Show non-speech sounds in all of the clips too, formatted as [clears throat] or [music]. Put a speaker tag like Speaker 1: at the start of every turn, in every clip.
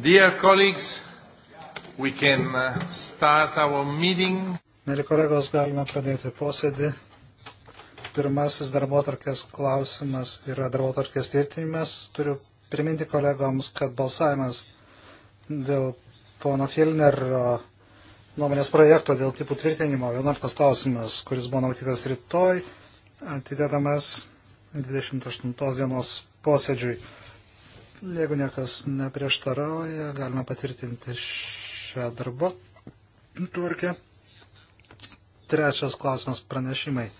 Speaker 1: Dear colleagues, we can uh, start our meeting. Mėly kolegos, galime pradėti posėdį. Pirmasis darbotarkės klausimas yra darbotarkės tvirtinimas. Turiu priminti kolegoms, kad balsavimas dėl pono Filnerio nuomonės projekto dėl tipų tvirtinimo, 11 klausimas, kuris buvo numatytas rytoj, atidedamas 28 dienos posėdžiui. Jeigu niekas neprieštarauja, galima patvirtinti šią darbo tvarkę. Trečias klausimas pranešimai.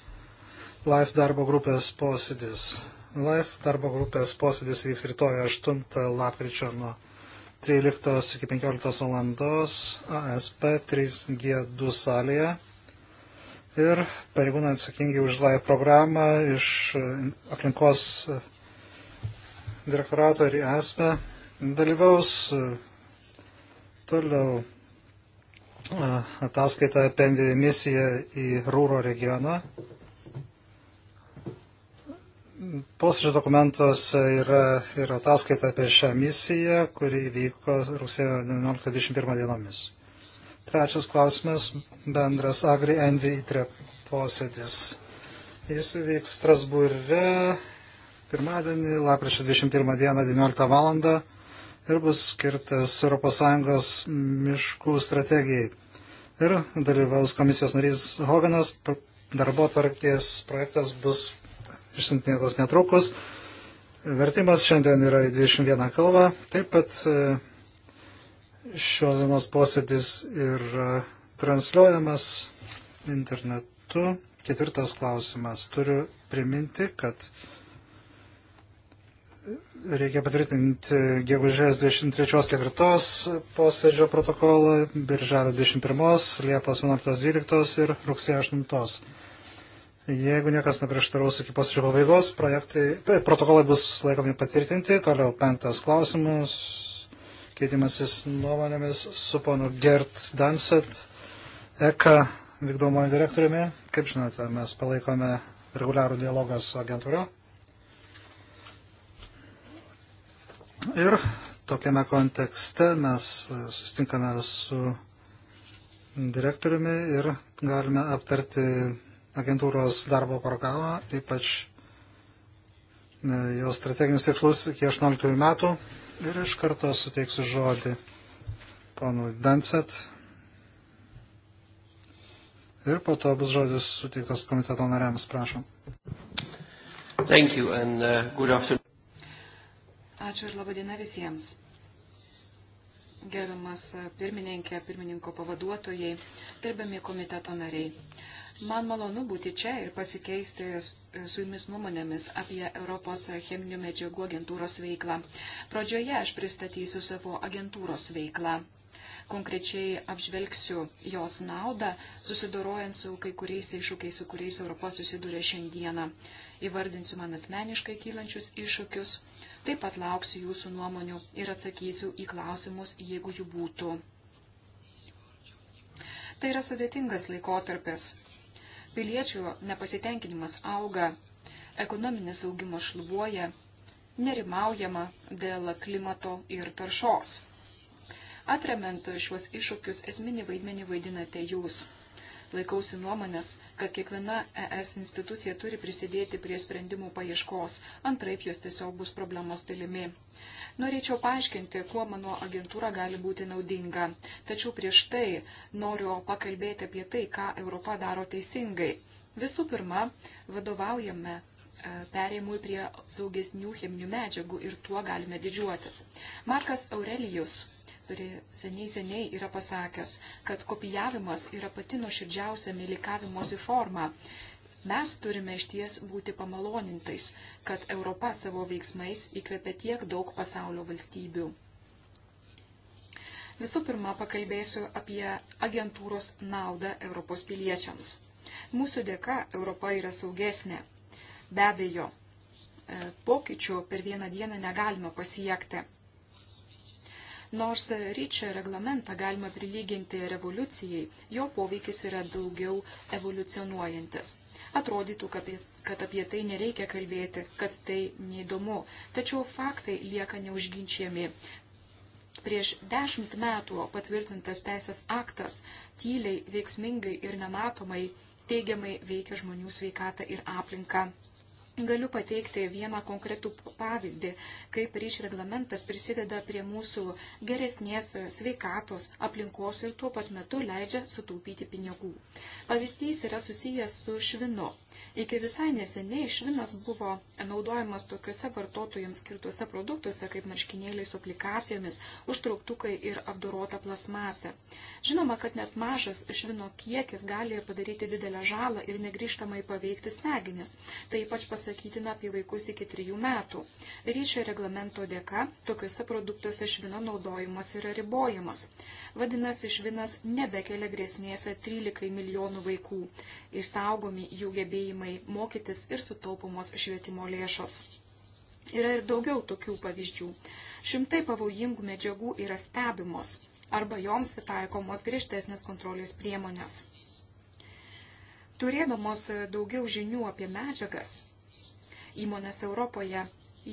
Speaker 1: Life darbo grupės posėdis. Life darbo grupės posėdis vyks rytoj 8 lapkričio nuo 13 iki 15 valandos ASP 3G2 salėje. Ir pareigūnai atsakingi už live programą iš aplinkos direktorato ir esmę dalyvaus e, toliau e, ataskaita apie misiją į Rūro regioną. Posėdžio dokumentuose yra ir ataskaita apie šią misiją, kuri vyko rugsėjo 19-21 dienomis. Trečias klausimas - bendras Agri Envy posėdis. Jis vyks Strasbūre pirmadienį, lapkričio 21 dieną 19 val. ir bus skirtas ES miškų strategijai. Ir dalyvaus komisijos narys Hoganas, darbo tvarkės projektas bus išsintinėtas netrukus. Vertimas šiandien yra į 21 kalbą. Taip pat e, šios dienos posėdis yra transliuojamas internetu. Ketvirtas klausimas. Turiu priminti, kad reikia patvirtinti gegužės 23-4 posėdžio protokolą, birželio 21, liepos 11-12 ir rugsėjo 8. Jeigu niekas neprieštaraus iki posėdžio pabaigos, e, protokolai bus laikomi patvirtinti. Toliau penktas klausimas, keitimasis nuomonėmis su ponu Gert Danset, ECA vykdomojo direktoriumi. Kaip žinote, mes palaikome reguliarų dialogą su agentūriu. Ir tokiame kontekste mes e, sustinkame su direktoriumi ir galime aptarti agentūros darbo programą, ypač e, jos strateginius tikslus iki 18 metų. Ir iš karto suteiksiu žodį ponui Dancet. Ir po to bus žodis suteiktas komiteto nariams, prašom.
Speaker 2: Thank you and uh, good afternoon.
Speaker 3: Ačiū ir laba diena visiems. Gerbiamas pirmininkė, pirmininko pavaduotojai, gerbiami komiteto nariai. Man malonu būti čia ir pasikeisti su jumis nuomonėmis apie Europos cheminių medžiagų agentūros veiklą. Pradžioje aš pristatysiu savo agentūros veiklą. Konkrečiai apžvelgsiu jos naudą, susidorojant su kai kuriais iššūkiais, su kuriais Europos susidūrė šiandieną. Įvardinsiu man asmeniškai kylančius iššūkius Taip pat lauksiu jūsų nuomonių ir atsakysiu į klausimus, jeigu jų būtų. Tai yra sudėtingas laikotarpis. Piliečių nepasitenkinimas auga, ekonominis augimas šlubuoja, nerimaujama dėl klimato ir taršos. Atremiant šiuos iššūkius esminį vaidmenį vaidinate jūs laikausi nuomonės, kad kiekviena ES institucija turi prisidėti prie sprendimų paieškos, antraip jos tiesiog bus problemos dalimi. Norėčiau paaiškinti, kuo mano agentūra gali būti naudinga, tačiau prieš tai noriu pakalbėti apie tai, ką Europa daro teisingai. Visų pirma, vadovaujame e, perėjimui prie saugesnių cheminių medžiagų ir tuo galime didžiuotis. Markas Aurelijus kuri seniai seniai yra pasakęs, kad kopijavimas yra pati nuoširdžiausia mylikavimosi forma. Mes turime išties būti pamalonintais, kad Europa savo veiksmais įkvepia tiek daug pasaulio valstybių. Visų pirma, pakalbėsiu apie agentūros naudą Europos piliečiams. Mūsų dėka Europa yra saugesnė. Be abejo, e, pokyčių per vieną dieną negalime pasiekti. Nors ryčio reglamentą galima prilyginti revoliucijai, jo poveikis yra daugiau evoliucionuojantis. Atrodytų, kad, tai- kad apie tai nereikia kalbėti, kad tai neįdomu, tačiau faktai lieka neužginčiami. Prieš dešimt metų patvirtintas teisės aktas tyliai, veiksmingai ir nematomai teigiamai veikia žmonių sveikatą ir aplinką. Galiu pateikti vieną konkretų pavyzdį, kaip ryš reglamentas prisideda prie mūsų geresnės sveikatos aplinkos ir tuo pat metu leidžia sutaupyti pinigų. Pavyzdys yra susijęs su švinu. Iki visai neseniai švinas buvo naudojamas tokiuose vartotojams skirtuose produktuose kaip marškinėliai su aplikacijomis, užtrauktukai ir apdorota plasmasė. Žinoma, kad net mažas švino kiekis gali padaryti didelę žalą ir negryžtamai paveikti smegenis. Tai ypač pasakytina apie vaikus iki trijų metų. Ryšio reglamento dėka tokiuose produktuose švino naudojimas yra ribojamas. Vadinasi, švinas nebekelia grėsmėse 13 milijonų vaikų. Išsaugomi jų gebėjimai galimai mokytis ir sutaupomos švietimo lėšos. Yra ir daugiau tokių pavyzdžių. Šimtai pavojingų medžiagų yra stebimos arba joms taikomos griežtesnės kontrolės priemonės. Turėdamos daugiau žinių apie medžiagas, įmonės Europoje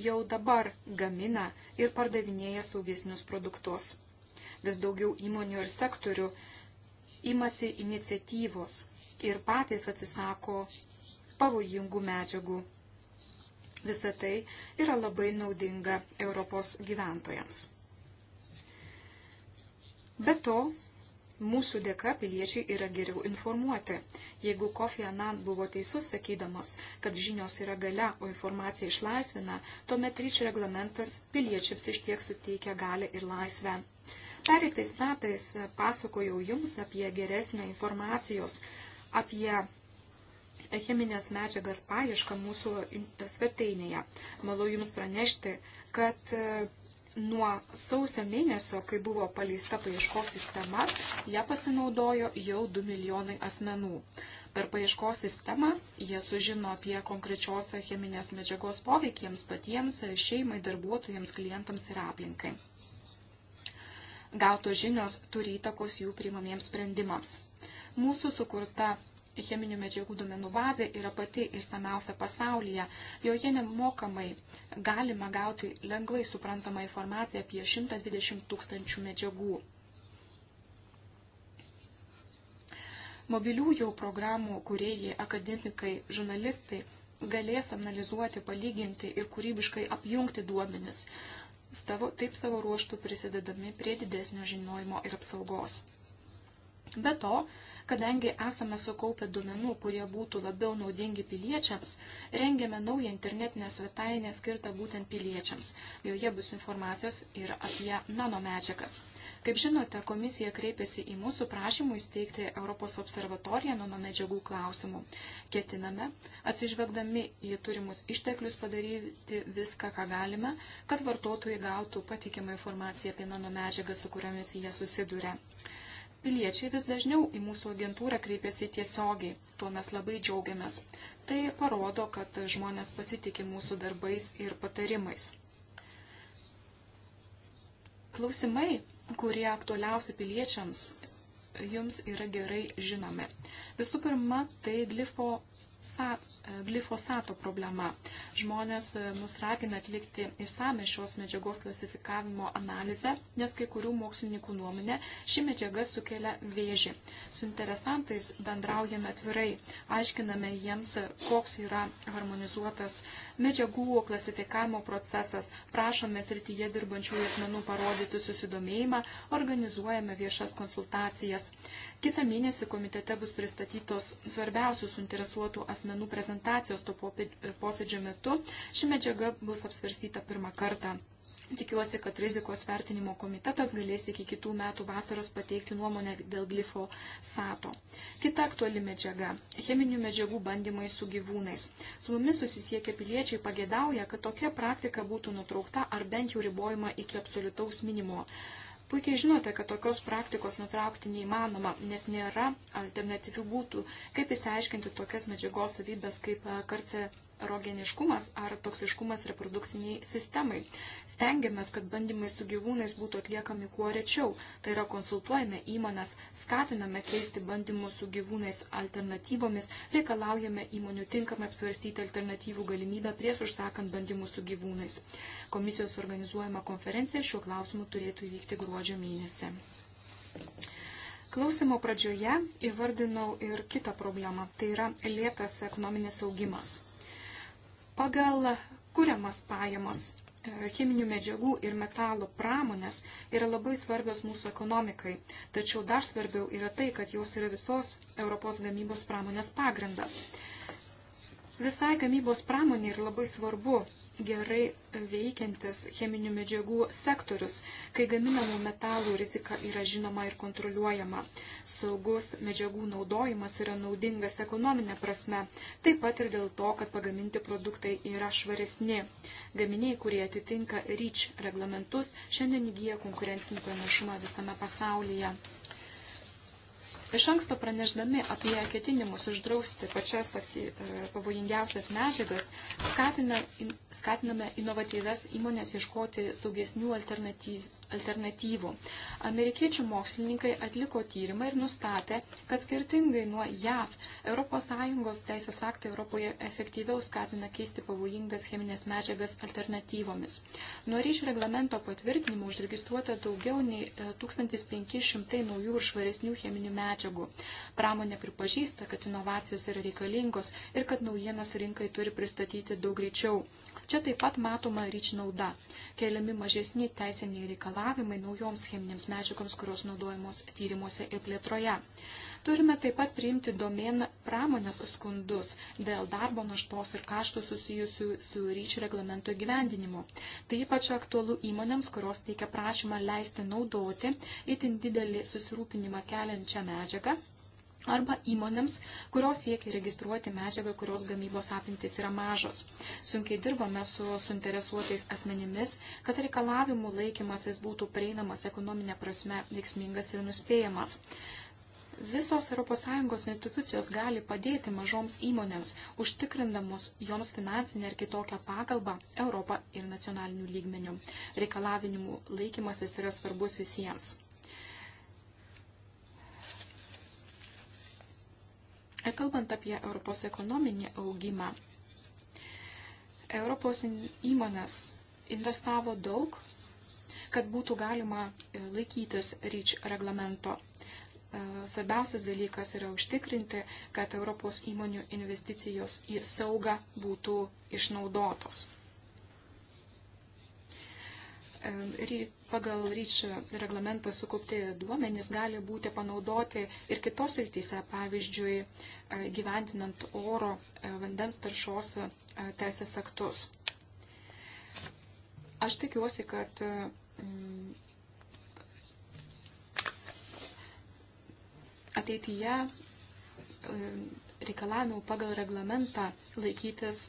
Speaker 3: jau dabar gamina ir pardavinėja saugesnius produktus. Vis daugiau įmonių ir sektorių imasi iniciatyvos ir patys atsisako pavojingų medžiagų. Visa tai yra labai naudinga Europos gyventojams. Be to, mūsų dėka piliečiai yra geriau informuoti. Jeigu Kofi Anand buvo teisus sakydamas, kad žinios yra gale, o informacija išlaisvina, tuomet ryč reglamentas piliečiams iš tiek suteikia galę ir laisvę. Pereitais metais pasakojau Jums apie geresnę informacijos, apie cheminės medžiagas paiešką mūsų svetainėje. Malau Jums pranešti, kad e, nuo sausio mėnesio, kai buvo paleista paieškos sistema, ją pasinaudojo jau 2 milijonai asmenų. Per paieškos sistemą jie sužino apie konkrečios cheminės medžiagos poveikiems patiems, e, šeimai, darbuotojams, klientams ir aplinkai. Gautos žinios turi įtakos jų priimamiems sprendimams. Mūsų sukurta cheminių medžiagų duomenų bazė yra pati išsamiausia pasaulyje. Joje nemokamai galima gauti lengvai suprantamą informaciją apie 120 tūkstančių medžiagų. Mobiliųjų programų kuriejai, akademikai, žurnalistai galės analizuoti, palyginti ir kūrybiškai apjungti duomenis, stavo, taip savo ruoštų prisidedami prie didesnio žinojimo ir apsaugos. Be to, kadangi esame sukaupę duomenų, kurie būtų labiau naudingi piliečiams, rengiame naują internetinę svetainę skirtą būtent piliečiams. Joje bus informacijos ir apie nanomedžiagas. Kaip žinote, komisija kreipėsi į mūsų prašymų įsteigti Europos observatoriją nanomedžiagų klausimų. Ketiname, atsižvelgdami į turimus išteklius, padaryti viską, ką galime, kad vartotojai gautų patikimą informaciją apie nanomedžiagas, su kuriomis jie susiduria piliečiai vis dažniau į mūsų agentūrą kreipiasi tiesiogiai. Tuo mes labai džiaugiamės. Tai parodo, kad žmonės pasitikė mūsų darbais ir patarimais. Klausimai, kurie aktualiausi piliečiams, jums yra gerai žinomi. Visų pirma, tai glifo glifosato problema. Žmonės e, mus ragina atlikti išsame šios medžiagos klasifikavimo analizę, nes kai kurių mokslininkų nuomonė ši medžiaga sukelia vėžį. Su interesantais bendraujame atvirai, aiškiname jiems, e, koks yra harmonizuotas medžiagų klasifikavimo procesas, prašome srityje dirbančių asmenų parodyti susidomėjimą, organizuojame viešas konsultacijas. Kita mėnesį komitete bus pristatytos svarbiausių suinteresuotų asmenų prezentacijos to posėdžio metu. Ši medžiaga bus apsvarstyta pirmą kartą. Tikiuosi, kad rizikos vertinimo komitetas galės iki kitų metų vasaros pateikti nuomonę dėl glifosato. Kita aktuali medžiaga - cheminių medžiagų bandymai su gyvūnais. Su mumis susisiekę piliečiai pagėdauja, kad tokia praktika būtų nutraukta ar bent jau ribojama iki absoliutaus minimo. Puikiai žinote, kad tokios praktikos nutraukti neįmanoma, nes nėra alternatyvių būtų, kaip įsiaiškinti tokias medžiagos savybės kaip e, karce erogeniškumas ar toksiškumas reprodukciniai sistemai. Stengiamės, kad bandymai su gyvūnais būtų atliekami kuo rečiau. Tai yra konsultuojame įmonės, skatiname keisti bandymus su gyvūnais alternatyvomis, reikalaujame įmonių tinkamai apsvarstyti alternatyvų galimybę prieš užsakant bandymus su gyvūnais. Komisijos organizuojama konferencija šiuo klausimu turėtų įvykti gruodžio mėnesį. Klausimo pradžioje įvardinau ir kitą problemą, tai yra lėtas ekonominis augimas. Pagal kuriamas pajamas e, cheminių medžiagų ir metalų pramonės yra labai svarbios mūsų ekonomikai, tačiau dar svarbiau yra tai, kad jos yra visos Europos gamybos pramonės pagrindas. Visai gamybos pramonė yra labai svarbu gerai veikiantis cheminių medžiagų sektorius, kai gaminamų metalų rizika yra žinoma ir kontroliuojama. Saugus medžiagų naudojimas yra naudingas ekonominė prasme, taip pat ir dėl to, kad pagaminti produktai yra švaresni. Gaminiai, kurie atitinka REACH reglamentus, šiandien įgyja konkurencinį pranašumą visame pasaulyje. Iš anksto pranešdami apie ketinimus uždrausti pačias e, pavojingiausias medžiagas, skatina, skatiname inovatyves įmonės ieškoti saugesnių alternatyv, alternatyvų. Amerikiečių mokslininkai atliko tyrimą ir nustatė, kad skirtingai nuo JAV, ES teisės aktai Europoje efektyviau skatina keisti pavojingas cheminės medžiagas alternatyvomis. Nuo ryšio reglamento patvirtinimo užregistruota daugiau nei 1500 e, naujų ir švaresnių cheminių medžiagų. Pramonė pripažįsta, kad inovacijos yra reikalingos ir kad naujienas rinkai turi pristatyti daug greičiau. Čia taip pat matoma ryč nauda. Keliami mažesni teisiniai reikalavimai naujoms cheminėms medžiagoms, kurios naudojamos tyrimuose ir plėtroje. Turime taip pat priimti domen pramonės skundus dėl darbo naštos ir kaštų susijusių su ryč reglamento gyvendinimu. Tai ypač aktualu įmonėms, kurios teikia prašymą leisti naudoti itin didelį susirūpinimą keliančią medžiagą arba įmonėms, kurios siekia registruoti medžiagą, kurios gamybos apimtis yra mažos. Sunkiai dirbame su suinteresuotais asmenimis, kad reikalavimų laikymasis būtų prieinamas ekonominė prasme veiksmingas ir nuspėjamas. Visos ES institucijos gali padėti mažoms įmonėms, užtikrindamos joms finansinę ir kitokią pagalbą Europą ir nacionalinių lygmenių. Reikalavimų laikymasis yra svarbus visiems. Kalbant apie Europos ekonominį augimą, Europos įmonės investavo daug, kad būtų galima e, laikytis REACH reglamento. E, svarbiausias dalykas yra užtikrinti, kad Europos įmonių investicijos į saugą būtų išnaudotos pagal ryčio reglamentą sukaupti duomenys gali būti panaudoti ir kitos rytise, pavyzdžiui, e, gyventinant oro e, vandens taršos e, teisės aktus. Aš tikiuosi, kad mm, ateityje reikalavimų pagal reglamentą laikytis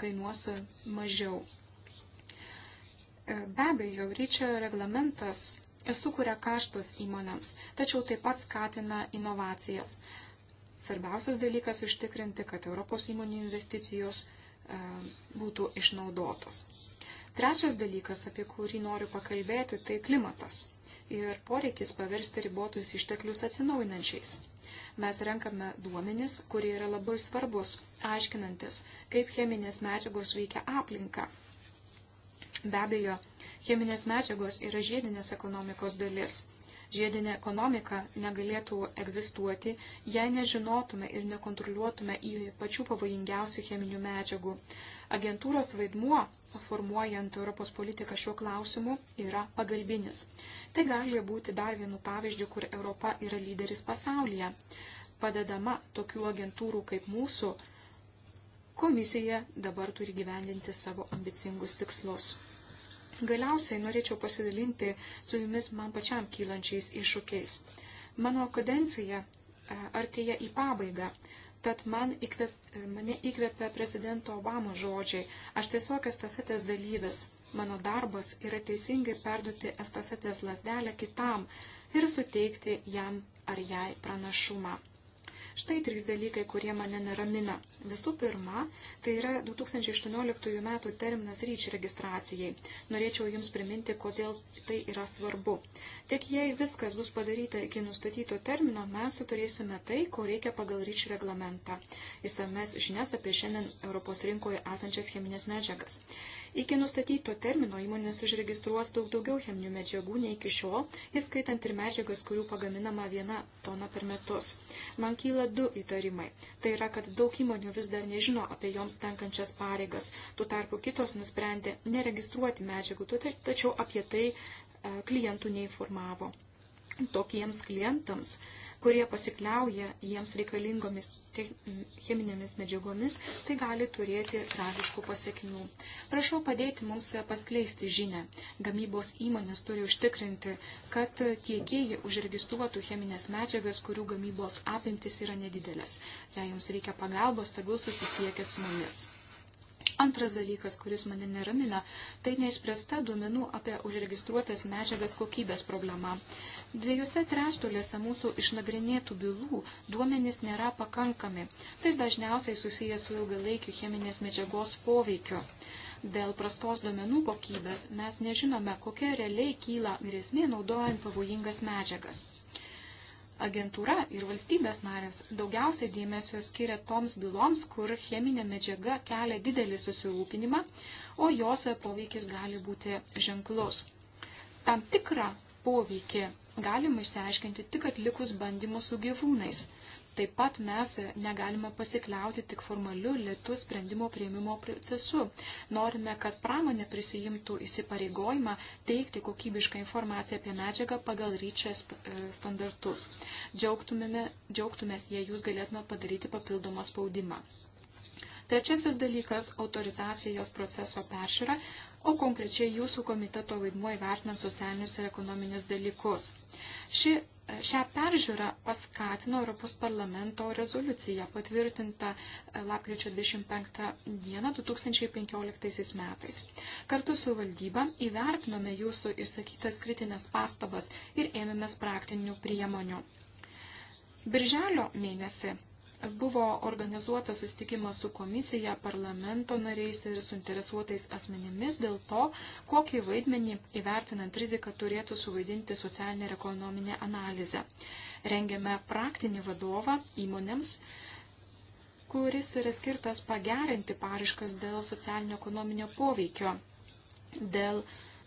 Speaker 3: kainuos mažiau. E, be abejo, ryčio reglamentas sukuria kaštus įmonėms, tačiau taip pat skatina inovacijas. Svarbiausias dalykas užtikrinti, kad Europos įmonių investicijos e, būtų išnaudotos. Trečias dalykas, apie kurį noriu pakalbėti, tai klimatas ir poreikis paversti ribotus išteklius atsinaujinančiais. Mes renkame duomenis, kurie yra labai svarbus, aiškinantis, kaip cheminės medžiagos veikia aplinką Be abejo, cheminės medžiagos yra žiedinės ekonomikos dalis. Žiedinė ekonomika negalėtų egzistuoti, jei nežinotume ir nekontroliuotume į pačių pavojingiausių cheminių medžiagų. Agentūros vaidmuo, formuojant Europos politiką šiuo klausimu, yra pagalbinis. Tai gali būti dar vienu pavyzdžiu, kur Europa yra lyderis pasaulyje. Padedama tokių agentūrų kaip mūsų, komisija dabar turi gyvendinti savo ambicingus tikslus. Galiausiai norėčiau pasidalinti su jumis man pačiam kylančiais iššūkiais. Mano kadencija e, artėja į pabaigą, tad man įkvep, e, mane įkvepia prezidento Obama žodžiai. Aš tiesiog estafetės dalyvis. Mano darbas yra teisingai perduoti estafetės lasdelę kitam ir suteikti jam ar jai pranašumą. Štai trys dalykai, kurie mane neramina. Visų pirma, tai yra 2018 metų terminas ryč registracijai. Norėčiau Jums priminti, kodėl tai yra svarbu. Tik jei viskas bus padaryta iki nustatyto termino, mes suturėsime tai, ko reikia pagal ryč reglamentą. Įsames žinias apie šiandien Europos rinkoje esančias cheminės medžiagas. Iki nustatyto termino įmonės užregistruos daug daugiau cheminių medžiagų nei iki šiol, įskaitant ir medžiagas, kurių pagaminama viena tona per metus. Man kyla du įtarimai. Tai yra, kad daug įmonių vis dar nežino apie joms tenkančias pareigas. Tuo tarpu kitos nusprendė neregistruoti medžiagų, tačiau apie tai e, klientų neinformavo tokiems klientams, kurie pasikliauja jiems reikalingomis cheminėmis medžiagomis, tai gali turėti tragiškų pasiekmių. Prašau padėti mums paskleisti žinę. Gamybos įmonės turi užtikrinti, kad tiekėjai užregistruotų cheminės medžiagas, kurių gamybos apimtis yra nedidelės. Jei jums reikia pagalbos, tegul susisiekia su mumis. Antras dalykas, kuris mane neramina, tai neišspręsta duomenų apie užregistruotas medžiagas kokybės problema. Dviejose treštuliuose mūsų išnagrinėtų bylų duomenys nėra pakankami. Tai dažniausiai susijęs su ilgalaikiu cheminės medžiagos poveikiu. Dėl prastos duomenų kokybės mes nežinome, kokia realiai kyla grėsmė naudojant pavojingas medžiagas agentūra ir valstybės narės daugiausiai dėmesio skiria toms byloms, kur cheminė medžiaga kelia didelį susirūpinimą, o jos poveikis gali būti ženklus. Tam tikrą poveikį galima išsiaiškinti tik atlikus bandymus su gyvūnais. Taip pat mes negalime pasikliauti tik formaliu lietu sprendimo prieimimo procesu. Norime, kad pramonė prisijimtų įsipareigojimą teikti kokybišką informaciją apie medžiagą pagal ryčias e, standartus. Džiaugtumės, jei jūs galėtume padaryti papildomą spaudimą. Trečiasis dalykas - autorizacijos proceso peršyra, o konkrečiai jūsų komiteto vaidmuo įvertinant socialinius ir ekonominius dalykus. Ši Šią peržiūrą paskatino Europos parlamento rezoliucija patvirtinta e, lapkričio 25 dieną 2015 metais. Kartu su valdyba įvertinome jūsų išsakytas kritinės pastabas ir ėmėmės praktinių priemonių. Birželio mėnesį Buvo organizuotas susitikimas su komisija, parlamento nariais ir suinteresuotais asmenimis dėl to, kokį vaidmenį įvertinant riziką turėtų suvaidinti socialinė ir ekonominė analizė. Rengiame praktinį vadovą įmonėms kuris yra skirtas pagerinti pariškas dėl socialinio ekonominio poveikio, dėl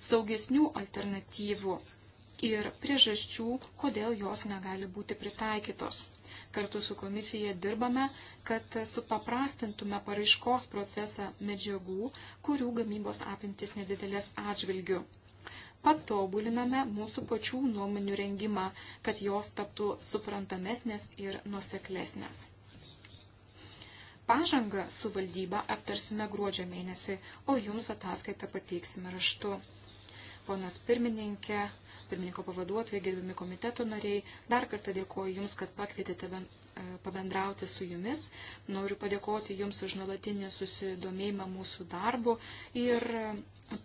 Speaker 3: saugesnių alternatyvų ir priežasčių, kodėl jos negali būti pritaikytos kartu su komisija dirbame, kad supaprastintume paraiškos procesą medžiagų, kurių gamybos apimtis nedidelės atžvilgių. Patobuliname mūsų pačių nuomonių rengimą, kad jos taptų suprantamesnės ir nuseklesnės. Pažangą su valdyba aptarsime gruodžio mėnesį, o jums ataskaitą pateiksime raštu. Ponas pirmininkė, pirmininko pavaduotojai, gerbiami komiteto nariai, dar kartą dėkoju Jums, kad pakvietėte e, pabendrauti su Jumis. Noriu padėkoti Jums už nuolatinį susidomėjimą mūsų darbu ir e,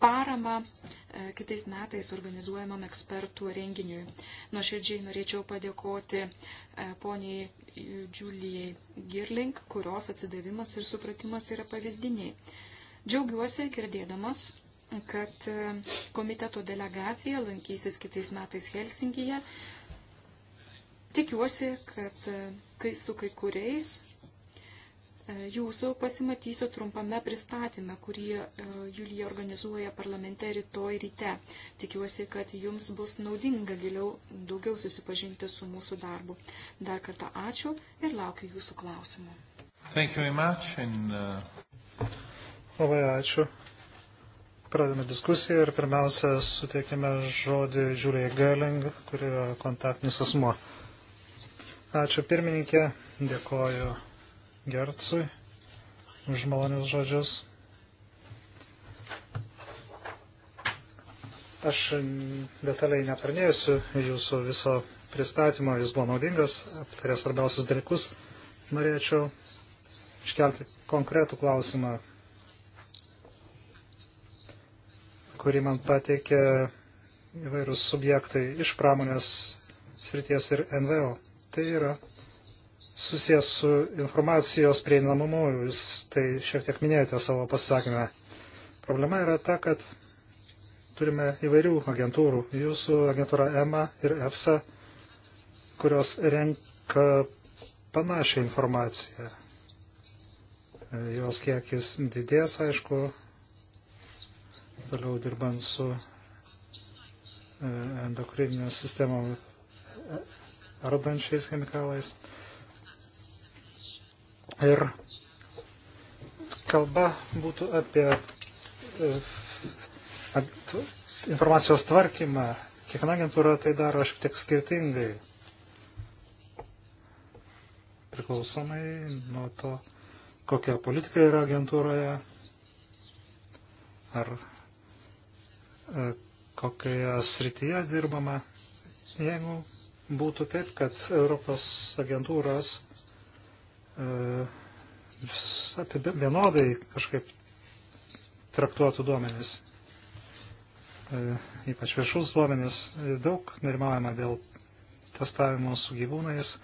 Speaker 3: paramą e, kitais metais organizuojamam ekspertų renginiui. Nuoširdžiai norėčiau padėkoti poniai Džiulijai Girling, kurios atsidavimas ir supratimas yra pavyzdiniai. Džiaugiuosi girdėdamas kad e, komiteto delegacija lankysis kitais metais Helsinkyje. Tikiuosi, kad e, kai su kai kuriais e, jūsų pasimatysiu trumpame pristatyme, kurį Julija organizuoja parlamente rytoj ryte. Tikiuosi, kad jums bus naudinga giliau daugiau susipažinti su mūsų darbu. Dar kartą ačiū ir laukiu jūsų klausimų.
Speaker 1: Thank you very much. And, uh... Labai ačiū. Pradame diskusiją ir pirmiausia suteikime žodį Žiūrėjai Galing, kuri yra kontaktinis asmo. Ačiū pirmininkė, dėkoju Gercui už malonius žodžius. Aš detaliai neaptarnėjusiu jūsų viso pristatymo, jis buvo naudingas, aptarė svarbiausius dalykus. Norėčiau iškelti konkretų klausimą kurį man pateikė įvairūs subjektai iš pramonės srities ir NVO. Tai yra susijęs su informacijos prieinamumu, jūs tai šiek tiek minėjote savo pasisakymę. Problema yra ta, kad turime įvairių agentūrų. Jūsų agentūra EMA ir EFSA, kurios renka panašią informaciją. Jos kiekis didės, aišku, toliau dirbant su e, endokrininio sistemom ardančiais chemikalais. Ir kalba būtų apie e, informacijos tvarkymą. Kiekviena agentūra tai daro šiek tiek skirtingai. Priklausomai nuo to, kokia politika yra agentūroje, ar E, kokioje srityje dirbama. Jeigu būtų taip, kad Europos agentūros e, vienodai kažkaip traktuotų duomenis, e, ypač viešus duomenis, daug nerimaujama dėl testavimo su gyvūnais.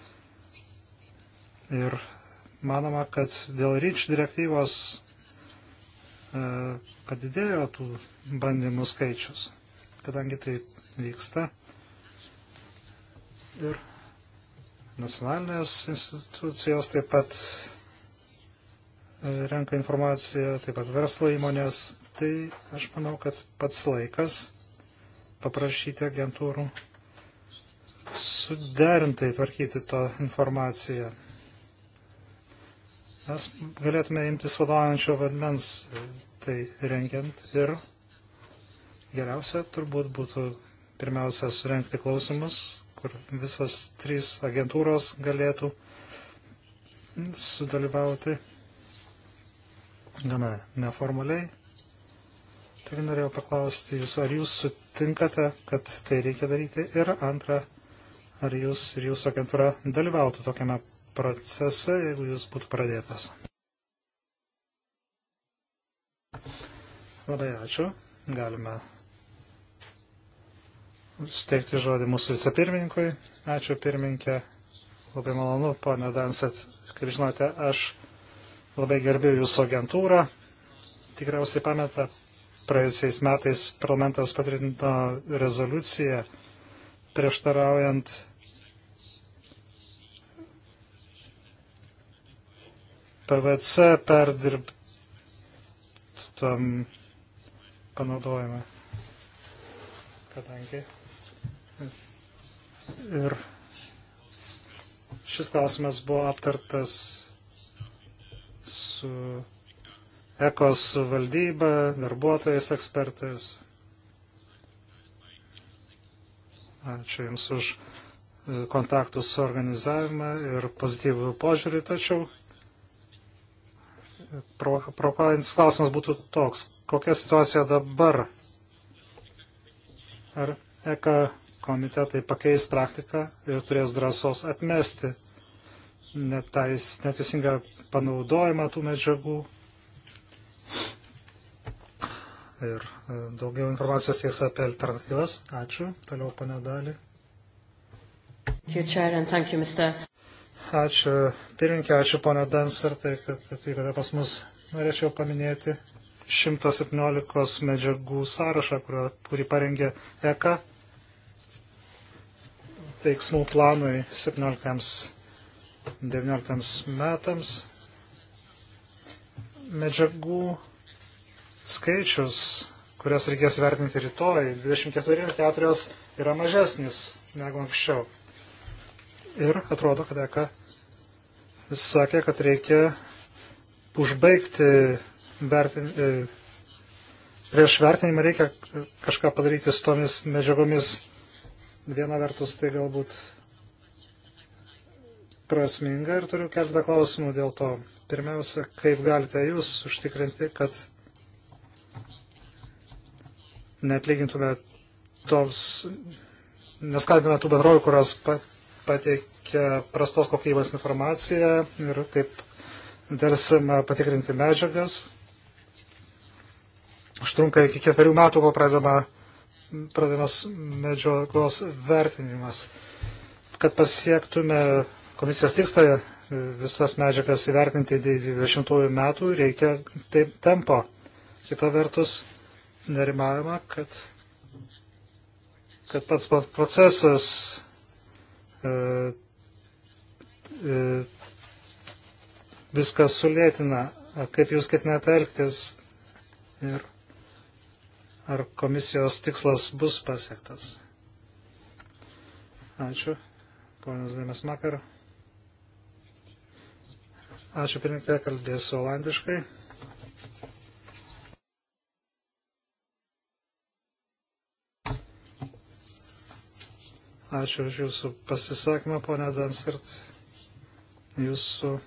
Speaker 1: Ir manoma, kad dėl ryč direktyvos E, padidėjo tų bandymų skaičius, kadangi tai vyksta. Ir nacionalinės institucijos taip pat e, renka informaciją, taip pat verslo įmonės. Tai aš manau, kad pats laikas paprašyti agentūrų suderintai tvarkyti tą informaciją. Mes galėtume imtis vadovaujančio vadmens e, tai rengiant ir geriausia turbūt būtų pirmiausia surenkti klausimus, kur visos trys agentūros galėtų sudalyvauti gana neformaliai. Taigi norėjau paklausti jūs, ar jūs sutinkate, kad tai reikia daryti ir antra, ar jūs ir jūsų agentūra dalyvautų tokiame procesą, jeigu jis būtų pradėtas. Labai ačiū. Galime steigti žodį mūsų vicepirmininkui. Ačiū pirmininkė. Labai malonu, ponė Dansat. Kaip žinote, aš labai gerbiu jūsų agentūrą. Tikriausiai pameta, praėjusiais metais parlamentas patvirtino rezoliuciją prieštaraujant PVC perdirbtam panaudojimą. Kadangi. Ir šis klausimas buvo aptartas su ekos valdyba, darbuotojais, ekspertais. Ačiū Jums už kontaktus su organizavimą ir pozityvų požiūrį, tačiau Provokuojantis klausimas būtų toks, kokia situacija dabar? Ar ECA komitetai pakeis praktiką ir turės drąsos atmesti netais, neteisingą panaudojimą tų medžiagų? Ir e, daugiau informacijos tiesa apie alternatyvas. Ačiū. Toliau panedalį.
Speaker 3: Ačiū, Chair, and thank
Speaker 1: you, Mr. Ačiū pirmininkė, ačiū ponė Dansartai, kad atvykote pas mus. Norėčiau paminėti 117 medžiagų sąrašą, kurio, kurį parengė ECA veiksmų planui 17-19 metams. Medžiagų skaičius, kurias reikės vertinti rytoj, 24-4 yra mažesnis negu anksčiau. Ir atrodo, kad ECA sakė, kad reikia užbaigti vertin, e, prieš vertinimą reikia kažką padaryti su tomis medžiagomis. Viena vertus tai galbūt prasminga ir turiu keletą klausimų dėl to. Pirmiausia, kaip galite jūs užtikrinti, kad netlygintume toms, neskatintume tų bendrovių, kurios pateikia prastos kokybės informaciją ir kaip dėlsime patikrinti medžiagas. Užtrunka iki ketverių metų, kol pradama, pradamas medžiagos vertinimas. Kad pasiektume komisijos tikslą visas medžiagas įvertinti 20 metų, reikia taip tempo. Kita vertus, nerimavimą, kad, kad pats procesas E, viskas sulėtina. Kaip jūs ketinate elgtis ir ar komisijos tikslas bus pasiektas? Ačiū. Ponas Dėmes Makar. Ačiū pirmininkė, kalbėsiu olandiškai. Ačiū už Jūsų pasisakymą, ponė Danskart. Jūsų e,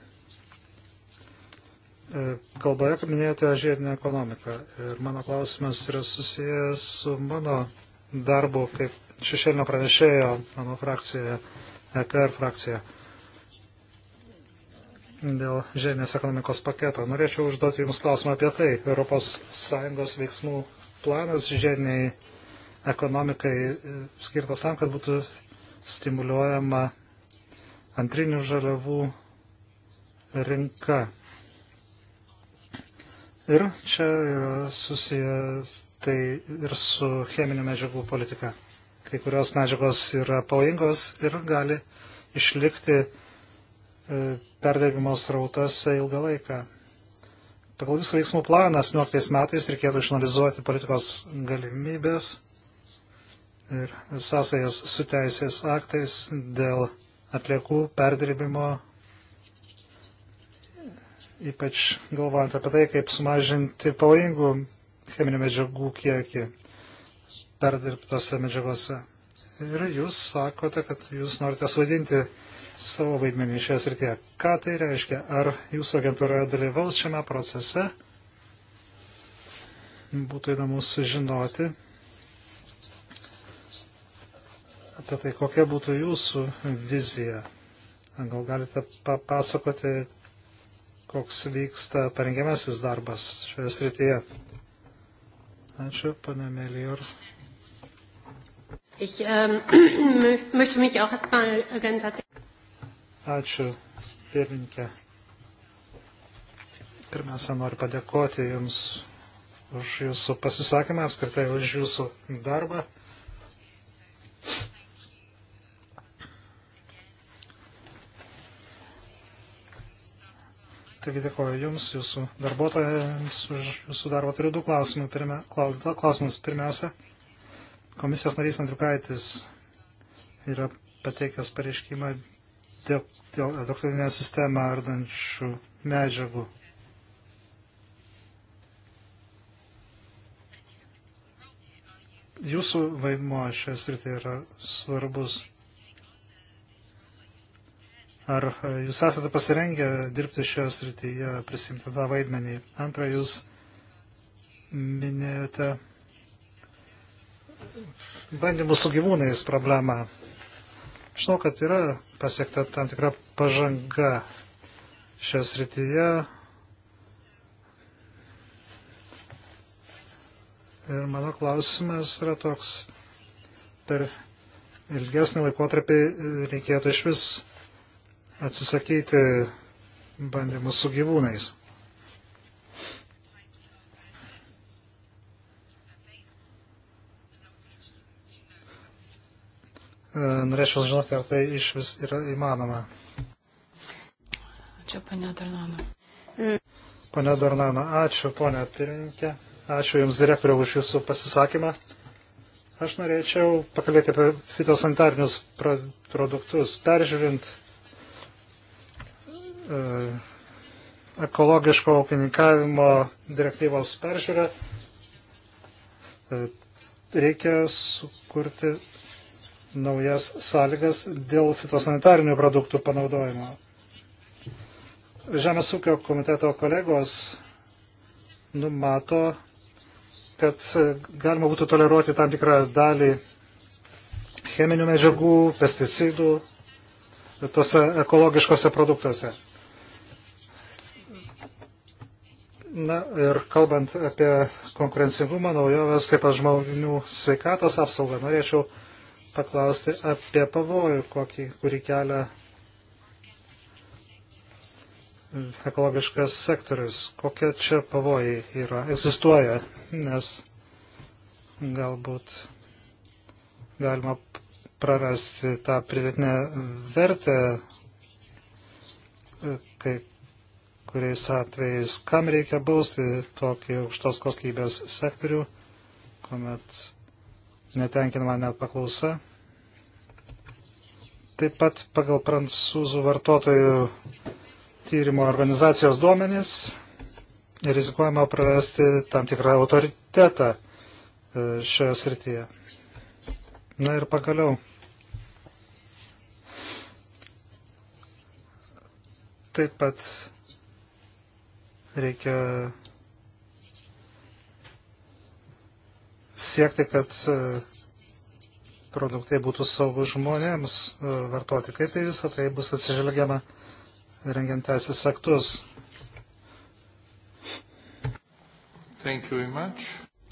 Speaker 1: kalboje minėjote žiedinę ekonomiką. Ir mano klausimas yra susijęs su mano darbu kaip šešėlinio pranešėjo mano frakcijoje, EKR frakcijoje, dėl žiedinės ekonomikos paketo. Norėčiau užduoti Jums klausimą apie tai. ES veiksmų planas žiediniai ekonomikai e, skirtos tam, kad būtų stimuliuojama antrinių žaliavų rinka. Ir čia yra susijęs tai ir su cheminių medžiagų politika. Kai kurios medžiagos yra pavojingos ir gali išlikti e, perdėgymos rautose ilgą laiką. Pagal jūsų veiksmų planą 18 metais reikėtų išanalizuoti politikos galimybės ir sąsajas su teisės aktais dėl atliekų perdirbimo, ypač galvojant apie tai, kaip sumažinti pavojingų cheminių medžiagų kiekį perdirbtose medžiagose. Ir jūs sakote, kad jūs norite suvaidinti savo vaidmenį šioje srityje. Ką tai reiškia? Ar jūsų agentūra dalyvaus šiame procese? Būtų įdomu sužinoti. projektą, tai kokia būtų jūsų vizija? Gal galite papasakoti, koks vyksta parengiamasis darbas šioje srityje? Ačiū, pane Melior. Ich ähm, [clears throat] möchte mich auch erstmal ganz herzlich. Ačiū, pirmininkė. Pirmiausia, noriu padėkoti Jums už Jūsų pasisakymą, apskritai už Jūsų darbą. Taigi dėkoju Jums, Jūsų darbuotojams už Jūsų darbą. Turiu du klausimų. Pirmia, klausimus. Pirmiausia, komisijos narys Andriukaitis yra pateikęs pareiškimą dėl, dėl endokrininę sistemą ardančių medžiagų. Jūsų vaidmuo šioje srityje yra svarbus. Ar e, jūs esate pasirengę dirbti šioje srityje, prisimti tą vaidmenį? Antra, jūs minėjote bandymų su gyvūnais problemą. Žinau, kad yra pasiekta tam tikra pažanga šioje srityje. Ir mano klausimas yra toks, per ilgesnį laikotarpį reikėtų iš vis atsisakyti bandymus su gyvūnais. E, norėčiau žinoti, ar tai iš vis yra įmanoma.
Speaker 2: Ačiū, pane Darnano.
Speaker 1: Pane Darnano, ačiū, pane pirmininkė. Ačiū Jums, direktoriau, už Jūsų pasisakymą. Aš norėčiau pakalbėti apie fitosanitarinius produktus. Peržiūrint E, ekologiško ūkininkavimo direktyvos peržiūrą, e, reikia sukurti naujas sąlygas dėl fitosanitarinių produktų panaudojimo. Žemės ūkio komiteto kolegos numato, kad galima būtų toleruoti tam tikrą dalį cheminių medžiagų, pesticidų tose ekologiškose produktuose. Na ir kalbant apie konkurencingumą, naujoves, taip pat žmonių sveikatos apsaugą, norėčiau paklausti apie pavojų, kokį, kurį kelia ekologiškas sektorius. Kokie čia pavojai yra, egzistuoja, nes galbūt galima prarasti tą pridėtinę vertę, kai kuriais atvejais, kam reikia bausti tokį aukštos kokybės sektorių, kuomet netenkinama net paklausa. Taip pat pagal prancūzų vartotojų tyrimo organizacijos duomenys rizikuojama prarasti tam tikrą autoritetą e, šioje srityje. Na ir pagaliau. Taip pat reikia siekti, kad e, produktai būtų saugus žmonėms e, vartoti. Kaip tai visą tai bus atsižvelgiama rengiant teisės aktus.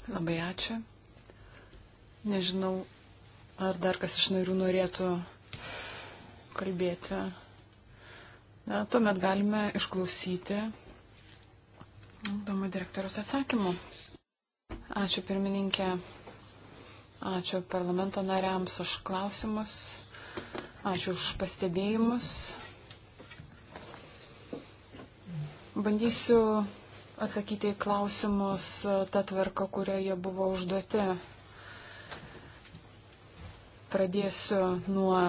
Speaker 2: Labai ačiū. Nežinau, ar dar kas iš narių norėtų kalbėti. Na, tuomet galime išklausyti Domo direktorius atsakymu. Ačiū pirmininkė, ačiū parlamento nariams už klausimus, ačiū už pastebėjimus. Bandysiu atsakyti į klausimus tą tvarką, kurią jie buvo užduoti. Pradėsiu nuo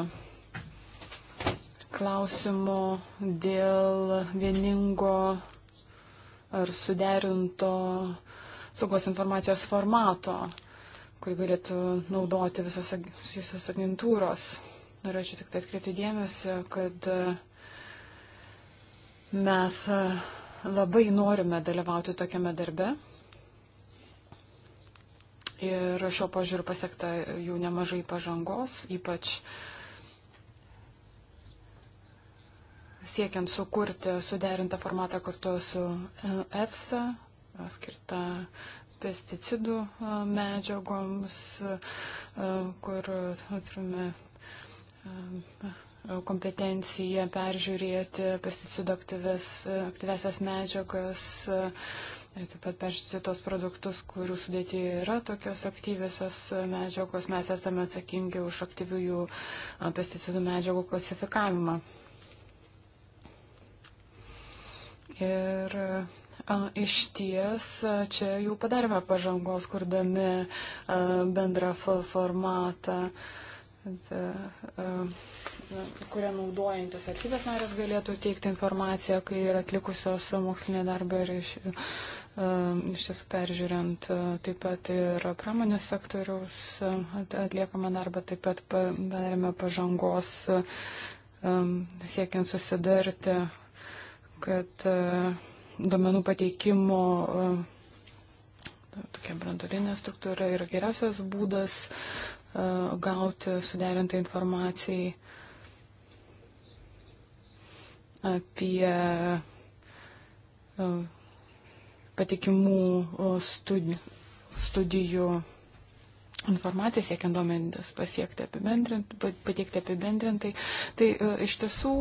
Speaker 2: klausimo dėl vieningo ar suderinto saugos informacijos formato, kurį galėtų naudoti visos, visos agentūros. Norėčiau tik tai atkreipti dėmesį, kad e, mes e, labai norime dalyvauti tokiame darbe. Ir šiuo požiūriu pasiekta jau nemažai pažangos, ypač uh, siekiant sukurti suderintą formatą kartu su e, EFSA, e, skirtą pesticidų e, medžiagoms, kur turime kompetenciją peržiūrėti pesticidų aktyves, aktyvesias medžiagas, taip pat peržiūrėti tos produktus, kurių sudėti yra tokios aktyviosios medžiagos. Mes esame atsakingi už aktyviųjų pesticidų medžiagų klasifikavimą. Ir Iš ties čia jau padarėme pažangos, kurdami bendrą formatą, kurią naudojantis archyvės narės galėtų teikti informaciją, kai yra atlikusios mokslinį darbą ir iš, iš tiesų peržiūrint taip pat ir pramonės sektoriaus atliekamą darbą, taip pat padarėme pažangos siekiant susidarti kad e, duomenų pateikimo e, tokia brandolinė struktūra yra geriausias būdas e, gauti suderintą informaciją apie patikimų studijų informaciją, siekiant duomenis pasiekti apibendrint, pateikti apibendrintai. Tai e, iš tiesų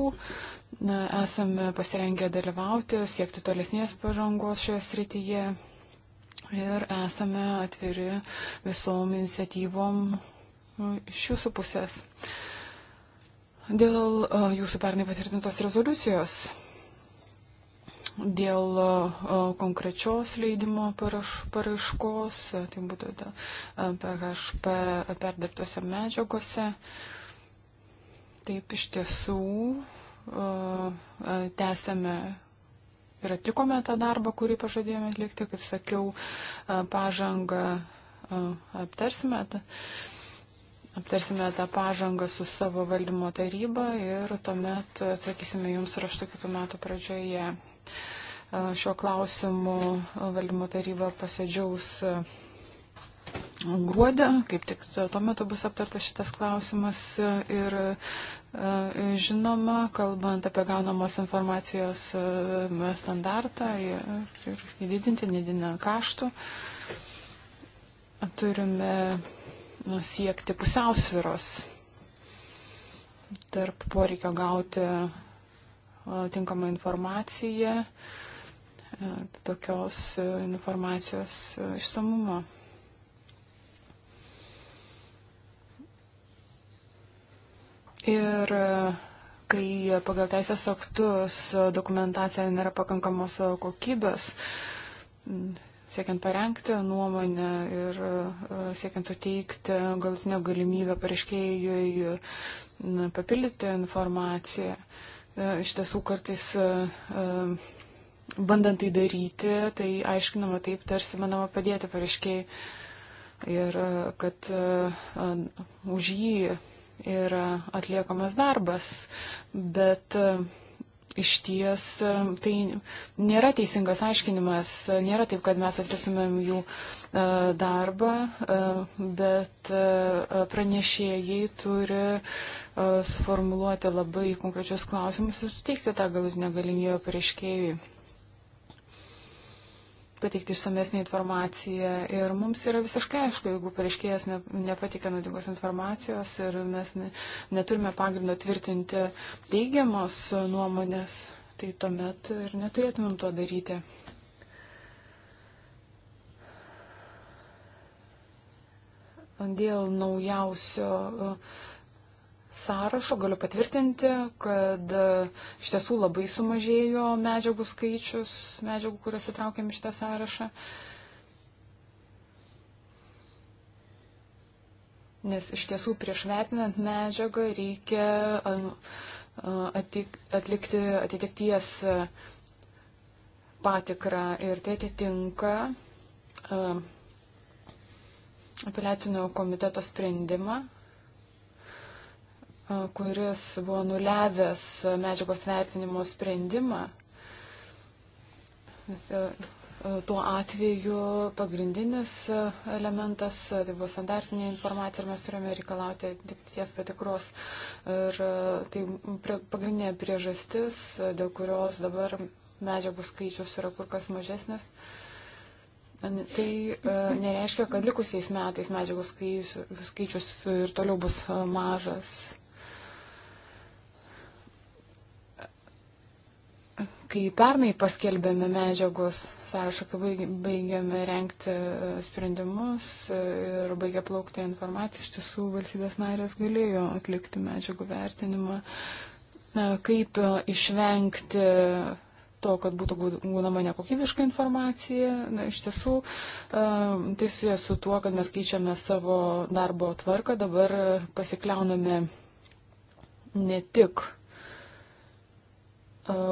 Speaker 2: na, esame pasirengę dalyvauti, siekti tolesnės pažangos šioje srityje ir esame atviri visom iniciatyvom nu, iš jūsų pusės. Dėl e, jūsų pernai patvirtintos rezoliucijos dėl konkrečios leidimo paraiškos, tai būtų PHP perdaptose medžiagose. Taip iš tiesų tęsėme ir atlikome tą darbą, kurį pažadėjome atlikti, kaip sakiau, pažangą aptarsime. Ta, aptarsime tą pažangą su savo valdymo taryba ir tuomet atsakysime jums raštu kitų metų pradžioje. Šiuo klausimu valdymo taryba pasėdžiaus e, gruodį, kaip tik tuo metu bus aptartas šitas klausimas. Ir e, žinoma, kalbant apie gaunamos informacijos e, standartą ir įdidinti nedinę kaštų, turime siekti pusiausviros tarp poreikio gauti tinkamą informaciją, tokios informacijos išsamumo. Ir kai pagal teisės aktus dokumentacija nėra pakankamos kokybės, siekiant parengti nuomonę ir siekiant suteikti galutinę galimybę pareiškėjui papildyti informaciją. E, iš tiesų kartais e, e, bandant tai daryti, tai aiškinama taip, tarsi manoma padėti pareiškiai ir kad už jį yra atliekamas darbas, bet iš ties e, tai nėra teisingas aiškinimas, nėra taip, kad mes atliktumėm jų e, darbą, e, bet pranešėjai turi suformuluoti labai konkrečius klausimus ir suteikti tą galutinę galimybę prieškėjui pateikti išsamesnį informaciją. Ir mums yra visiškai aišku, jeigu pareiškėjas ne, nepatikė nuodingos informacijos ir mes ne, neturime pagrindo tvirtinti teigiamos nuomonės, tai tuomet ir neturėtumėm to daryti. Dėl naujausio uh, sąrašo galiu patvirtinti, kad e, iš tiesų labai sumažėjo medžiagų skaičius, medžiagų, kurias įtraukėm į šitą sąrašą. Nes iš tiesų prieš vertinant medžiagą reikia e, e, atik, atlikti atitikties patikrą ir tai atitinka apeliacinio komiteto sprendimą kuris buvo nulevęs medžiagos vertinimo sprendimą. Nes tuo atveju pagrindinis elementas, tai buvo standartinė informacija ir mes turime reikalauti atitikties patikros. Ir tai pagrindinė priežastis, dėl kurios dabar medžiagų skaičius yra kur kas mažesnis. Tai nereiškia, kad likusiais metais medžiagų skaičius ir toliau bus mažas. Kai pernai paskelbėme medžiagos sąrašą, kai baigėme renkti e, sprendimus e, ir baigė plaukti informaciją, iš tiesų valstybės narės galėjo atlikti medžiagų vertinimą, kaip e, išvengti to, kad būtų gaunama nekokybiška informacija. Na, iš tiesų, tai susijęs su tuo, kad mes keičiame savo darbo tvarką, dabar pasikliauname ne tik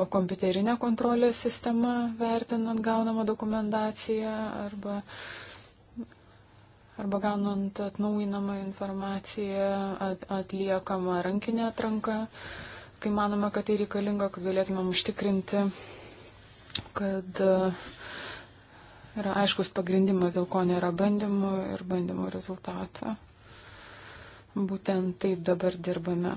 Speaker 2: kompiuterinė kontrolės sistema vertinant gaunamą dokumentaciją arba, arba gaunant atnaujinamą informaciją at, atliekamą rankinę atranką, kai manome, kad tai reikalinga, kad galėtumėm užtikrinti, kad yra aiškus pagrindimas, dėl ko nėra bandymų ir bandymų rezultatų. Būtent taip dabar dirbame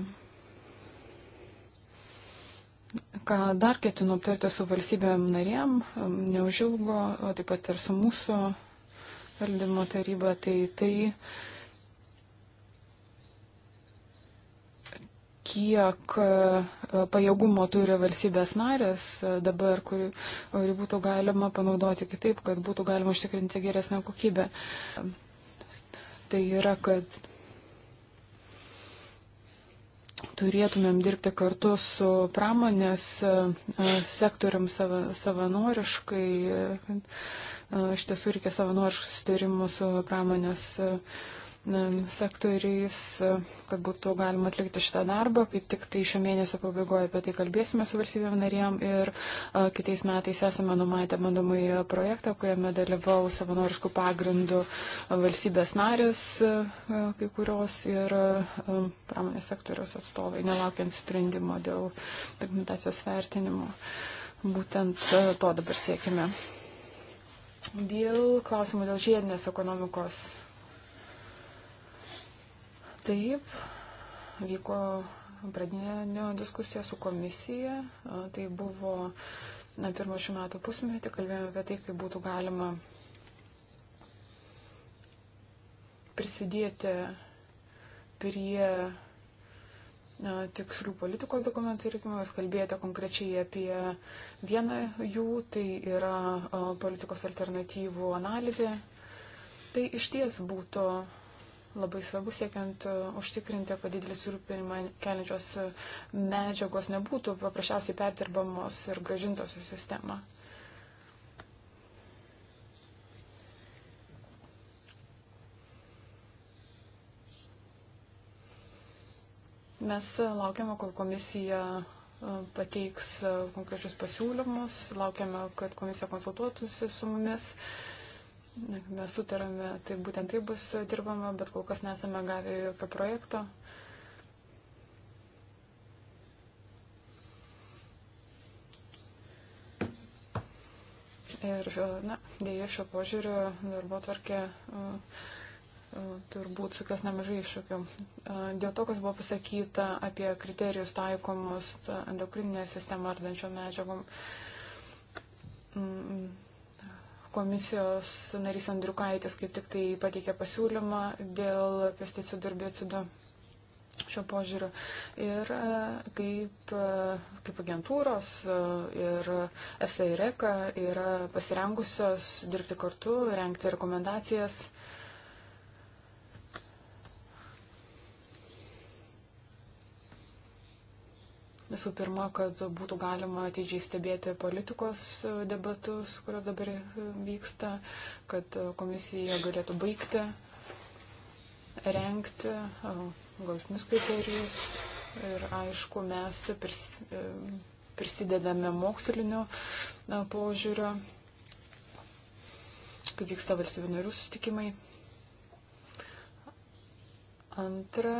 Speaker 2: ką dar ketinu aptarti su valstybėm narėm, neužilgo, o taip pat ir su mūsų valdymo taryba, tai tai, kiek e, pajėgumo turi valstybės narės e, dabar, kurį, kurį būtų galima panaudoti kitaip, kad būtų galima užtikrinti geresnę kokybę. Tai yra, kad turėtumėm dirbti kartu su pramonės e, e, sektorium savanoriškai. E, iš tiesų reikia savanoriškų sustarimų su pramonės sektoriumi sektoriais, kad būtų galima atlikti šitą darbą. Kaip tik tai šio mėnesio pabaigoje apie tai kalbėsime su valstybėm narėm ir kitais metais esame numatę bandomąjį projektą, kuriame dalyvau savanoriškų pagrindų valstybės narės kai kurios ir pramonės sektoriaus atstovai, nelaukiant sprendimo dėl dokumentacijos vertinimo. Būtent to dabar siekime. Dėl klausimų dėl žiedinės ekonomikos Taip, vyko pradinė diskusija su komisija. Tai buvo na, pirmo šių metų pusmetį, kalbėjome apie tai, kaip būtų galima prisidėti prie na, tikslių politikos dokumentų reikimo. Jūs kalbėjote konkrečiai apie vieną jų, tai yra politikos alternatyvų analizė. Tai iš ties būtų labai svarbus siekiant uh, užtikrinti, kad didelį surūpinimą keliančios uh, medžiagos nebūtų paprasčiausiai perdirbamos ir gražintos į sistemą. Mes uh, laukiame, kol komisija pateiks konkrečius pasiūlymus, laukiame, kad komisija konsultuotųsi su mumis. Uh, mes sutarame, tai būtent taip bus dirbama, bet kol kas nesame gavę jokio projekto. Ir, na, dėja šio požiūrio darbo tvarkė turbūt sukas nemažai iššūkių. Dėl to, kas buvo pasakyta apie kriterijus taikomus endokrininę sistemą ardančio medžiagom, Komisijos narys Andriukaitis kaip tik tai pateikė pasiūlymą dėl pesticidų ir biocidų šio požiūriu. Ir e, kaip, e, kaip agentūros e, ir SAIREKA yra pasirengusios dirbti kartu, renkti rekomendacijas Visų pirma, kad būtų galima atidžiai stebėti politikos debatus, kurios dabar vyksta, kad komisija galėtų baigti renkti uh, galtinius kriterijus. Ir aišku, mes pris, uh, prisidedame mokslinio uh, požiūrio, kai vyksta valstybių narių susitikimai. Antra,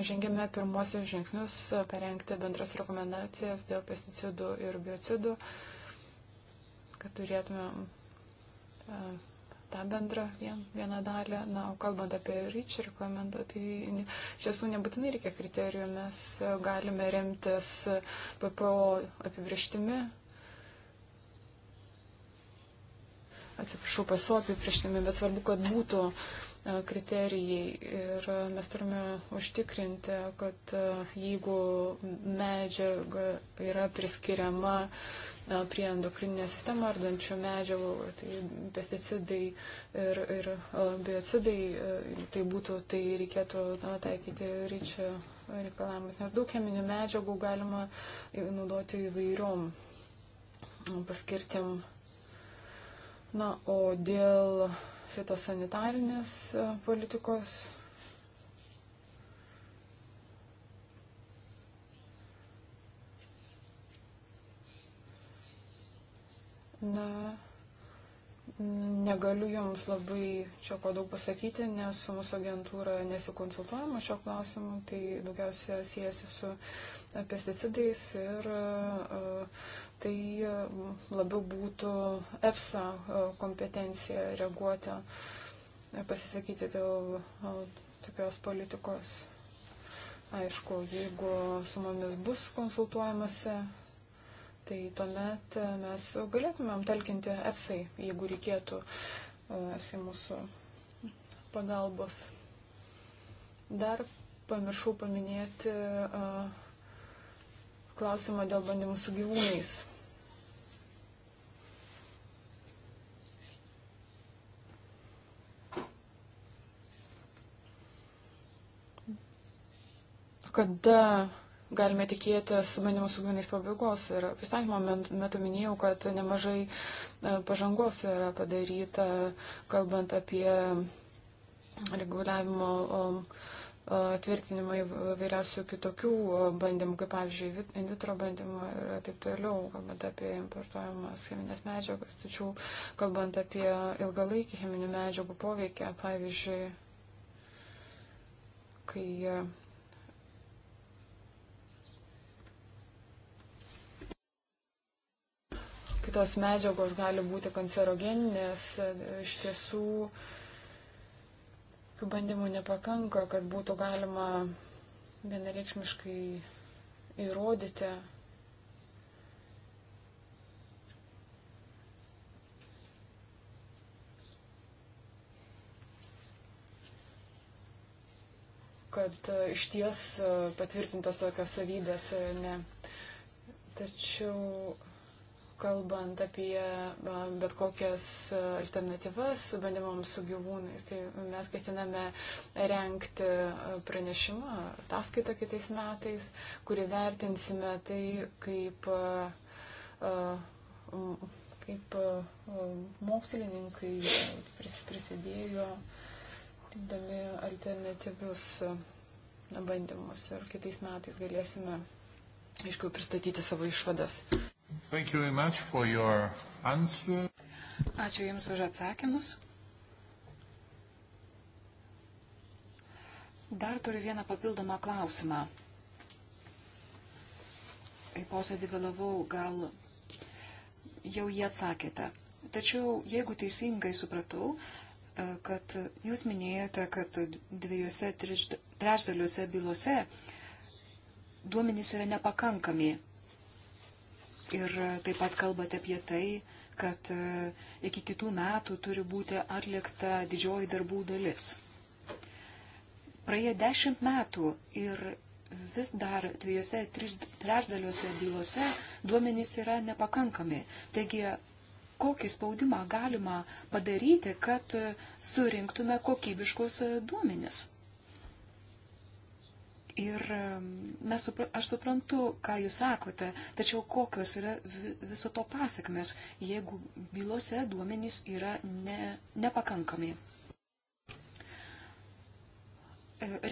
Speaker 2: žengėme pirmosius žingsnius parengti bendras rekomendacijas dėl pesticidų ir biocidų, kad turėtume tą bendrą vien, vieną dalį. Na, o kalbant apie ryčių rekomendą, tai iš tiesų nebūtinai reikia kriterijų, mes galime remtis PPO apibrieštimi. Atsiprašau, pasuo apibrieštimi, bet svarbu, kad būtų uh, E, kriterijai ir mes turime užtikrinti, kad e, jeigu medžiaga yra priskiriama e, prie endokrininę sistemą ardančių medžiagų, tai pesticidai ir, ir biocidai, tai būtų, tai reikėtų na, taikyti ryčio reikalavimus, nes daug cheminių medžiagų galima naudoti įvairiom paskirtim. Na, o dėl fitosanitarinės e, politikos. Na, Negaliu Jums labai čia ko daug pasakyti, nes su mūsų agentūra nesikonsultuojama šio klausimu, tai daugiausia siejasi su e, pesticidais ir e, e, tai labiau būtų EFSA kompetencija reaguoti ir pasisakyti dėl tokios politikos. Aišku, jeigu su mumis bus konsultuojamasi tai tuomet e, mes galėtumėm telkinti EFSAI, jeigu reikėtų e, EFSAI mūsų pagalbos. Dar pamiršau paminėti e, klausimą dėl bandymų su gyvūnais. Kada galime tikėtis bandymų su gyvūnais pabaigos. Ir pristatymo metu minėjau, kad nemažai e, pažangos yra padaryta, kalbant apie reguliavimo tvirtinimą įvairiausių kitokių bandymų, kaip pavyzdžiui, in vitro bandymų ir taip toliau, kalbant apie importuojamas cheminės medžiagas, tačiau kalbant apie ilgalaikį cheminių medžiagų poveikį, pavyzdžiui, kai e, kitos medžiagos gali būti kancerogeninės. Iš tiesų, tokių bandymų nepakanka, kad būtų galima vienareikšmiškai įrodyti. kad e, iš ties e, patvirtintos tokios savybės, e, ne. Tačiau kalbant apie bet kokias alternatyvas bandymams su gyvūnais. Tai mes ketiname renkti pranešimą, ataskaitą kitais metais, kurį vertinsime tai kaip, kaip mokslininkai prisidėjo tindami alternatyvius bandymus ir kitais metais galėsime aiškiau pristatyti savo išvadas. Ačiū Jums
Speaker 3: už atsakymus. Dar turiu vieną papildomą klausimą. Į posėdį vėlavau, gal jau jį atsakėte. Tačiau, jeigu teisingai supratau, e, kad jūs minėjote, kad dviejose trečdaliuose bylose duomenys yra nepakankami Ir e, taip pat kalbate apie tai, kad e, iki kitų metų turi būti atlikta didžioji darbų dalis. Praėjo dešimt metų ir vis dar dviejose trečdaliuose bylose duomenys yra nepakankami. Taigi, kokį spaudimą galima padaryti, kad e, surinktume kokybiškus duomenys? Ir mes, aš suprantu, ką jūs sakote, tačiau kokios yra viso to pasakmes, jeigu bylose duomenys yra ne, nepakankami. E,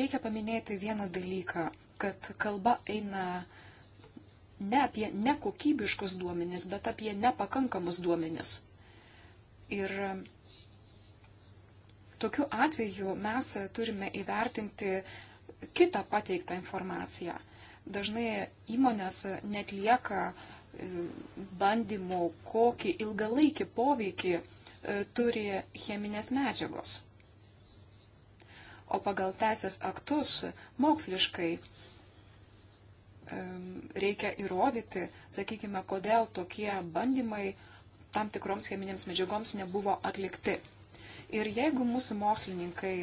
Speaker 3: reikia paminėti vieną dalyką, kad kalba eina ne apie nekokybiškus duomenys, bet apie nepakankamus duomenys. Ir tokiu atveju mes turime įvertinti kitą pateiktą informaciją. Dažnai įmonės netlieka e, bandymų, kokį ilgalaikį poveikį e, turi cheminės medžiagos. O pagal teisės aktus moksliškai e, reikia įrodyti, sakykime, kodėl tokie bandymai tam tikroms cheminėms medžiagoms nebuvo atlikti. Ir jeigu mūsų mokslininkai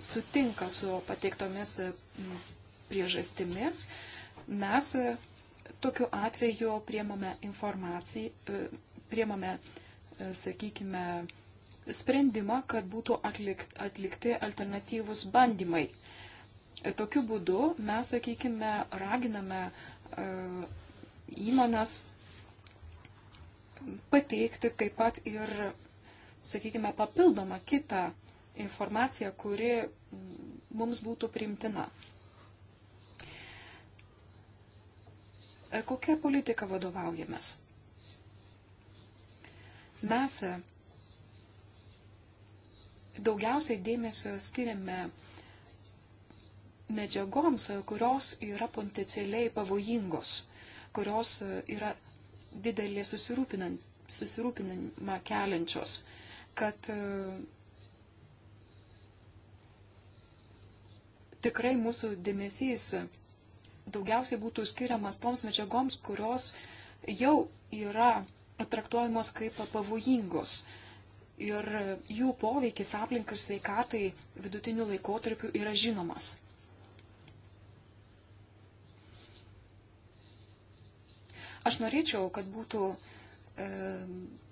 Speaker 3: sutinka su pateiktomis priežastimis, mes e, tokiu atveju priemame informaciją, e, priemame, e, sakykime, sprendimą, kad būtų atlikti alternatyvus bandymai. Tokiu būdu mes, sakykime, raginame įmonės pateikti taip pat ir, sakykime, papildomą kitą informaciją, kuri mums būtų primtina. E, kokia politika vadovaujamės? Mes e, daugiausiai dėmesio skiriame medžiagoms, e, kurios yra potencialiai pavojingos, kurios yra didelį susirūpinimą keliančios, kad tikrai mūsų dėmesys daugiausiai būtų skiriamas toms medžiagoms, kurios jau yra traktuojamos kaip pavojingos. Ir jų poveikis aplinkai ir sveikatai vidutiniu laikotarpiu yra žinomas. Aš norėčiau, kad būtų e,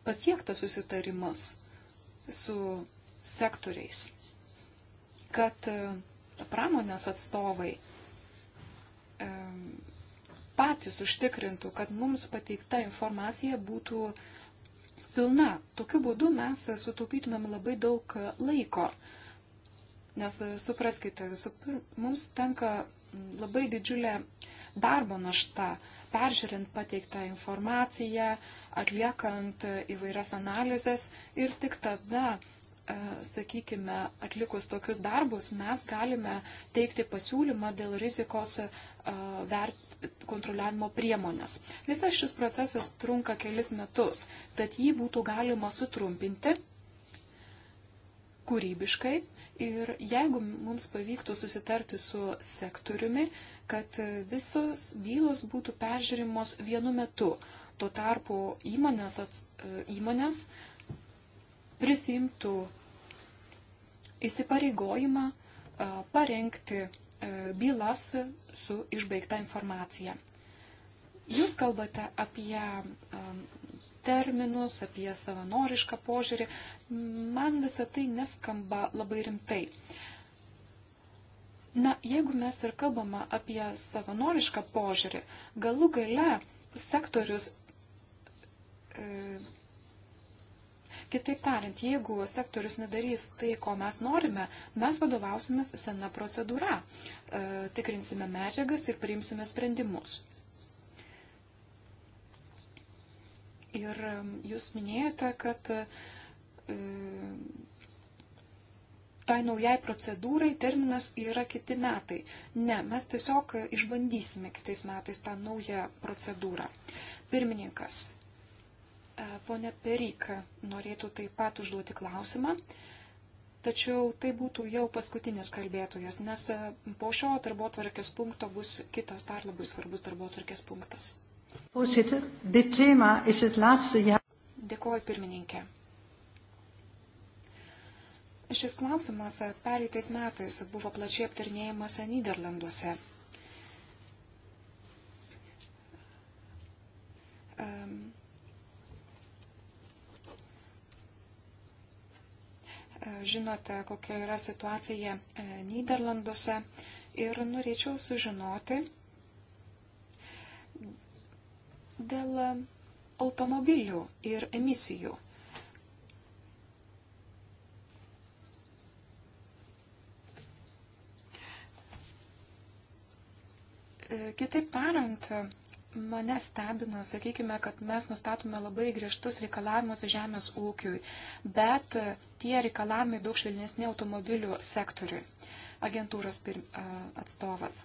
Speaker 3: pasiektas susitarimas su sektoriais, kad e, pramonės atstovai patys užtikrintų, kad mums pateikta informacija būtų pilna. Tokiu būdu mes sutaupytumėm labai daug laiko. Nes e, supraskite, visu, mums tenka labai didžiulė darbo našta, peržiūrint pateiktą informaciją, atliekant įvairias analizės ir tik tada E, sakykime, atlikus tokius darbus, mes galime teikti pasiūlymą dėl rizikos e, vert, kontroliavimo priemonės. Visas šis procesas trunka kelis metus, tad jį būtų galima sutrumpinti kūrybiškai ir jeigu mums pavyktų susitarti su sektoriumi, kad visos bylos būtų peržiūrimos vienu metu. Tuo tarpu įmonės, ats, e, įmonės prisimtų įsipareigojimą e, parengti e, bylas su išbaigta informacija. Jūs kalbate apie e, terminus, apie savanorišką požiūrį. Man visą tai neskamba labai rimtai. Na, jeigu mes ir kalbame apie savanorišką požiūrį, galų gale sektorius Kitaip tariant, jeigu sektorius nedarys tai, ko mes norime, mes vadovausimės sena procedūra, e, tikrinsime medžiagas ir priimsime sprendimus. Ir jūs minėjote, kad e, tai naujai procedūrai terminas yra kiti metai. Ne, mes tiesiog išbandysime kitais metais tą naują procedūrą. Pirmininkas, Pone Perika norėtų taip pat užduoti klausimą, tačiau tai būtų jau paskutinis kalbėtojas, nes po šio darbo tvarkės punkto bus kitas dar labai svarbus darbo tvarkės punktas. Dėkuoju pirmininkė. Šis klausimas pereitais metais buvo plačiai aptarnėjimas Niderlanduose. Um, E, žinote, kokia yra situacija e, Niderlanduose ir norėčiau sužinoti dėl automobilių ir emisijų. E, kitaip tariant, Mane stebina, sakykime, kad mes nustatome labai griežtus reikalavimus žemės ūkiui, bet tie reikalavimai daug švelnesni automobilių sektoriui. Agentūros atstovas.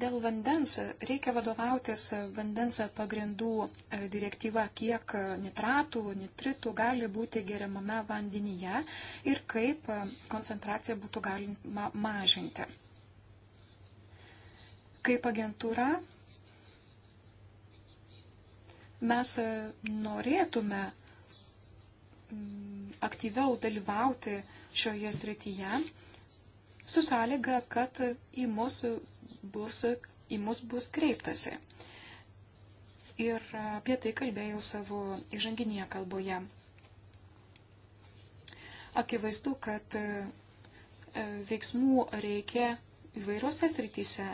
Speaker 3: Dėl vandens reikia vadovautis vandens pagrindų e, direktyva, kiek nitratų, nitritų gali būti geriamame vandenyje ir kaip e, koncentraciją būtų galima mažinti. Kaip agentūra mes e, norėtume mm, aktyviau dalyvauti šioje srityje su sąlyga, kad į mūsų bus, į mus bus kreiptasi. Ir apie tai kalbėjau savo įžanginėje kalboje. Akivaizdu, kad e, veiksmų reikia įvairiose srityse.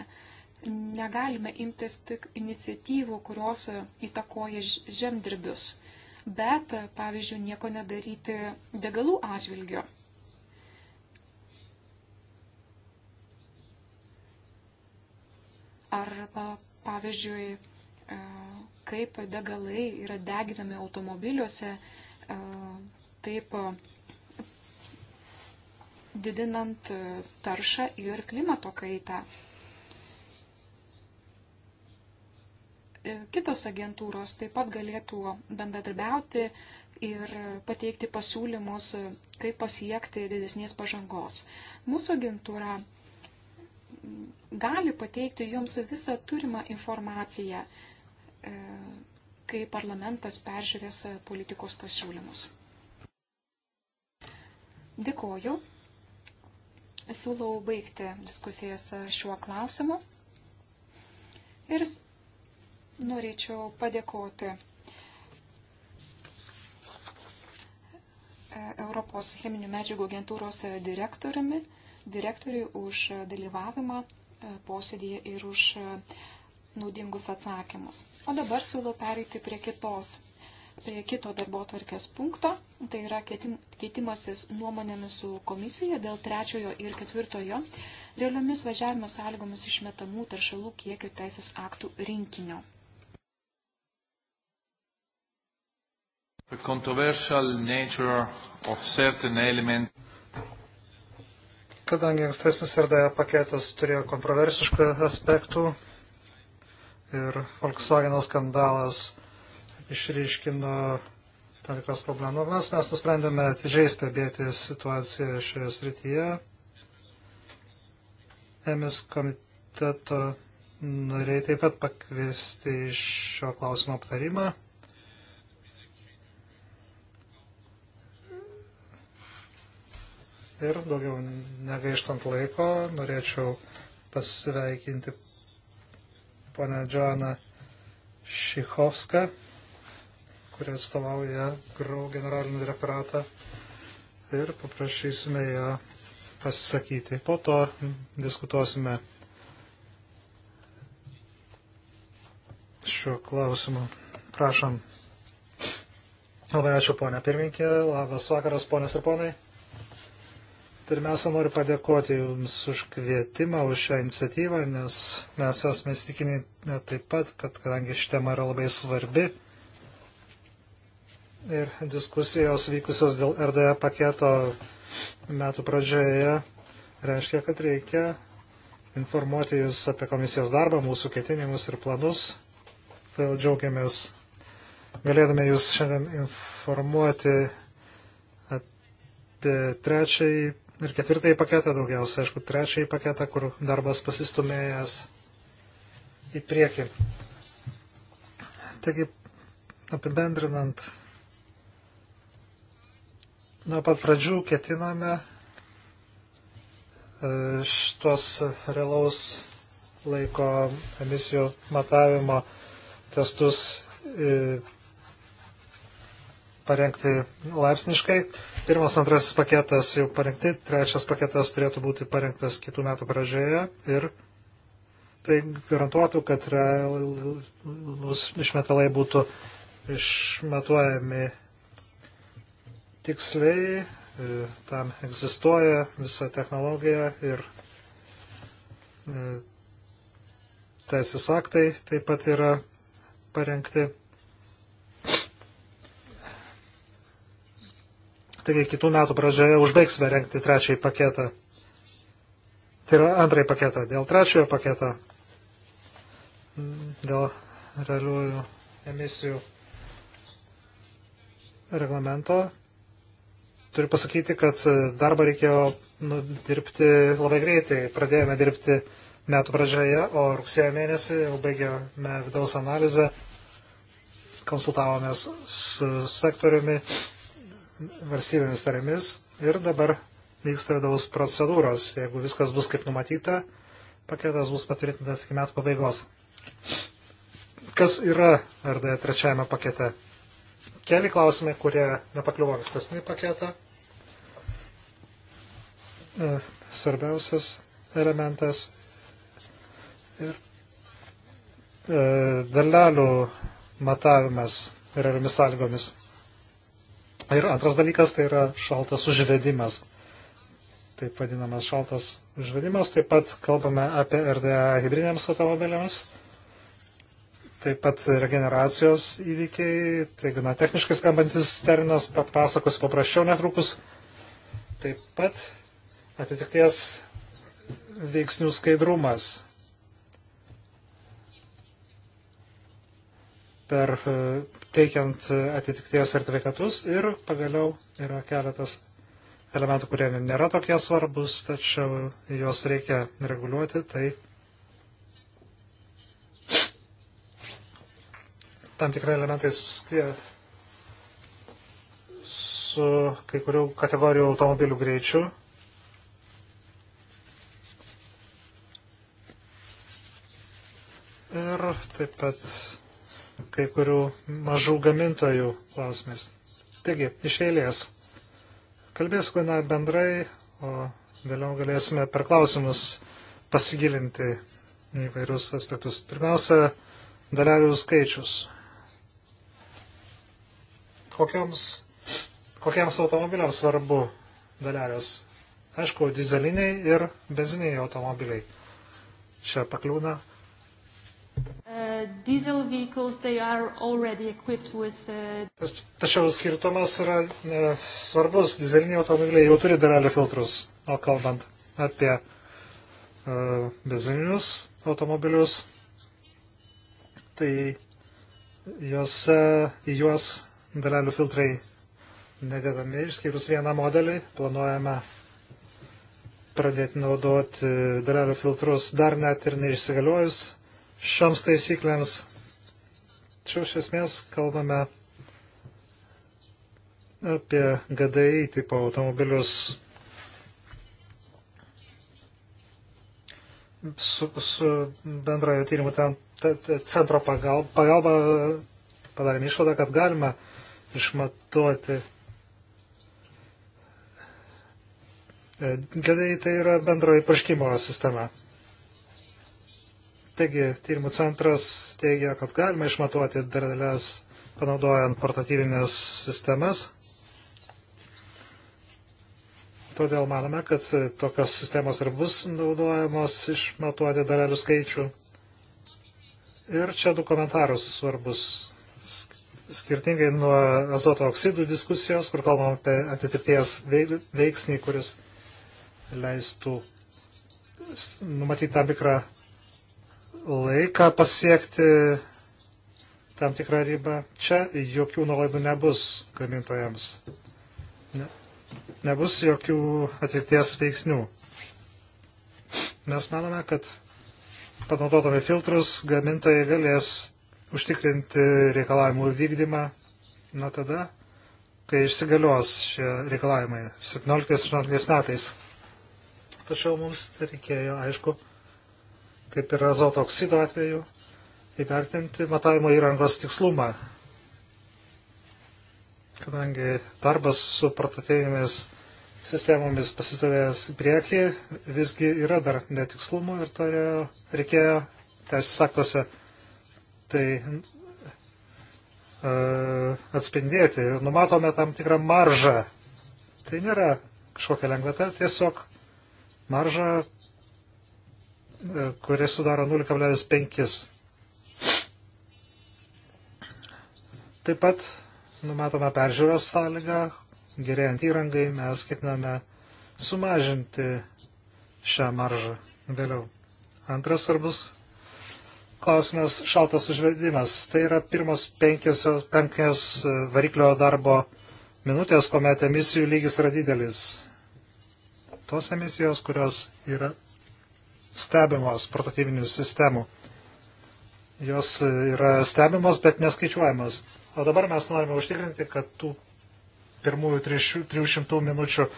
Speaker 3: Negalime imtis tik iniciatyvų, kurios įtakoja žemdirbius, bet, pavyzdžiui, nieko nedaryti degalų atžvilgiu. Arba, pavyzdžiui, e, kaip degalai yra deginami automobiliuose, e, taip didinant taršą ir klimato kaitą. E, kitos agentūros taip pat galėtų bendradarbiauti ir pateikti pasiūlymus, kaip pasiekti didesnės pažangos. Mūsų agentūra gali pateikti jums visą turimą informaciją, e, kai parlamentas peržiūrės politikos pasiūlymus. Dėkoju. Siūlau baigti diskusijas šiuo klausimu. Ir norėčiau padėkoti e, Europos cheminių medžiagų agentūros e, direktoriumi direktoriui už dalyvavimą e, posėdėje ir už e, naudingus atsakymus. O dabar siūlau pereiti prie kitos, prie kito darbo tvarkės punkto, tai yra keitimasis nuomonėmis su komisija dėl trečiojo ir ketvirtojo realiomis važiavimo sąlygomis išmetamų taršalų kiekio teisės aktų rinkinio.
Speaker 1: The controversial nature of certain elements Kadangi ankstesnis RDE paketas turėjo kontroversiškų aspektų ir Volkswagen skandalas išryškino tam tikras problemas, mes nusprendėme atidžiai stebėti situaciją šioje srityje. Emis komiteto nariai taip pat pakviesti iš šio klausimo aptarimą. Ir daugiau negaištant laiko, norėčiau pasveikinti ponę Džoną Šichovską, kuri atstovauja GRAU generalinį direktoratą. Ir paprašysime ją pasisakyti. Po to diskutuosime šiuo klausimu. Prašom. Labai ačiū, ponia pirminkė. Labas vakaras, ponės ir ponai. Pirmiausia, noriu padėkoti Jums už kvietimą, už šią iniciatyvą, nes mes esame įstikinę taip pat, kad kadangi ši tema yra labai svarbi ir diskusijos vykusios dėl RDE paketo metų pradžioje reiškia, kad reikia informuoti Jūs apie komisijos darbą, mūsų ketinimus ir planus. Todėl tai džiaugiamės galėdami Jūs šiandien informuoti apie trečiąjį ir ketvirtąjį paketą daugiausia, aišku, trečiąjį paketą, kur darbas pasistumėjęs į priekį. Taigi, apibendrinant, nuo pat pradžių ketiname e, šitos realaus laiko emisijos matavimo testus e, parengti laipsniškai. Pirmas, antrasis paketas jau parengti, trečias paketas turėtų būti parengtas kitų metų pradžioje ir tai garantuotų, kad realūs išmetalai būtų išmetuojami tiksliai, e, tam egzistuoja visa technologija ir e, teisės aktai taip pat yra parengti. taigi kitų metų pradžioje užbaigsime renkti trečiąjį paketą. Tai yra antrąjį paketą. Dėl trečiojo paketo, mm, dėl realiųjų emisijų reglamento, turiu pasakyti, kad darbą reikėjo nu, dirbti labai greitai. Pradėjome dirbti metų pradžioje, o rugsėjo mėnesį jau baigėme vidaus analizę, konsultavomės su sektoriumi valstybėmis tarėmis ir dabar vyksta vidaus procedūros. Jeigu viskas bus kaip numatyta, paketas bus patvirtintas iki metų pabaigos. Kas yra RD trečiajame pakete? Keli klausimai, kurie nepakliuvo ankstesnį paketą. E, svarbiausias elementas ir e, dalelių matavimas realiomis sąlygomis. Ir antras dalykas tai yra šaltas užvedimas. Taip vadinamas šaltas užvedimas. Taip pat kalbame apie RDA hybridiniams automobiliams. Taip pat regeneracijos įvykiai, tai gana techniškai skambantis terminas, papasakosiu paprasčiau netrukus. Taip pat atitikties veiksnių skaidrumas per teikiant atitikties sertifikatus ir pagaliau yra keletas elementų, kurie nėra tokie svarbus, tačiau juos reikia reguliuoti, tai tam tikrai elementai susiję su kai kurių kategorijų automobilių greičiu. Ir taip pat kai kurių mažų gamintojų klausimais. Taigi, iš eilės. Kalbėsiu gana bendrai, o vėliau galėsime per klausimus pasigilinti įvairius aspektus. Pirmiausia, dalelių skaičius. Kokioms, kokiems automobiliams svarbu dalelės? Aišku, dizeliniai ir benziniai automobiliai. Čia pakliūna.
Speaker 3: Uh, uh, diesel vehicles, they are already equipped with...
Speaker 1: Uh... Tačiau skirtumas yra uh, svarbus, dizeliniai automobiliai jau turi darelio filtrus, o kalbant apie uh, benzininius automobilius, tai juose, į juos dalelių filtrai nededami, išskyrus vieną modelį, planuojame pradėti naudoti dalelių filtrus dar net ir neišsigaliojus šioms taisyklėms. Čia iš esmės kalbame apie GDI tipo automobilius su, su bendrojo tyrimų ten, centro pagalba, pagalba padarėme išvadą, kad galima išmatuoti. GDI tai yra bendroji paškimo sistema. Taigi, tyrimų centras teigia, kad galima išmatuoti dalelės panaudojant portatyvinės sistemas. Todėl manome, kad tokios sistemos ir bus naudojamos išmatuoti dalelių skaičių. Ir čia du komentarus svarbus. Skirtingai nuo azoto oksidų diskusijos, kur kalbam apie atitirties veiksnį, kuris leistų numatyti tam tikrą laiką pasiekti tam tikrą ribą. Čia jokių nuolaidų nebus gamintojams. Ne, nebus jokių atlikties veiksnių. Mes manome, kad panaudodami filtrus gamintojai galės užtikrinti reikalavimų vykdymą nuo tada, kai išsigalios šie reikalavimai 17-18 metais. Tačiau mums reikėjo, aišku, kaip ir azoto oksido atveju, įvertinti matavimo įrangos tikslumą. Kadangi darbas su prototėjimis sistemomis pasistovėjęs priekį, visgi yra dar netikslumų ir to reikėjo teisės aktuose tai e, atspindėti. Numatome tam tikrą maržą. Tai nėra kažkokia lengvata, tiesiog marža kuris sudaro 0,5. Taip pat numatome peržiūros sąlygą, gerėjant įrangai mes ketiname sumažinti šią maržą vėliau. Antras svarbus klausimas - šaltas užvedimas. Tai yra pirmos penkios, penkios variklio darbo minutės, kuomet emisijų lygis yra didelis. Tos emisijos, kurios yra stebimos portatyvinių sistemų. Jos yra stebimos, bet neskaičiuojamos. O dabar mes norime užtikrinti, kad tų pirmųjų 300 minučių e,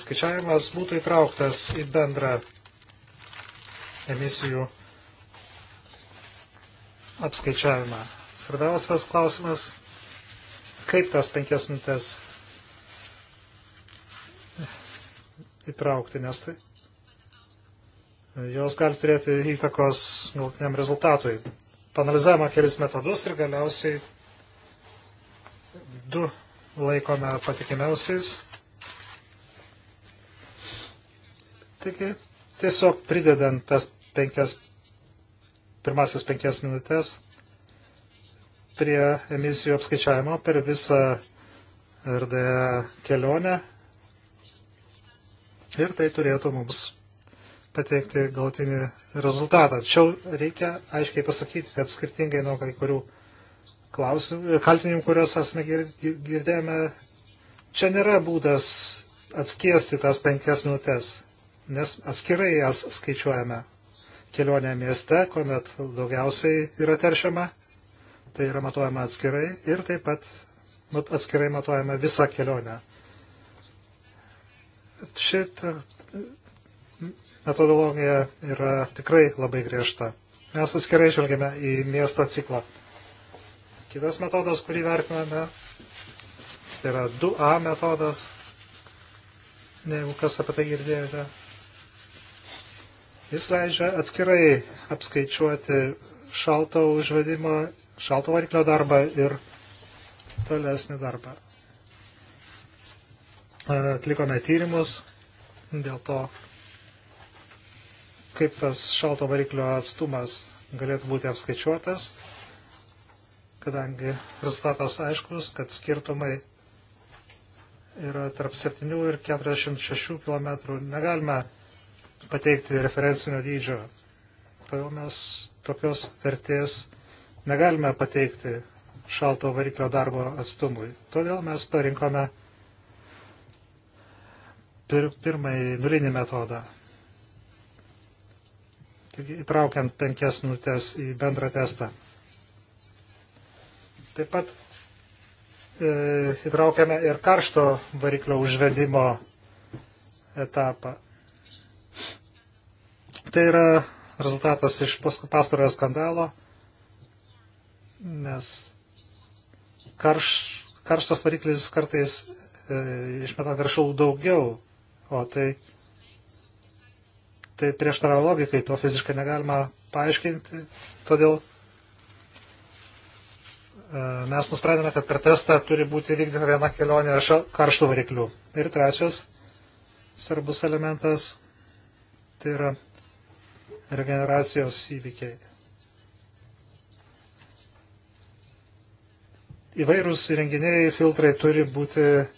Speaker 1: skaičiavimas būtų įtrauktas į bendrą emisijų apskaičiavimą. Svarbiausias klausimas, kaip tas penkias minutės įtraukti, nes tai jos gali turėti įtakos galtiniam rezultatui. Panalizavome kelis metodus ir galiausiai du laikome patikimiausiais. Taigi tiesiog pridedant tas penkias, pirmasis penkias minutės prie emisijų apskaičiavimo per visą RDE kelionę ir tai turėtų mums pateikti gautinį rezultatą. Tačiau reikia aiškiai pasakyti, kad skirtingai nuo kai kurių klausimų, kaltinimų, kuriuos esame girdėjome, čia nėra būdas atskiesti tas penkias minutės, nes atskirai jas skaičiuojame. Kelionė mieste, kuomet daugiausiai yra teršiama, tai yra matuojama atskirai ir taip pat atskirai matuojama visą kelionę. Šitą metodologija yra tikrai labai griežta. Mes atskirai žvelgiame į miesto ciklą. Kitas metodas, kurį vertiname, tai yra 2A metodas, jeigu kas apie tai girdėjote. Jis leidžia atskirai apskaičiuoti šalto užvedimo, šalto variklio darbą ir tolesnį darbą. Atlikome tyrimus dėl to, kaip tas šalto variklio atstumas galėtų būti apskaičiuotas, kadangi rezultatas aiškus, kad skirtumai yra tarp 7 ir 46 km. Negalime pateikti referencinio dydžio. Todėl mes tokios vertės negalime pateikti šalto variklio darbo atstumui. Todėl mes parinkome pir pirmąjį nulinį metodą įtraukiant penkias minutės į bendrą testą. Taip pat e, įtraukiame ir karšto variklio užvedimo etapą. Tai yra rezultatas iš pastarojo skandalo, nes karš, karštas variklis kartais e, išmeta karšalų daugiau, o tai tai prieštaravo logikai, to fiziškai negalima paaiškinti. Todėl e, mes nusprendėme, kad per testą turi būti vykdyta viena kelionė karštų variklių. Ir trečias svarbus elementas tai yra regeneracijos įvykiai. Įvairūs įrenginiai, filtrai turi būti uh,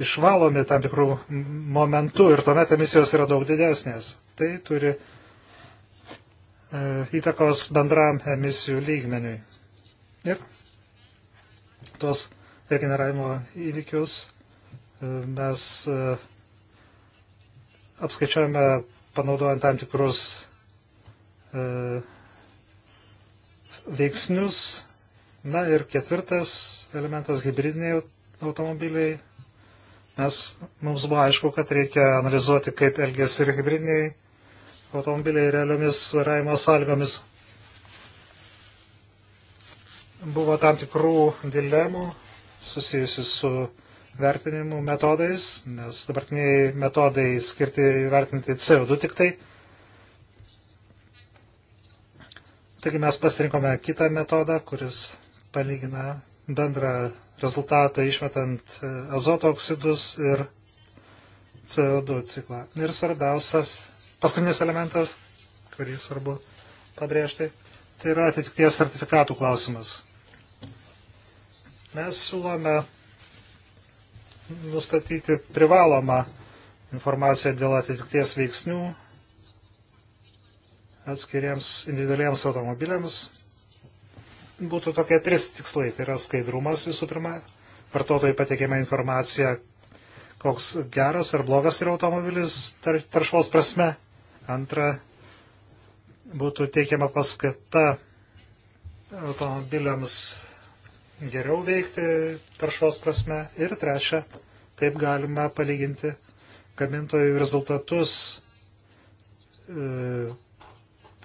Speaker 1: išvalomi tam tikrų momentų ir tuomet emisijos yra daug didesnės. Tai turi e, įtakos bendram emisijų lygmeniui. Ir tuos regeneravimo įvykius e, mes e, apskaičiuojame panaudojant tam tikrus veiksnius. Na ir ketvirtas elementas - hybridiniai automobiliai Mes, mums buvo aišku, kad reikia analizuoti, kaip elgėsi ir hybridiniai automobiliai realiomis vairavimo sąlygomis. Buvo tam tikrų dilemų susijusių su vertinimų metodais, nes dabartiniai metodai skirti vertinti CO2 tik tai. Taigi mes pasirinkome kitą metodą, kuris palygina bendrą rezultatą išmetant e, azoto oksidus ir CO2 ciklą. Ir svarbiausias, paskutinis elementas, kurį svarbu pabrėžti, tai yra atitikties sertifikatų klausimas. Mes siūlome nustatyti privalomą informaciją dėl atitikties veiksnių atskiriems individualiems automobiliams būtų tokie tris tikslai. Tai yra skaidrumas visų pirma, vartotojai patikėma informacija, koks geras ar blogas yra automobilis tar, taršos prasme. Antra, būtų teikiama paskata automobiliams geriau veikti taršos prasme. Ir trečia, taip galima palyginti gamintojų rezultatus e,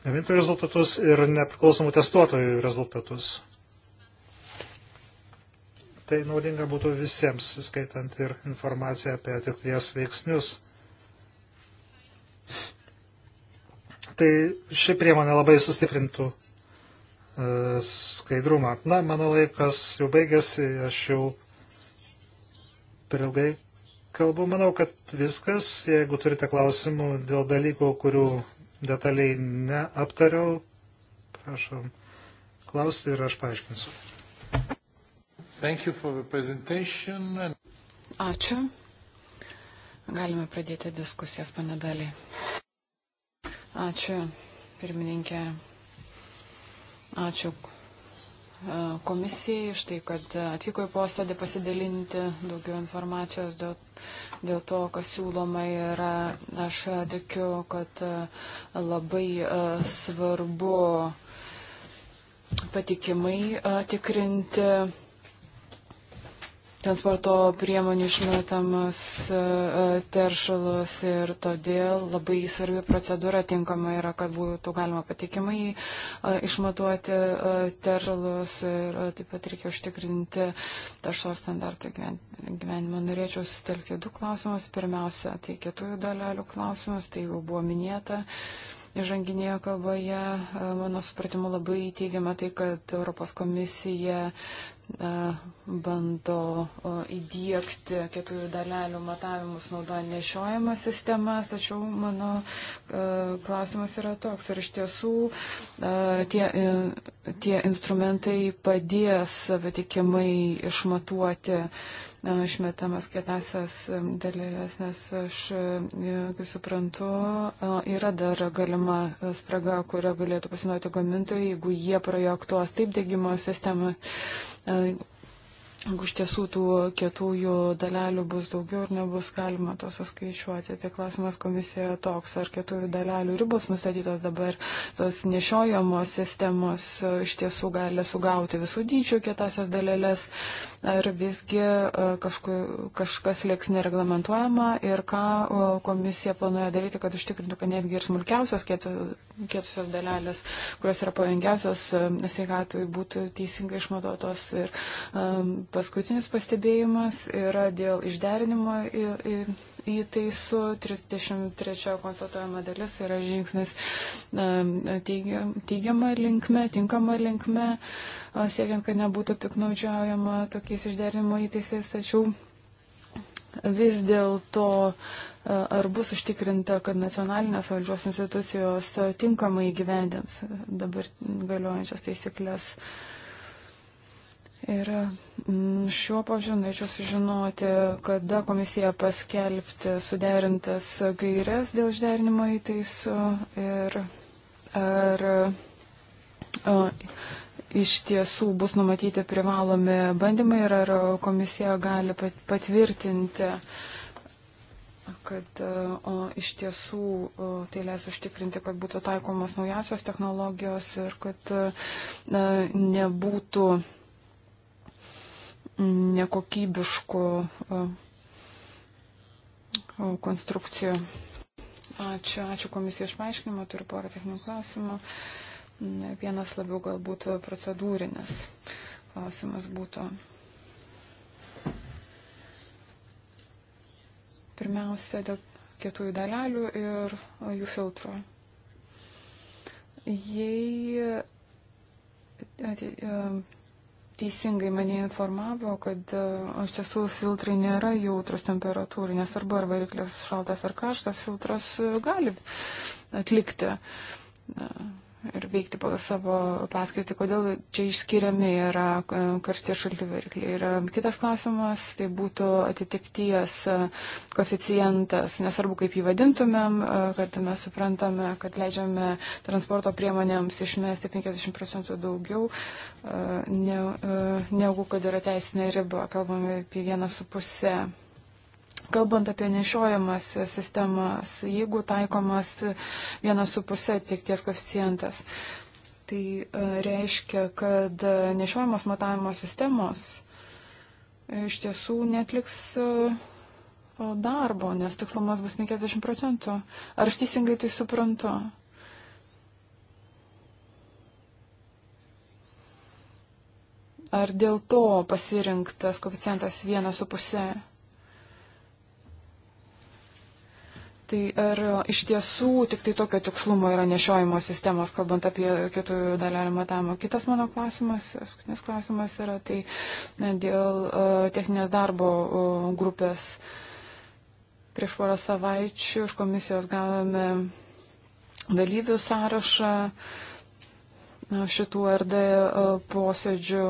Speaker 1: gamintojų rezultatus ir nepriklausomų testuotojų rezultatus. Tai naudinga būtų visiems, skaitant ir informaciją apie ateities veiksnius. Tai ši priemonė labai sustiprintų e, skaidrumą. Na, mano laikas jau baigėsi, aš jau per ilgai kalbu. Manau, kad viskas. Jeigu turite klausimų dėl dalykų, kurių detaliai neaptariau. Prašom klausti ir aš paaiškinsiu. And...
Speaker 2: Ačiū. Galime pradėti diskusijas panedaliai. Ačiū, pirmininkė. Ačiū komisijai iš tai, kad atvyko į posėdį pasidalinti daugiau informacijos dėl, dėl to, kas siūloma yra. Aš tikiu, kad labai svarbu patikimai tikrinti transporto priemonių išmetamas e, e, teršalus ir todėl labai svarbi procedūra tinkama yra, kad būtų galima patikimai e, išmatuoti teršalus ir taip pat reikia užtikrinti taršos standartų gyvenimą. Norėčiau sutelkti du klausimus. Pirmiausia, tai kietųjų dalelių klausimas, tai jau buvo minėta žanginėje kalboje, mano supratimu, labai teigiama tai, kad Europos komisija E, bando įdėkti kietųjų dalelių matavimus naudojant nešiojamas sistemas, tačiau mano e, klausimas yra toks, ar iš tiesų e, tie, tie instrumentai padės patikimai išmatuoti uh, išmetamas kietasias dalelės, nes aš, e, kaip suprantu, yra dar galima e, spraga, kurią galėtų pasinaudoti gamintojai, jeigu jie projektuos taip degimo sistemą Jeigu iš tiesų tų kietųjų dalelių bus daugiau ir nebus galima to suskaičiuoti, tai klausimas komisijoje toks, ar kietųjų dalelių ribos nustatytos dabar, tos nešiojamos sistemos e, iš tiesų gali sugauti visų dydžių kietasias dalelės, ar visgi e, kažku, kažkas lieks nereglamentuojama ir ką e, komisija planuoja daryti, kad užtikrintų, kad netgi ir smulkiausios kietų, kietusios dalelės, kurios yra pavengiausios sveikatui, būtų teisingai išmatuotos. Ir, um, paskutinis pastebėjimas yra dėl išderinimo į, į, į tai su 33 konstatuojama dalis yra žingsnis teigiama linkme, tinkama linkme, siekiant, kad nebūtų piknaudžiaujama tokiais išderinimo įtaisais, tačiau vis dėlto ar bus užtikrinta, kad nacionalinės valdžios institucijos tinkamai gyvendins dabar galiojančias taisyklės. Uh, Ir mm, šiuo požiūriu norėčiau sužinoti, kada komisija paskelbti suderintas gairias dėl išderinimo įtaisų ir ar o, iš tiesų bus numatyti privalomi bandymai ir ar komisija gali patvirtinti, kad o, iš tiesų o, tai leis užtikrinti, kad būtų taikomos naujasios technologijos ir kad o, e, nebūtų nekokybiškų e, e, konstrukcijų. Ačiū, ačiū komisijai išmaiškinimą, turiu porą techninių klausimų. Vienas labiau galbūt procedūrinis klausimas būtų. Pirmiausia, dėl kietųjų dalelių ir jų filtro. Jei e, teisingai mane informavo, kad e, iš tiesų filtrai nėra jautrus temperatūrai, nesvarbu ar variklis šaltas ar karštas, filtras e, gali atlikti. Na, e, ir veikti pagal savo paskaitį, kodėl čia išskiriami yra e, karštie šalti varikliai. Ir e, kitas klausimas, tai būtų atitikties e, koficijantas, nesvarbu kaip jį vadintumėm, kad mes suprantame, kad leidžiame transporto priemonėms išmesti 50 procentų daugiau, ne, negu kad yra teisinė riba, kalbame apie vieną su pusę Kalbant apie nešiojamas sistemas, jeigu taikomas vienas su pusė tiek ties koficijantas, tai e, reiškia, kad nešiojamos matavimo sistemos iš tiesų netliks e, darbo, nes tikslumas bus 50 procentų. Ar aš teisingai tai suprantu? Ar dėl to pasirinktas koficijantas vienas su pusė? Tai ar iš tiesų tik tai tokio tikslumo yra nešiojimo sistemos, kalbant apie kietųjų dalelių matavimą? Kitas mano klausimas, paskutinis klausimas yra tai ne, dėl uh, techninės darbo uh, grupės. Prieš porą savaičių iš komisijos gavome dalyvių sąrašą. Uh, šitų RD e, posėdžių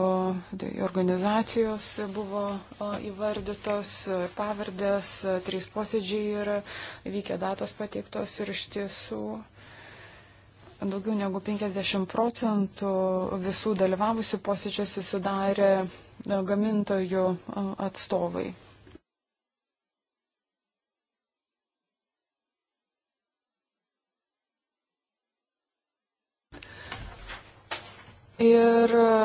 Speaker 2: tai organizacijos buvo e, įvardytos, e, pavardės, trys posėdžiai yra vykę datos pateiktos ir iš tiesų daugiau negu 50 procentų visų dalyvavusių posėdžiuose sudarė gamintojų atstovai. Ir e,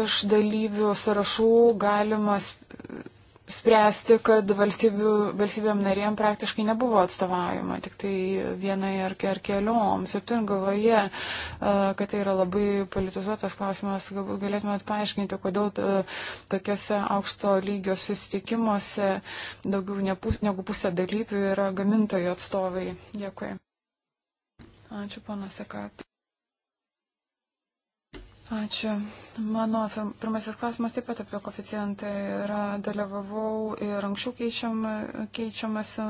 Speaker 2: iš dalyvių sąrašų galima spręsti, kad valstybėm narėm praktiškai nebuvo atstovaujama, tik tai vienai ar, ar kelioms. Ir turint galvoje, e, kad tai yra labai politizuotas klausimas, galbūt galėtumėt paaiškinti, kodėl e, tokiuose aukšto lygio susitikimuose daugiau ne pus, negu pusė dalyvių yra gamintojų atstovai. Dėkui. Ačiū, panas Ekat. Ačiū. Mano pirmasis klausimas taip pat apie koficijantą yra dalyvavau ir anksčiau keičiam, keičiamas e,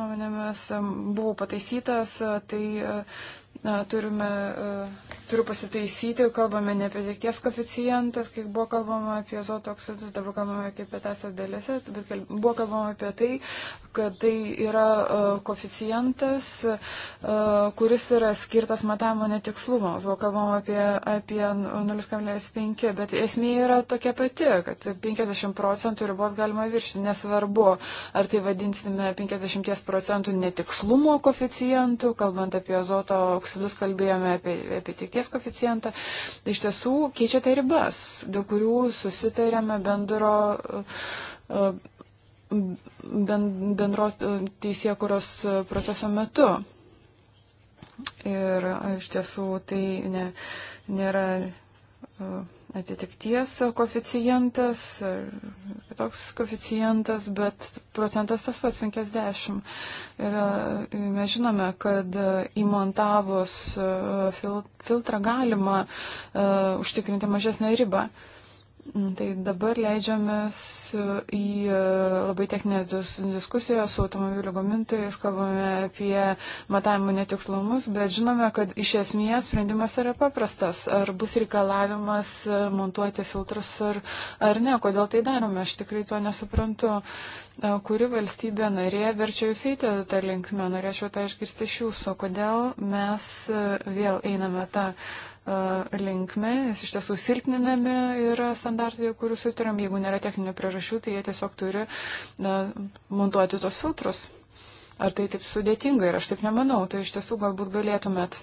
Speaker 2: nuomenėmis, e, buvau pataisytas, e, tai turime, e, turiu pasitaisyti, kalbame ne apie tiekties koficijantas, kai buvo kalbama apie azoto oksidus, dabar kalbame apie pietasias dalis, bet buvo kalbama apie tai, kad tai yra e, koficijantas, e, kuris yra skirtas matavimo netikslumo. Buvo kalbama apie, apie 0,5, bet esmė yra tokia pati, kad 50 procentų ribos galima viršti, nesvarbu, ar tai vadinsime 50 procentų netikslumo koficijantų, kalbant apie azoto oksidus oksidus, kalbėjome apie, apie tikties koficijantą. Iš tiesų keičiate ribas, dėl kurių susitarėme bendro. E, e, bendros e, teisėkuros proceso metu. Ir iš tiesų tai ne, nėra. Uh, atitikties koficijantas, toks koficijantas, bet procentas tas pats 50. Ir e, mes žinome, kad įmontavus e, filtrą galima e, užtikrinti mažesnę ribą. Uh, Mm, tai dabar leidžiamės į e, labai techninės diskusijas su automobilių gamintojais, kalbame apie matavimų netikslumus, bet žinome, kad iš esmės sprendimas yra paprastas. Ar bus reikalavimas e, montuoti filtrus ar, ar ne, kodėl tai darome, aš tikrai to nesuprantu. E, kuri valstybė narė verčia jūs eiti tą linkmę, norėčiau tą išgirsti iš jūsų, kodėl mes vėl einame tą. Ta linkme, nes iš tiesų silpninami yra standartai, kurių sutariam, jeigu nėra techninių priežasčių, tai jie tiesiog turi na, montuoti tos filtrus. Ar tai taip sudėtinga ir aš taip nemanau, tai iš tiesų galbūt galėtumėt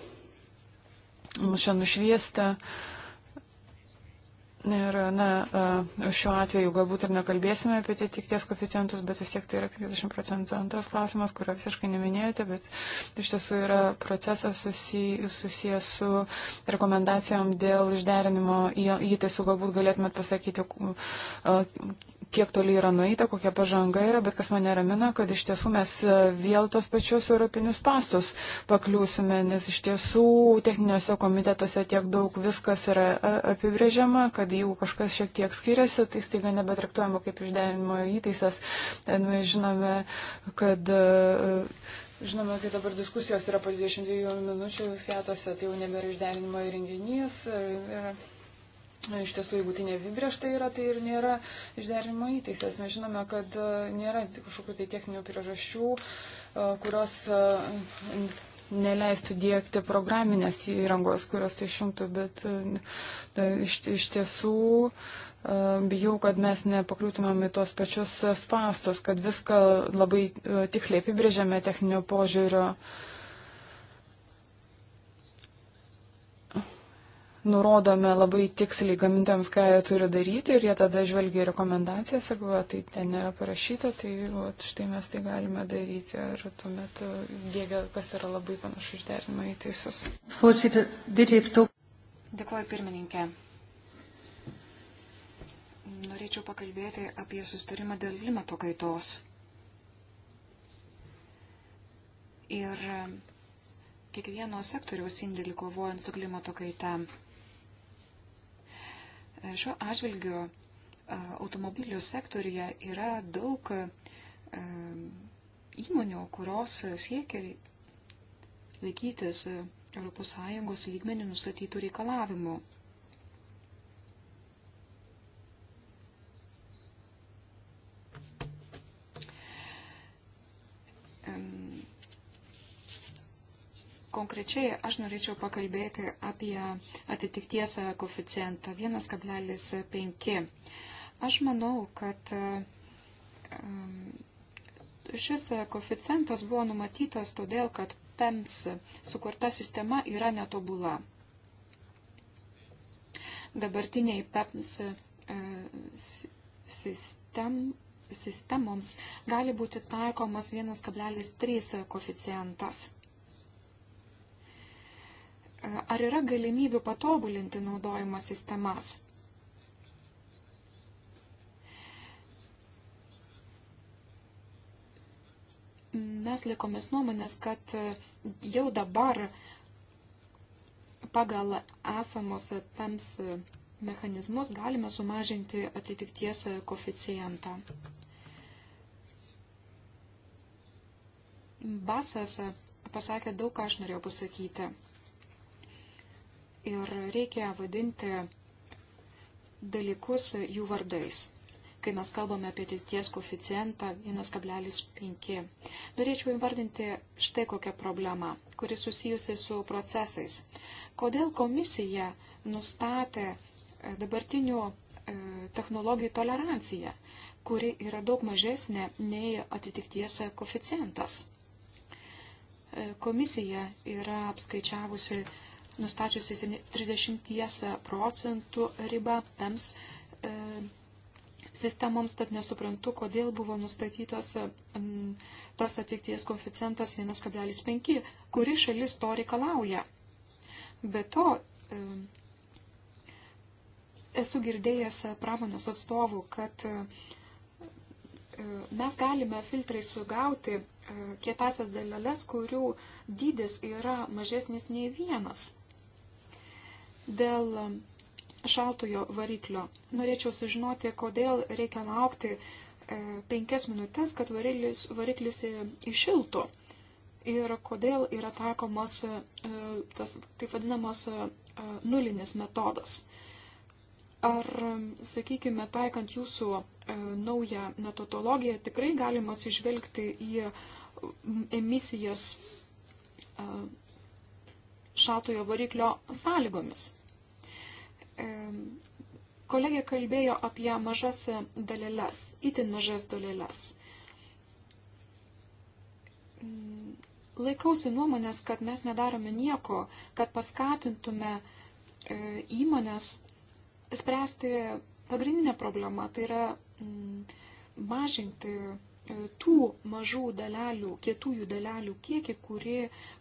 Speaker 2: mus čia nušviesti. Uh, Ir, na, šiuo atveju galbūt ir nekalbėsime apie atitikties koficijantus, bet vis tiek tai yra 50 procentų. Antras klausimas, kurio visiškai neminėjote, bet iš tiesų yra procesas susi, susijęs su rekomendacijom dėl išderinimo į įtaisų. Galbūt galėtumėt pasakyti, kiek toli yra nueita, kokia pažanga yra, bet kas mane ramina, kad iš tiesų mes e, vėl tos pačius europinius pastus pakliūsime, nes iš tiesų techniniuose komitetuose tiek daug viskas yra e, apibrėžiama, kad jeigu kažkas šiek tiek skiriasi, tai staiga nebetraktuojama kaip išderinimo įtaisas. Mes nu, žinome, kad. E, Žinoma, kai dabar diskusijos yra po 22 minučių fiatose, tai jau nebėra išderinimo įrenginys. Ir, ir, Iš tiesų, jeigu tai nevibriešta yra, tai ir nėra išderimo įteisės. Mes žinome, kad e, nėra kažkokių tai techninių priežasčių, e, kurios e, neleistų dėkti programinės įrangos, kurios tai išimtų, bet iš, iš tiesų bijau, kad mes nepakliūtumėm į tos pačius spastus, kad viską labai tiksliai apibrėžiame techninio požiūrio. Uh, nurodome labai tiksliai gamintojams, ką jie turi daryti ir jie tada žvelgia rekomendacijas ir galvoja, tai ten nėra parašyta, tai va, štai mes tai galime daryti. Ir tuomet e, dėgia, kas yra labai panašu išderinimą į teisus.
Speaker 3: Dėkuoju pirmininkė. Norėčiau pakalbėti apie sustarimą dėl klimato kaitos. Ir e, kiekvieno sektoriaus indėlį kovojant su klimato kaita. Šiuo atžvilgiu automobilių sektorija yra daug įmonių, kurios siekia laikytis ES lygmenių nustatytų reikalavimų. Konkrečiai aš norėčiau pakalbėti apie atitikties koficijantą 1,5. Aš manau, kad šis koficijantas buvo numatytas todėl, kad PEMS sukurta sistema yra netobula. Dabartiniai PEMS e, sistem, sistemoms gali būti taikomas 1,3 koficijantas ar yra galimybių patobulinti naudojimo sistemas? Mes laikomės nuomonės, kad jau dabar pagal esamos PEMS mechanizmus galime sumažinti atitikties koficijantą. Basas pasakė daug, ką aš norėjau pasakyti ir reikia vadinti dalykus jų vardais. Kai mes kalbame apie ateities koficijantą 1,5. Norėčiau įvardinti štai kokią problemą, kuri susijusi su procesais. Kodėl komisija nustatė e, dabartinių e, technologijų toleranciją, kuri yra daug mažesnė nei atitikties koficijantas? E, komisija yra apskaičiavusi nustačiusi 30 procentų ribą PEMS e, sistemoms, tad nesuprantu, kodėl buvo nustatytas m, tas ateities koeficientas 1,5, kuri šalis to reikalauja. Be to, e, esu girdėjęs pramonės atstovų, kad e, mes galime filtrai sugauti e, kietasias daleles, kurių dydis yra mažesnis nei vienas. Dėl um, šaltojo variklio norėčiau sužinoti, kodėl reikia laukti e, penkias minutės, kad variklis, variklis išiltų ir kodėl yra taikomas e, tas taip vadinamas e, nulinis metodas. Ar, um, sakykime, taikant jūsų naują metodologiją, tikrai galima atsižvelgti į emisijas šaltojo variklio sąlygomis. E, kolegė kalbėjo apie mažas dalelės, itin mažas dalelės. Laikausi nuomonės, kad mes nedarome nieko, kad paskatintume e, įmonės spręsti pagrindinę problemą, tai yra mažinti E, tų mažų dalelių, kietųjų dalelių kiekį, kuri,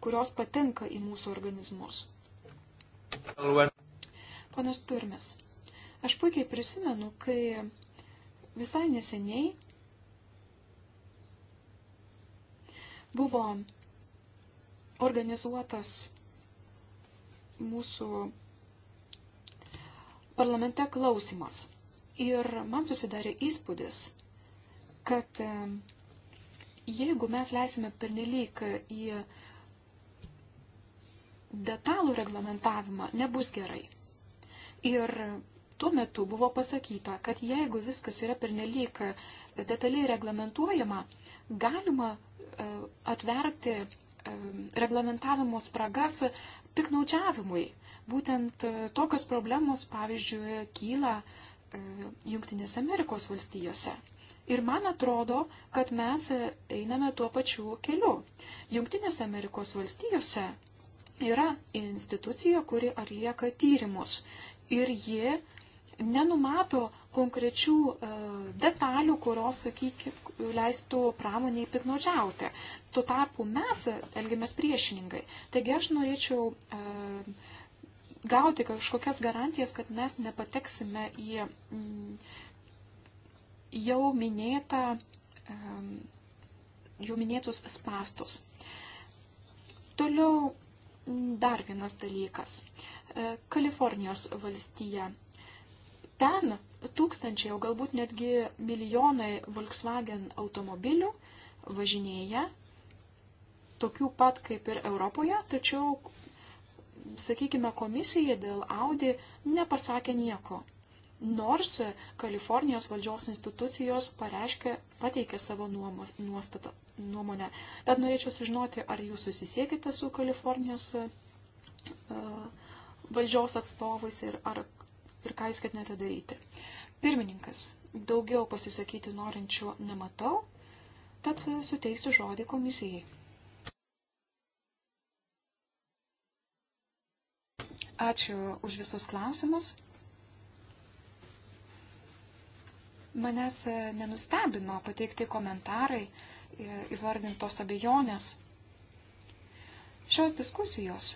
Speaker 3: kurios patenka į mūsų organizmus. Ponas Turmes, aš puikiai prisimenu, kai visai neseniai buvo organizuotas mūsų parlamente klausimas. Ir man susidarė įspūdis, kad jeigu mes leisime pernelyg į detalų reglamentavimą, nebus gerai. Ir tuo metu buvo pasakyta, kad jeigu viskas yra pernelyg detaliai reglamentuojama, galima e, atverti e, reglamentavimo spragas piknaudžiavimui. Būtent e, tokios problemos, pavyzdžiui, kyla Junktinės Amerikos valstijose. Ir man atrodo, kad mes einame tuo pačiu keliu. Junktinės Amerikos valstijose yra institucija, kuri atlieka tyrimus ir ji nenumato konkrečių e, detalių, kurios, sakykime, leistų pramoniai piknaudžiauti. Tuo tarpu mes elgiamės priešingai. Taigi aš norėčiau e, gauti kažkokias garantijas, kad mes nepateksime į jau minėta, jau minėtus spastus. Toliau dar vienas dalykas. E, Kalifornijos valstija. Ten tūkstančiai, o galbūt netgi milijonai Volkswagen automobilių važinėja, tokių pat kaip ir Europoje, tačiau, sakykime, komisija dėl Audi nepasakė nieko nors Kalifornijos valdžios institucijos pareiškė, pateikė savo nuomos, nuostatą, nuomonę. Tad norėčiau sužinoti, ar jūs susisiekite su Kalifornijos e, valdžios atstovais ir, ar, ir ką jūs ketinate daryti. Pirmininkas, daugiau pasisakyti norinčių nematau, tad suteiksiu žodį komisijai. Ačiū už visus klausimus. Manęs e, nenustebino pateikti komentarai, e, įvardintos abejonės. Šios diskusijos,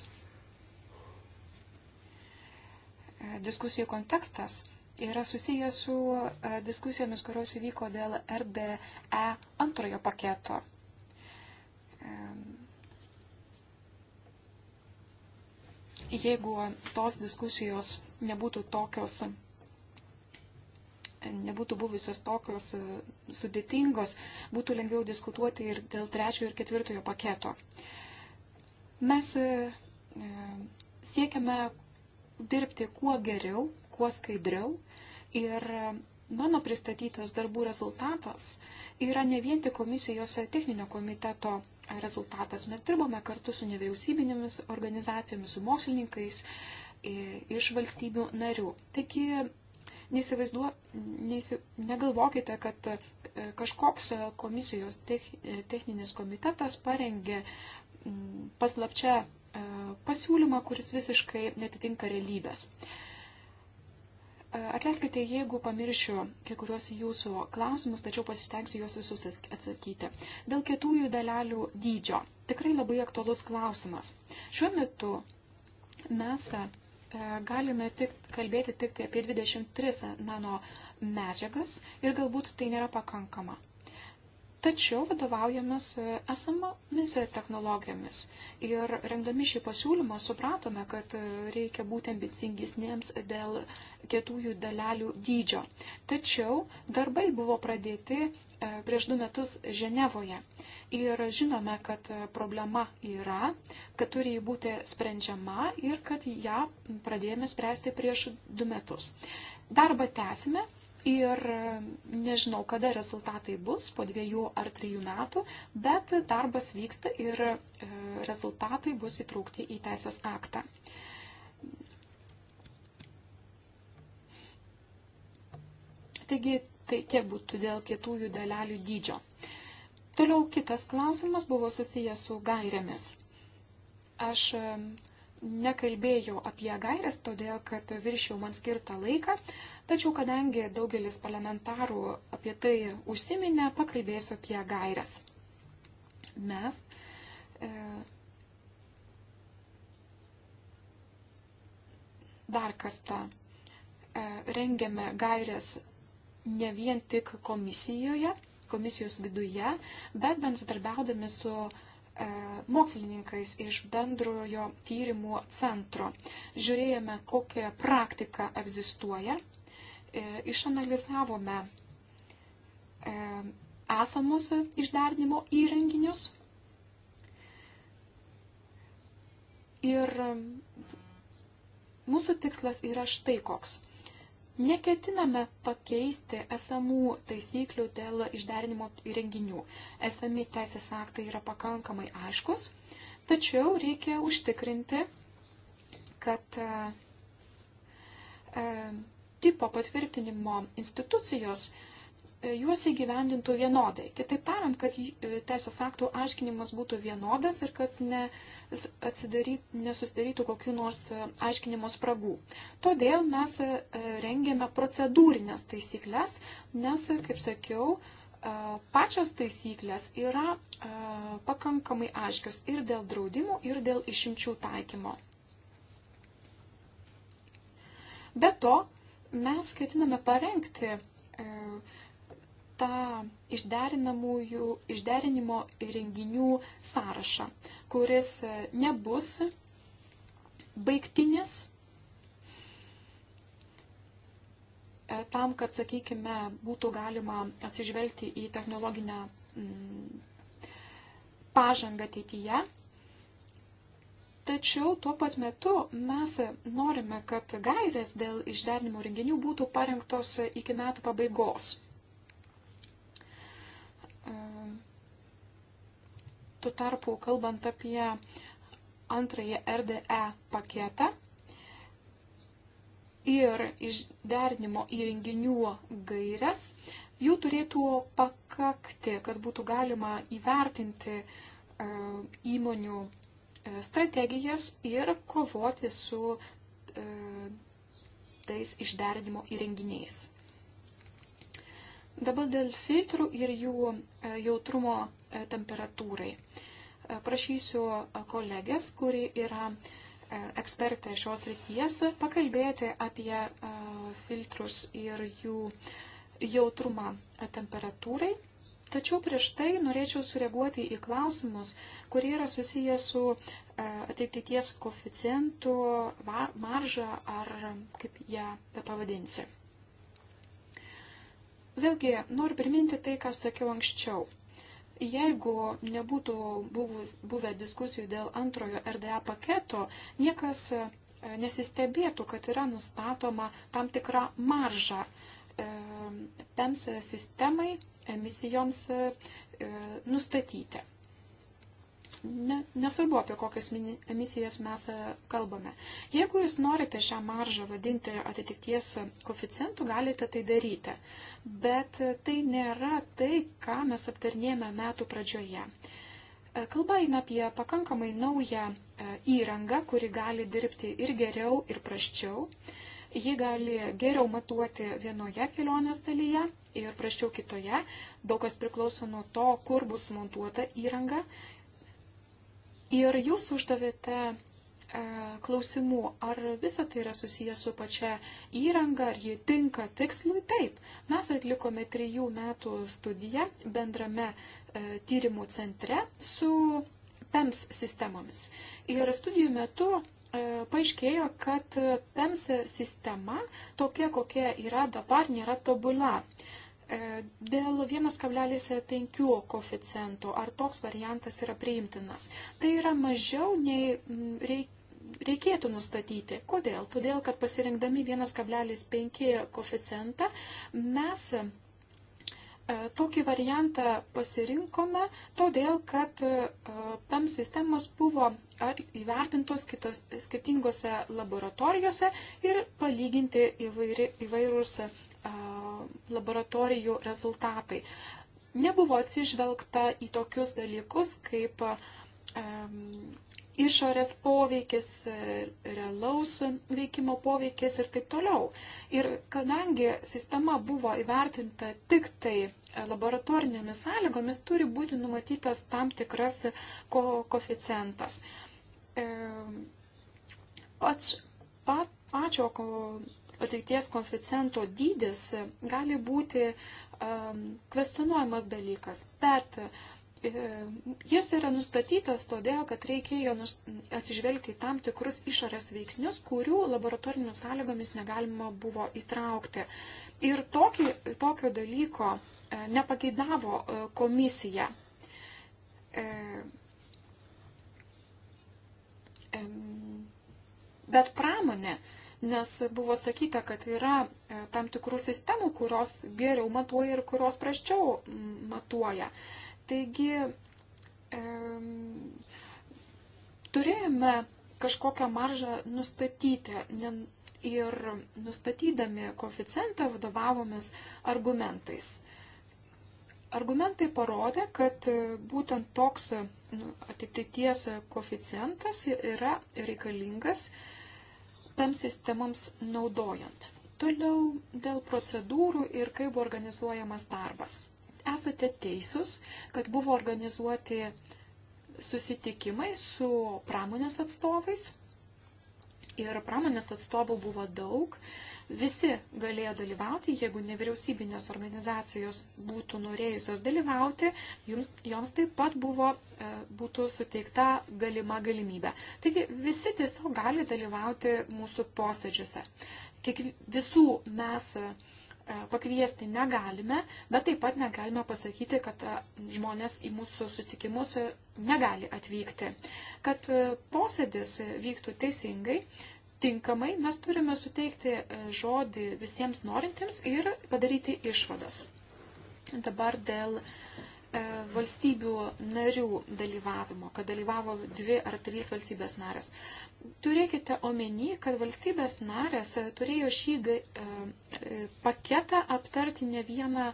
Speaker 3: e, diskusijų kontekstas yra susijęs su diskusijomis, kurios įvyko dėl RDE antrojo paketo. Jeigu tos diskusijos nebūtų tokios nebūtų buvusios tokios e, sudėtingos, būtų lengviau diskutuoti ir dėl trečiojo ir ketvirtojo paketo. Mes e, e, siekiame dirbti kuo geriau, kuo skaidriau ir mano pristatytas darbų rezultatas yra ne vien tik komisijos techninio komiteto rezultatas. Mes dirbome kartu su nevyriausybinėmis organizacijomis, su mokslininkais iš valstybių narių. Taigi Neįsivaizduo, neįsi, negalvokite, kad e, kažkoks e, komisijos e, techninis komitetas parengė paslapčia pasiūlymą, kuris visiškai netitinka realybės. Atleiskite, jeigu pamiršiu kiekvienos jūsų klausimus, tačiau pasistengsiu juos visus atsakyti. Dėl kietųjų dalelių dydžio. Tikrai labai aktualus klausimas. Šiuo metu mes E, galime tik, kalbėti tik tai apie 23 nano medžiagas ir galbūt tai nėra pakankama. Tačiau vadovaujamės e, esamomis technologijomis ir rengdami šį pasiūlymą supratome, kad e, reikia būti ambicingisniems dėl kietųjų dalelių dydžio. Tačiau darbai buvo pradėti E, prieš du metus Ženevoje. Ir žinome, kad e, problema yra, kad turi būti sprendžiama ir kad ją pradėjome spręsti prieš du metus. Darbą tęsime. Ir e, nežinau, kada rezultatai bus, po dviejų ar trijų metų, bet darbas vyksta ir rezultatai bus įtraukti į teisės aktą. Taigi tai tiek būtų dėl kietųjų dalelių dydžio. Toliau kitas klausimas buvo susijęs su gairėmis. Aš nekalbėjau apie gairės, todėl kad viršiau man skirtą laiką, tačiau kadangi daugelis parlamentarų apie tai užsiminė, pakalbėsiu apie gairės. Mes e, dar kartą e, rengiame gairės ne vien tik komisijoje, komisijos viduje, bet bendradarbiaudami su e, mokslininkais iš bendrojo tyrimų centro. Žiūrėjome, kokia praktika egzistuoja, e, išanalizavome e, esamus išderinimo įrenginius ir mūsų tikslas yra štai koks Neketiname pakeisti esamų taisyklių dėl išderinimo įrenginių. Esami teisės aktai yra pakankamai aiškus, tačiau reikia užtikrinti, kad e, e tipo patvirtinimo institucijos e, E, juos įgyvendintų vienodai. Kitaip tariant, kad e, teisės aktų aiškinimas būtų vienodas ir kad ne nesusidarytų kokiu nors e, aiškinimo spragų. Todėl mes rengėme procedūrinės taisyklės, nes, kaip sakiau, pačios taisyklės yra pakankamai aiškios ir dėl draudimų, ir dėl išimčių taikymo. Be to, mes ketiname parengti tą išderinimo renginių sąrašą, kuris e, nebus baigtinis e, tam, kad, sakykime, būtų galima atsižvelgti į technologinę mm, pažangą ateityje. Tačiau tuo pat metu mes norime, kad gairės dėl išderinimo renginių būtų parengtos iki metų pabaigos. Tuo tarpu, kalbant apie antrąjį RDE paketą ir išderinimo įrenginių gairias, jų turėtų pakakti, kad būtų galima įvertinti e, įmonių e, strategijas ir kovoti su e, tais išderinimo įrenginiais. Dabar dėl filtrų ir jų e, jautrumo e, temperatūrai. E, prašysiu kolegės, kuri yra ekspertė šios ryties, pakalbėti apie filtrus ir jų jautrumą temperatūrai. Tačiau prieš tai norėčiau sureaguoti į klausimus, kurie yra susiję su ateities koficientų marža ar kaip ją pavadinsi. Vėlgi, noriu priminti tai, ką sakiau anksčiau. Jeigu nebūtų buvus, buvę diskusijų dėl antrojo RDA paketo, niekas e, nesistebėtų, kad yra nustatoma tam tikra marža e, PEMS sistemai emisijoms e, nustatyti. Ne, nesvarbu, apie kokias emisijas mes e, kalbame. Jeigu jūs norite šią maržą vadinti atitikties koficientų, galite tai daryti. Bet e, tai nėra tai, ką mes aptarnėjame metų pradžioje. E, kalba eina apie pakankamai naują įrangą, kuri gali dirbti ir geriau, ir praščiau. Ji gali geriau matuoti vienoje kelionės dalyje ir praščiau kitoje. Daug kas priklauso nuo to, kur bus montuota įranga Ir jūs uždavėte e, klausimų, ar visa tai yra susijęs su pačia įranga, ar ji tinka tikslui. Taip, mes atlikome trijų metų studiją bendrame e, tyrimų centre su PEMS sistemomis. Ir studijų metu e, paaiškėjo, kad PEMS sistema, tokia kokia yra dabar, nėra tobula. E, dėl 1,5 koficento, ar toks variantas yra priimtinas? Tai yra mažiau nei reikėtų nustatyti. Kodėl? Todėl, kad pasirinkdami 1,5 koficentą mes e, Tokį variantą pasirinkome, todėl kad PEM sistemos buvo įvertintos kitos, skirtingose laboratorijose ir palyginti įvairi, įvairūs laboratorijų rezultatai. Nebuvo atsižvelgta į tokius dalykus kaip išorės poveikis, realaus veikimo poveikis ir taip toliau. Ir kadangi sistema buvo įvertinta tik tai laboratorinėmis sąlygomis, turi būti numatytas tam tikras ko koficijantas. Pač, pat, pačio ko, patikties koeficiento dydis gali būti um, kvestionuojamas dalykas, bet uh, jis yra nustatytas todėl, kad reikėjo atsižvelgti į tam tikrus išorės veiksnius, kurių laboratorinius sąlygomis negalima buvo įtraukti. Ir tokį, tokio dalyko uh, nepageidavo uh, komisija. Um, bet pramonė nes buvo sakyta, kad yra e, tam tikrų sistemų, kurios geriau matuoja ir kurios praščiau matuoja. Taigi e, turėjome kažkokią maržą nustatyti ne, ir nustatydami koeficientą vadovavomis argumentais. Argumentai parodė, kad e, būtent toks nu, atitikties koeficientas yra reikalingas e, PEM sistemams naudojant. Toliau dėl procedūrų ir kaip buvo organizuojamas darbas. Esate teisūs, kad buvo organizuoti susitikimai su pramonės atstovais, ir pramonės atstovų buvo daug. Visi galėjo dalyvauti, jeigu nevyriausybinės organizacijos būtų norėjusios dalyvauti, jums, joms taip pat buvo, e, būtų suteikta galima galimybė. Taigi visi tiesiog gali dalyvauti mūsų posėdžiuose. Kiek visų mes E, pakviesti negalime, bet taip pat negalime pasakyti, kad e, žmonės į mūsų sutikimus e, negali atvykti. Kad posėdis vyktų teisingai, tinkamai, mes turime suteikti žodį visiems norintiems ir padaryti išvadas. Dabar dėl uh, E, valstybių narių dalyvavimo, kad dalyvavo dvi ar trys valstybės narės. Turėkite omeny, kad valstybės narės turėjo šį e, e, paketą aptarti ne vieną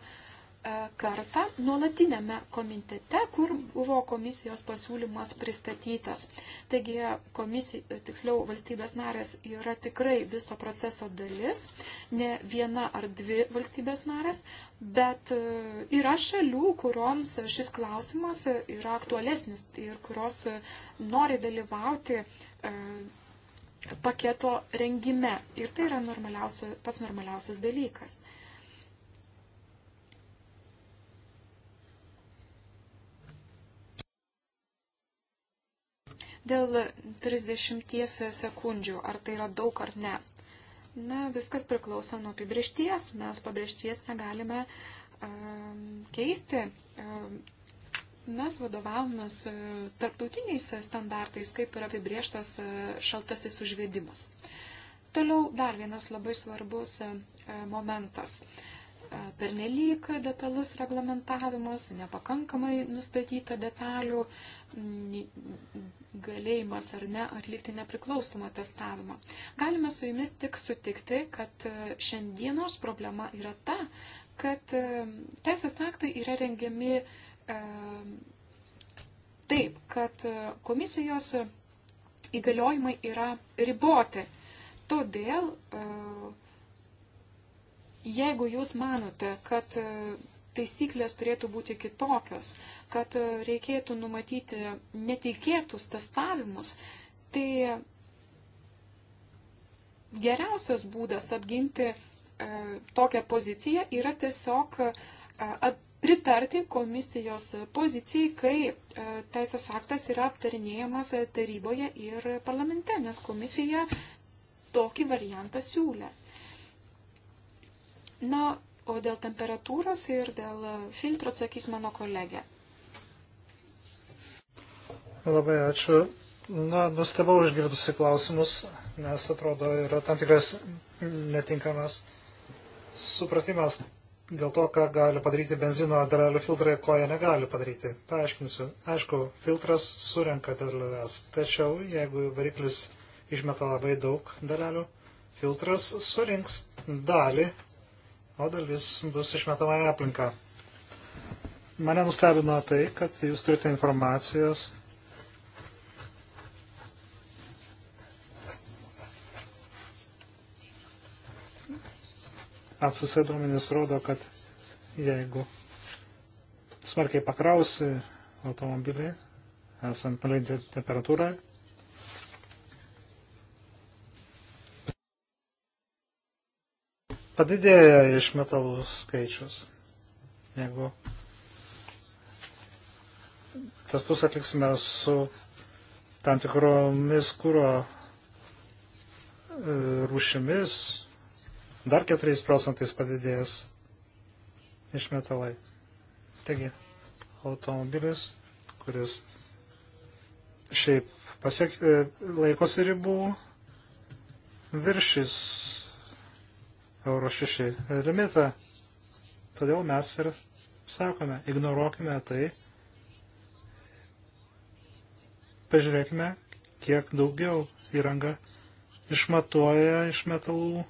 Speaker 3: E, kartą nuolatinėme komitete, kur buvo komisijos pasiūlymas pristatytas. Taigi komisija, tiksliau valstybės narės yra tikrai viso proceso dalis, ne viena ar dvi valstybės narės, bet e, yra šalių, kuriuoms šis klausimas yra aktualesnis ir kurios nori dalyvauti e, paketo rengime. Ir tai yra normaliausia, pats normaliausias dalykas. Dėl 30 sekundžių, ar tai yra daug ar ne. Na, viskas priklauso nuo apibriešties. Mes pabrėžties negalime um, keisti. Um, mes vadovavomės uh, tarptautiniais standartais, kaip yra apibrieštas uh, šaltasis užvedimas. Toliau dar vienas labai svarbus uh, momentas. Uh, E, pernelyg detalus reglamentavimas, nepakankamai nustatyta detalių, galėjimas ar ne atlikti nepriklausomą testavimą. Galime su jumis tik sutikti, kad e, šiandienos problema yra ta, kad e, teisės aktai yra rengiami e, taip, kad komisijos įgaliojimai yra riboti. Todėl e, Jeigu jūs manote, kad e, taisyklės turėtų būti kitokios, kad e, reikėtų numatyti netikėtus testavimus, tai geriausias būdas apginti e, tokią poziciją yra tiesiog e, pritarti komisijos pozicijai, kai e, teisės aktas yra aptarinėjamas taryboje ir parlamente, nes komisija tokį variantą siūlė. Na, o dėl temperatūros ir dėl filtro atsakys mano kolegė.
Speaker 1: Labai ačiū. Na, nustebau išgirdusi klausimus, nes atrodo yra tam tikras netinkamas supratimas dėl to, ką gali padaryti benzino dalelių filtrai, ko jie negali padaryti. Paaiškinsiu. Aišku, filtras surenka dalelės, tačiau jeigu variklis išmeta labai daug dalelių, filtras surinks dalį o dalis bus išmetama į aplinką. Mane nustebino tai, kad jūs turite informacijos. ACC duomenys rodo, kad jeigu smarkiai pakrausi automobilį, esant nuleidžiant temperatūrai, padidėja išmetalų skaičius. Jeigu testus atliksime su tam tikromis kūro e, rūšimis, dar 4 procentais padidės išmetalai. Taigi, automobilis, kuris šiaip pasiek, e, laikosi ribų, viršys euro 6 limitą. Todėl mes ir sakome, ignoruokime tai, pažiūrėkime, kiek daugiau įranga išmatuoja iš metalų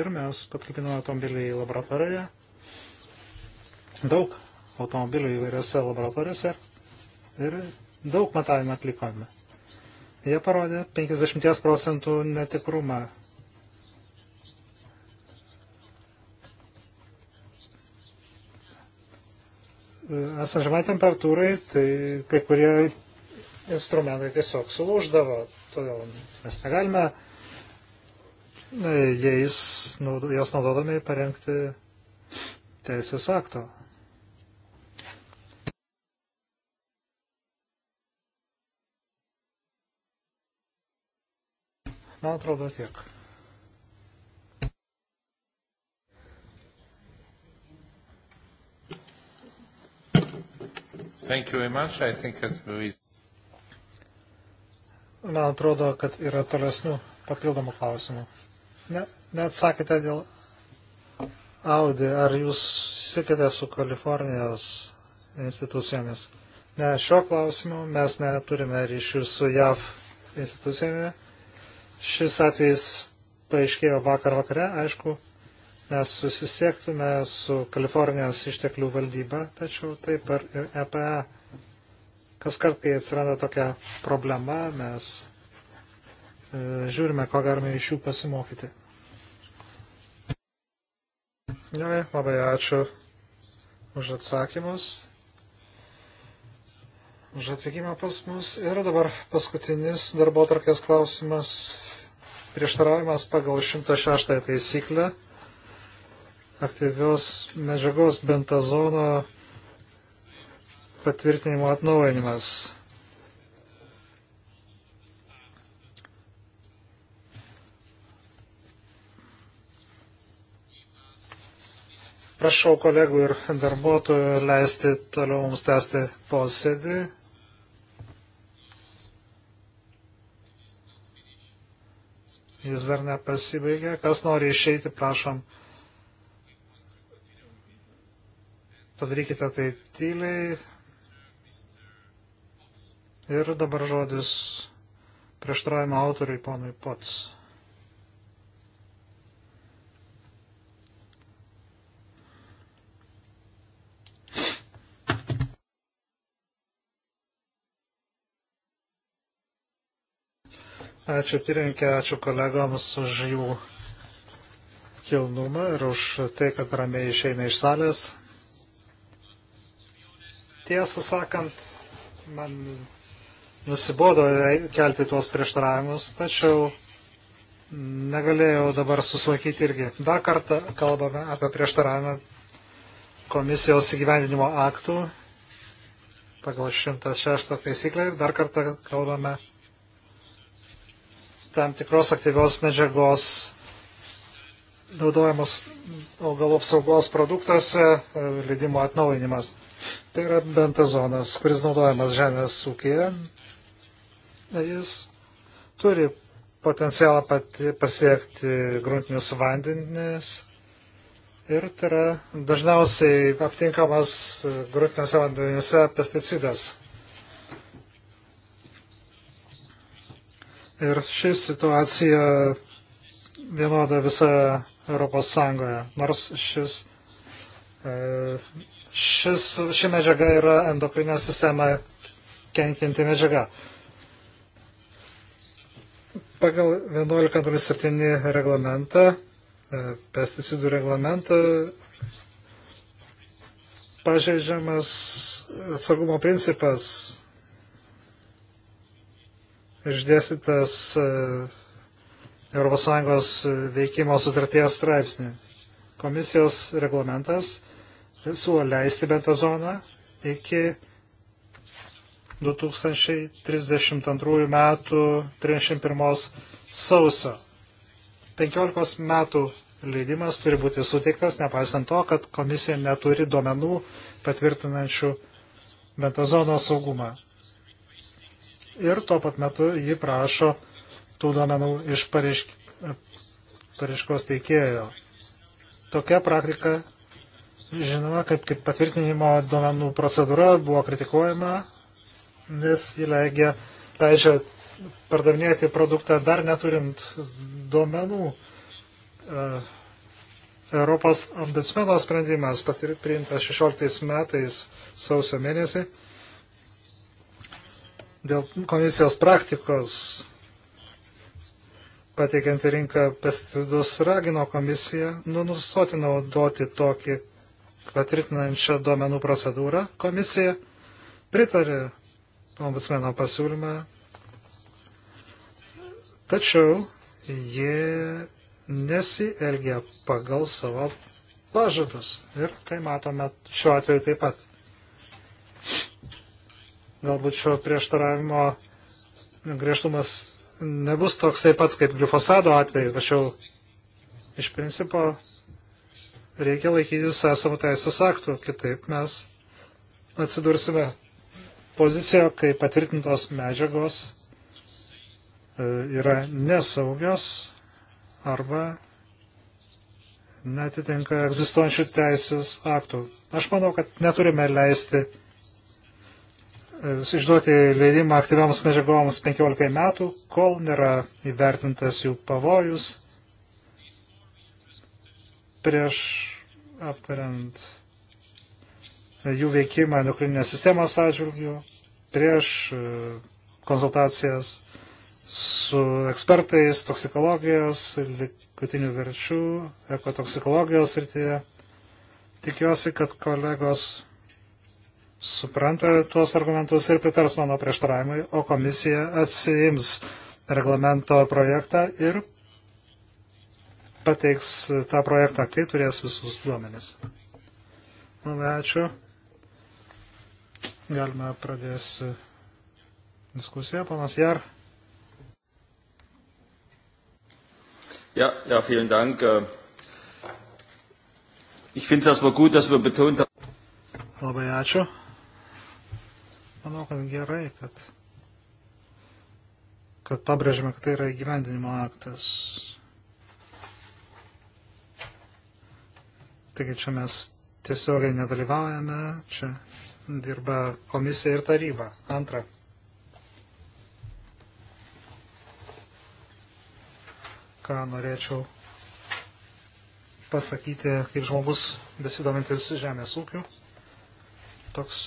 Speaker 1: ir mes patalpinome automobilį į laboratoriją. Daug automobilių įvairiose laboratorijose ir daug matavimą atlikome. Jie parodė 50 procentų netikrumą E, esant žemai temperatūrai, tai kai kurie instrumentai tiesiog sulūždavo, todėl mes negalime e, jais, jos naudodami parengti teisės akto. Man atrodo tiek. Thank you very much. I think it's very... Man atrodo, kad yra tolesnių papildomų klausimų. Ne, neatsakėte dėl Audi, ar jūs sikite su Kalifornijos institucijomis? Ne, šiuo klausimu mes neturime ryšių su JAV institucijomis. Šis atvejis paaiškėjo vakar vakare, aišku, mes susisiektume su Kalifornijos išteklių valdyba, tačiau taip ir EPA. Kas kart, kai atsiranda tokia problema, mes e, žiūrime, ko galime iš jų pasimokyti. Gerai, labai ačiū už atsakymus, už atvykimą pas mus. Ir dabar paskutinis darbo tarkės klausimas, prieštaravimas pagal 106 taisyklę aktyvios medžiagos bentazono patvirtinimo atnaujinimas. Prašau kolegų ir darbuotojų leisti toliau mums tęsti posėdį. Jis dar nepasibaigė. Kas nori išeiti, prašom. padarykite tai tyliai. Ir dabar žodis prieštaravimo autoriui ponui pats. Ačiū pirinkė, ačiū kolegoms už jų kilnumą ir už tai, kad ramiai išeina iš salės tiesą sakant, man nusibodo kelti tuos prieštaravimus, tačiau negalėjau dabar susilaikyti irgi. Dar kartą kalbame apie prieštaravimą komisijos įgyvendinimo aktų pagal 106 taisyklę ir dar kartą kalbame tam tikros aktyvios medžiagos naudojamos augalų apsaugos produktuose leidimo atnaujinimas. Tai yra bentazonas, kuris naudojamas žemės ūkėje. Jis turi potencialą pasiekti gruntinius vandenis ir tai yra dažniausiai aptinkamas gruntiniuose vandenyse pesticidas. Ir ši situacija vienoda visoje Europos Sąjungoje, nors šis e, Šis, ši medžiaga yra endokrinę sistemą kenkianti medžiaga. Pagal 11.07 reglamentą, e, pesticidų reglamentą, pažeidžiamas atsargumo principas išdėstytas ES veikimo sutarties straipsnį. Komisijos reglamentas siūlo leisti bentazoną iki 2032 metų 31 sausio. 15 metų leidimas turi būti suteiktas, nepaisant to, kad komisija neturi duomenų patvirtinančių bentazono saugumą. Ir tuo pat metu ji prašo tų duomenų iš pareišk... pareiškos teikėjo. Tokia praktika Žinoma, kad kaip patvirtinimo duomenų procedūra buvo kritikuojama, nes ji leidžia, leidžia pardavinėti produktą dar neturint duomenų. E, Europos ombudsmeno sprendimas priimtas 16 metais sausio mėnesį dėl komisijos praktikos pateikiant į rinką pesticidus ragino komisiją nu, nustoti naudoti tokį patvirtinančią duomenų procedūrą, komisija pritarė ombudsmeno pasiūlymą, tačiau jie nesielgia pagal savo pažadus. Ir tai matome šiuo atveju taip pat. Galbūt šio prieštaravimo griežtumas nebus toksai pats kaip glifosado atveju, tačiau iš principo reikia laikytis esamų teisės aktų, kitaip mes atsidursime pozicijoje, kai patvirtintos medžiagos e, yra nesaugios arba netitinka egzistuojančių teisės aktų. Aš manau, kad neturime leisti e, išduoti leidimą aktyvioms medžiagoms 15 metų, kol nėra įvertintas jų pavojus prieš aptariant jų veikimą nuklinės sistemos atžvilgių, prieš e, konsultacijas su ekspertais toksikologijos, likutinių verčių, ekotoksikologijos rytyje. Tikiuosi, kad kolegos supranta tuos argumentus ir pritars mano prieštaravimui, o komisija atsiims reglamento projektą ir pateiks e, tą projektą, kai turės visus duomenis. Nu, ačiū. Galime pradės e, diskusiją, panas Jar.
Speaker 3: Ja, ja, vielen Dank. Äh, ich finde es erstmal gut, dass wir betont haben.
Speaker 1: Labai ačiū. Manau, kad gerai, kad, kad pabrėžime, kad tai yra įgyvendinimo aktas. Taigi čia mes tiesiogiai nedalyvaujame, čia dirba komisija ir taryba. Antra. Ką norėčiau pasakyti kaip žmogus besidomintis žemės ūkiu. Toks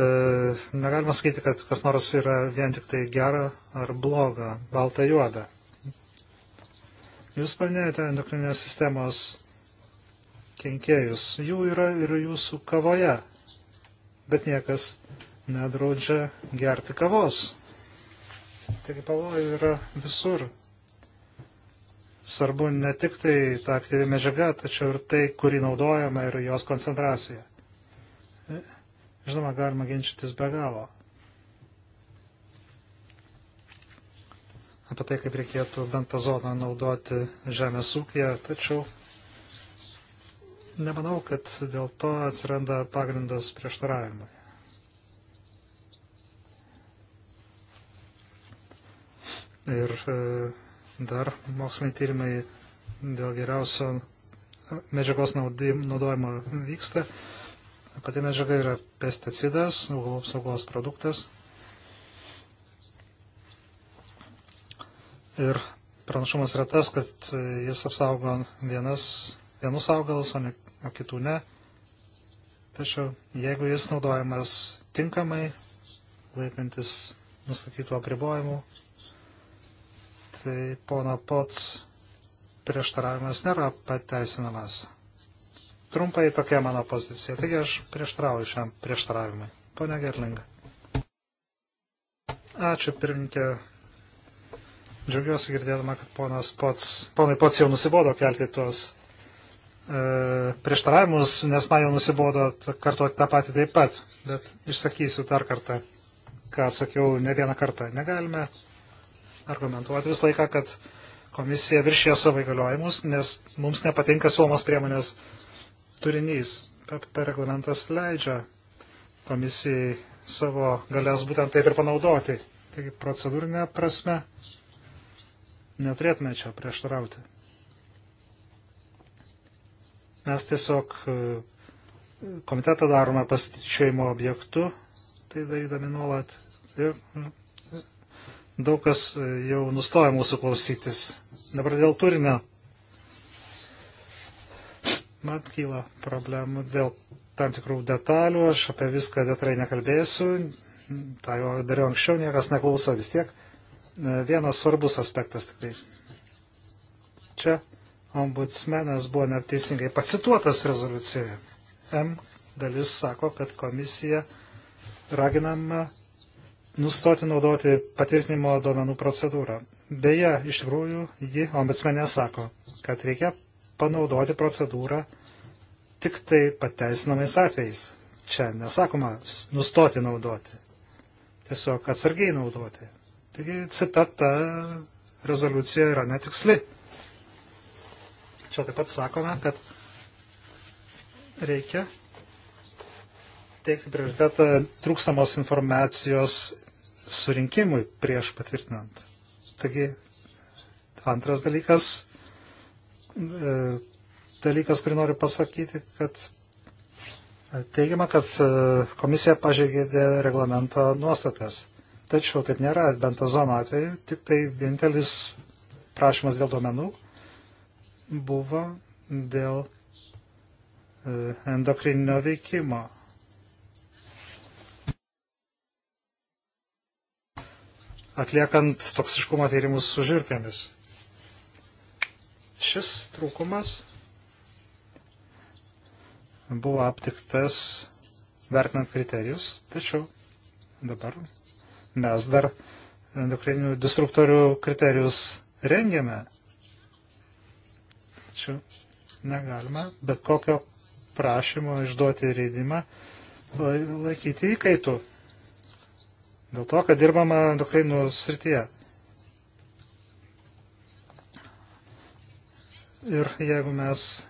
Speaker 1: E, negalima sakyti, kad kas nors yra vien tik tai gera ar bloga, balta juoda. Jūs paminėjote endokrininės sistemos kenkėjus. Jų yra ir jūsų kavoje, bet niekas nedraudžia gerti kavos. Taigi pavojų yra visur. Svarbu ne tik tai ta aktyvi medžiaga, tačiau ir tai, kurį naudojame ir jos koncentracija. Žinoma, galima ginčytis be galo. Apie tai, kaip reikėtų bentazoną naudoti žemės ūkėje, tačiau nemanau, kad dėl to atsiranda pagrindas prieštaravimui. Ir e, dar moksliniai tyrimai dėl geriausio medžiagos naudojimo vyksta. Pati medžiaga yra pesticidas, augalų apsaugos produktas. Ir pranašumas yra tas, kad jis apsaugo vienas, vienus augalus, o, ne, o kitų ne. Tačiau jeigu jis naudojamas tinkamai, laikantis nustatytų apribojimų, tai pono Pots prieštaravimas nėra pateisinamas. Trumpai tokia mano pozicija. Taigi aš prieštrauju šiam prieštaravimui. Pone Gerling. Ačiū, pirmininkė. Džiaugiuosi girdėdama, kad ponas Pots, ponai Pots jau nusibodo kelti tuos e, prieštaravimus, nes man jau nusibodo kartuoti tą patį taip pat. Bet išsakysiu dar kartą, ką sakiau ne vieną kartą. Negalime argumentuoti visą laiką, kad komisija viršė savo įgaliojimus, nes mums nepatinka suomos priemonės turinys. Per reglamentas leidžia komisijai savo galės būtent taip ir panaudoti. Taigi procedūrinė prasme neturėtume čia prieštarauti. Mes tiesiog e, komitetą darome pasitikėjimo objektu, tai darydami nuolat. Ir e, daug kas e, jau nustoja mūsų klausytis. Dabar dėl turinio Man kyla problemų dėl tam tikrų detalių, aš apie viską detaliai nekalbėsiu, tą jau dariau anksčiau, niekas neklauso vis tiek. E, vienas svarbus aspektas tikrai. Čia ombudsmenas buvo neteisingai pacituotas rezoliucijoje. M dalis sako, kad komisija raginama nustoti naudoti patvirtinimo duomenų procedūrą. Beje, iš tikrųjų, ji ombudsmenė sako, kad reikia panaudoti procedūrą tik tai pateisinamais atvejais. Čia nesakoma nustoti naudoti, tiesiog atsargiai naudoti. Taigi citata rezoliucija yra netiksli. Čia taip pat sakome, kad reikia teikti prioritetą trūkstamos informacijos surinkimui prieš patvirtinant. Taigi, antras dalykas E, dalykas, kurį noriu pasakyti, kad e, teigiama, kad e, komisija pažeidė reglamento nuostatas. Tačiau taip nėra, bent zono atveju, tik tai vienintelis prašymas dėl duomenų buvo dėl endokrininio veikimo. Atliekant toksiškumo tyrimus su žirpėmis. Šis trūkumas buvo aptiktas vertinant kriterijus, tačiau dabar mes dar endokrininių destruktorių kriterijus rengiame. Tačiau negalima bet kokio prašymo išduoti leidimą laikyti įkaitų. Dėl to, kad dirbama endokrinų srityje. Ir jeigu mes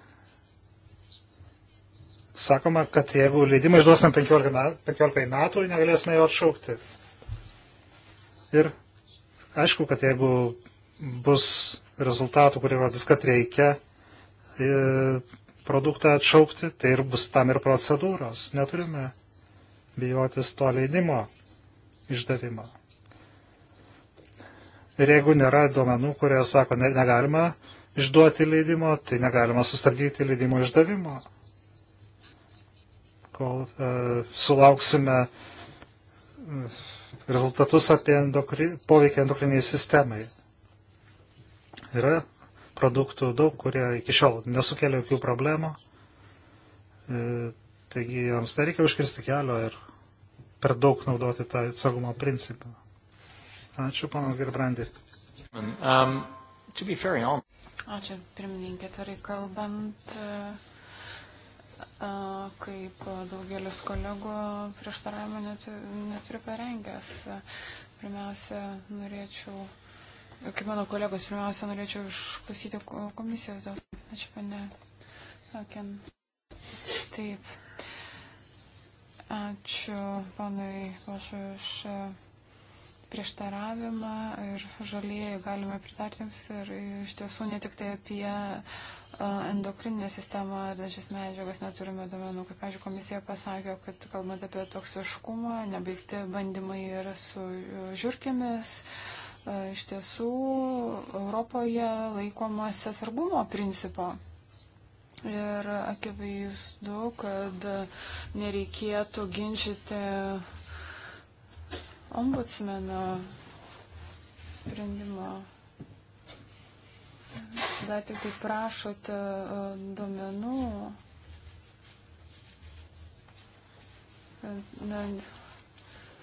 Speaker 1: sakoma, kad jeigu leidimą išduosime 15, 15 metų, negalėsime jo atšaukti. Ir aišku, kad jeigu bus rezultatų, kurie rodys, kad reikia e, produktą atšaukti, tai ir bus tam ir procedūros. Neturime bijotis to leidimo išdavimo. Ir jeigu nėra duomenų, kurie sako, ne, negalima išduoti leidimo, tai negalima sustabdyti leidimo išdavimo, kol e, sulauksime e, rezultatus apie endokri, poveikį endokriniai sistemai. Yra produktų daug, kurie iki šiol nesukelia jokių problemų, e, taigi joms nereikia užkirsti kelio ir per daug naudoti tą atsargumo principą. Ačiū, panas Gerbrandi.
Speaker 3: Um,
Speaker 2: Ačiū, pirmininkė, tarai kalbant, kaip daugelis kolegų prieštaravimą neturiu parengęs. Pirmiausia, norėčiau, kaip mano kolegos, pirmiausia, norėčiau išklausyti komisijos. Ačiū, pane Aken. Taip. Ačiū, panai, aš iš. Už prieštaravimą ir žalieji galime pritarti jums ir iš tiesų ne tik tai apie e, endokrininę sistemą ar dažys medžiagas neturime domenų, kaip, pažiūrėjau, komisija pasakė, kad kalbant apie toksiškumą, nebaigti bandymai yra su e, žiūrkėmis. E, iš tiesų Europoje laikomasi atsargumo principo. Ir akivaizdu, kad nereikėtų ginčyti ombudsmeno sprendimo. Dar tik tai prašote e, duomenų. Ne,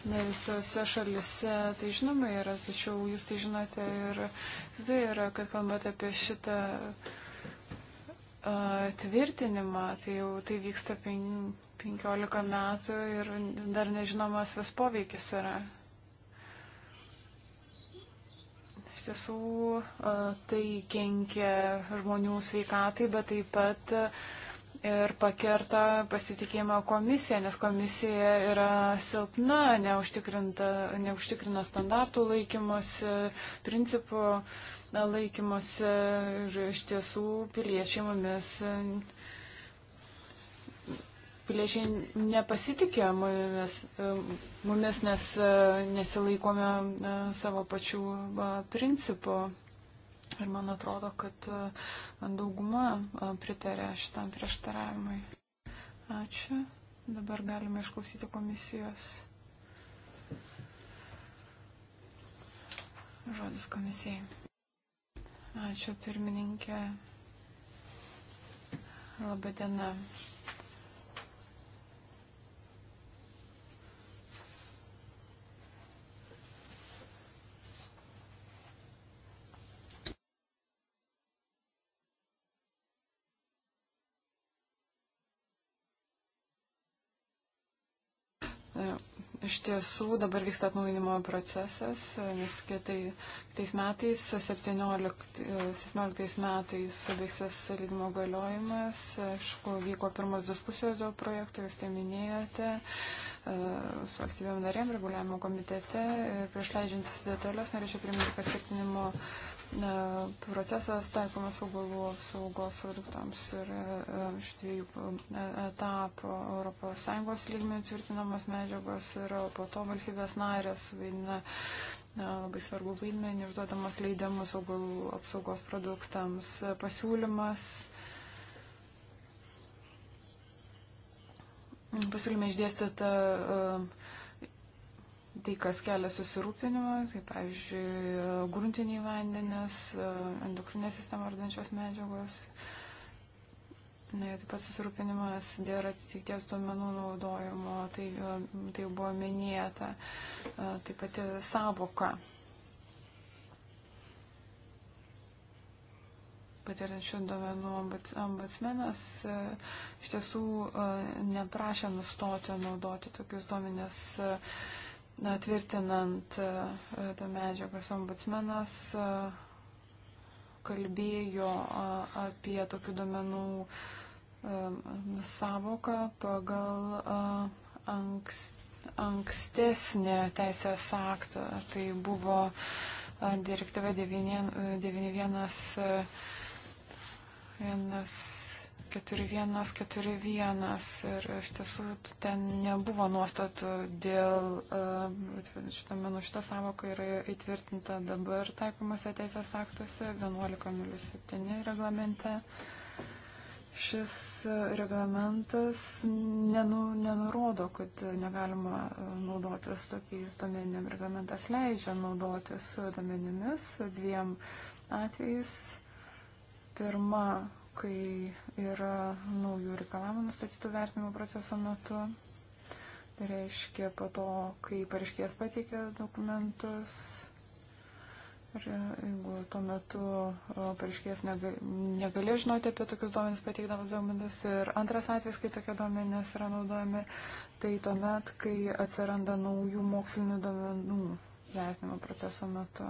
Speaker 2: ne visose šalise tai žinoma yra, tačiau jūs tai žinote ir tai yra, kad kalbate apie šitą uh, tvirtinimą, tai jau tai vyksta 15 metų ir dar nežinomas vis poveikis yra. Iš tiesų tai kenkia žmonių sveikatai, bet taip pat uh, ir pakerta pasitikėjimą komisiją, nes komisija yra silpna, neužtikrina standartų laikymosi, principų laikymosi ir iš tiesų piliečiai mumis. Piliečiai nepasitikė mumis, mumis nes nesilaikome savo pačių principų. Ir man atrodo, kad e, dauguma e, pritarė šitam prieštaravimui. Ačiū. Dabar galime išklausyti komisijos. Žodis komisijai. Ačiū pirmininkė. Labadiena. diena. Iš tiesų dabar vyksta atnaujinimo procesas, nes kitai, kitais metais, 17, 17 metais baigsis leidimo galiojimas. Aišku, vyko pirmos diskusijos dėl projekto, jūs tai minėjote, e, su valstybėm narėm, reguliavimo komitete. Ir prieš leidžiantis detalės norėčiau priminti, kad tvirtinimo E, procesas taikomas augalų apsaugos produktams ir e, e, iš dviejų etapų ES lygmenių tvirtinamos medžiagos ir po to valstybės narės vaidina labai svarbu vaidmenį užduodamas leidimus augalų apsaugos produktams. Pasiūlymas pasiūlyme išdėstyta uh, tai, kas kelia susirūpinimą, tai pavyzdžiui, gruntiniai vandenis, endokrinė sistema ardančios medžiagos. Na, taip pat susirūpinimas dėl atitikties duomenų naudojimo, tai, tai buvo minėta, taip pat savoka. Patirinčių duomenų ombudsmenas e, iš tiesų e, neprašė nustoti naudoti tokius duomenis na, tvirtinant e, tą medžiagas ombudsmenas e, kalbėjo apie tokių domenų e, savoką pagal ankstesnį teisės aktą. Tai buvo direktyva 91. 91 4141 ir iš tiesų ten nebuvo nuostatų dėl, e, šitame, nu šitą savoką yra įtvirtinta dabar taikomose teisės aktuose 11.07 reglamente. Šis reglamentas nenu, nenurodo, kad negalima naudotis tokiais domenim. Reglamentas leidžia naudotis domenimis dviem atvejais. Pirma, kai yra naujų reikalavimų nustatytų vertinimo proceso metu. Tai reiškia po to, kai pareiškėjas pateikia dokumentus, Ir jeigu tuo metu pareiškėjas negali žinoti apie tokius duomenis pateikdamas duomenis ir antras atvejs, kai tokie duomenys yra naudojami, tai tuomet, kai atsiranda naujų mokslinių duomenų vertinimo proceso metu.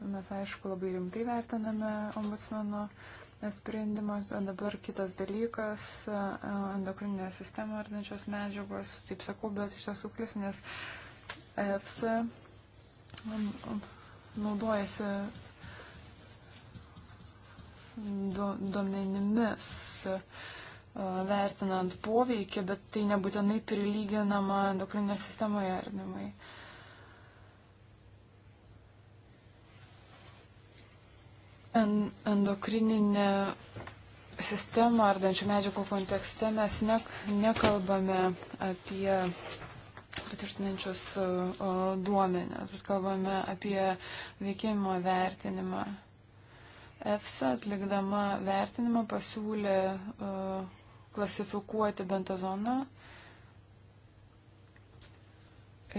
Speaker 2: Mes, aišku, labai rimtai vertiname ombudsmeno sprendimas, o dabar kitas dalykas e, - endokrininė sistema ardančios medžiagos, taip sakau, bet iš tiesų klius, nes EFSA naudojasi duomenimis e, vertinant poveikį, bet tai nebūtinai prilyginama endokrininė sistemoje ardymai. Uh, endokrininę sistemą ardančių medžiagų kontekste mes ne, nekalbame apie patvirtinančius duomenės, bet kalbame apie veikimo vertinimą. EFSA atlikdama vertinimą pasiūlė uh, klasifikuoti bentazoną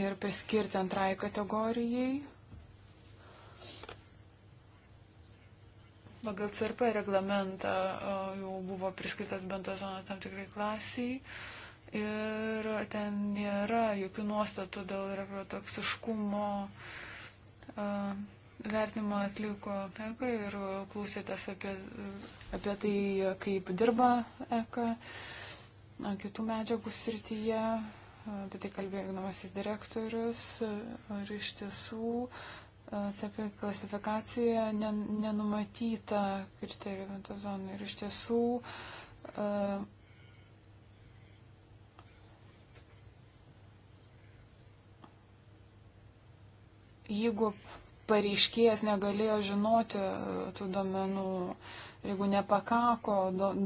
Speaker 2: ir priskirti antrai kategorijai pagal CRP reglamentą jau buvo priskirtas bendra zona tam tikrai klasiai. Ir ten nėra jokių nuostatų dėl reprotoksiškumo vertinimą atliko ECA ir klausėtės apie, apie tai, kaip dirba ECA kitų medžiagų srityje. Apie tai kalbėjo ignamasis direktorius. Ar iš tiesų CP klasifikacijoje nenumatyta kriterijų vento zonų. Ir iš tiesų e, jeigu pareiškėjas negalėjo žinoti e, tų domenų, jeigu nepakako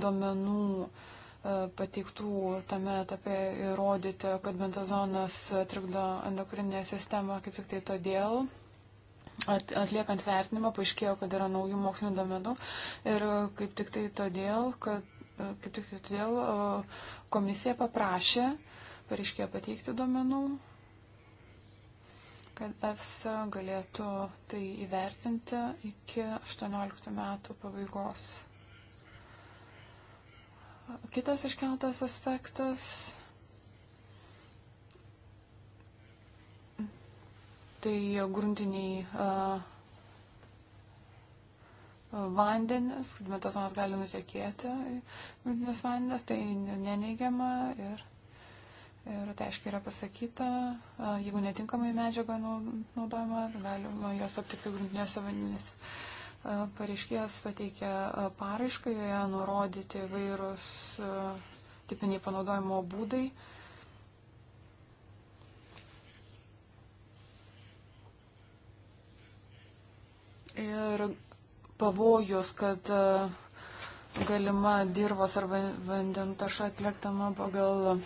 Speaker 2: domenų e, pateiktų tame etape įrodyti, kad bentazonas trikdo endokrininę sistemą, kaip tik tai todėl, atliekant vertinimą, paaiškėjo, kad yra naujų mokslinio domenų ir e, kaip tik tai todėl, kad e, kaip tik tai todėl e, komisija paprašė pareiškėjo pateikti domenų, kad EFSA galėtų tai įvertinti iki 18 metų pabaigos. Kitas iškeltas aspektas tai gruntiniai vandenis, kad metazonas gali nutekėti gruntinis vandenis, tai neneigiama ir, ir tai aiškiai yra pasakyta, jeigu netinkamai medžiaga naudojama, galima jos aptikti gruntiniuose vandenis. Pareiškėjas pateikė paraišką, joje nurodyti vairūs tipiniai panaudojimo būdai, uh, Ir pavojus, kad e, galima dirbos ar vandentaša atliekama pagal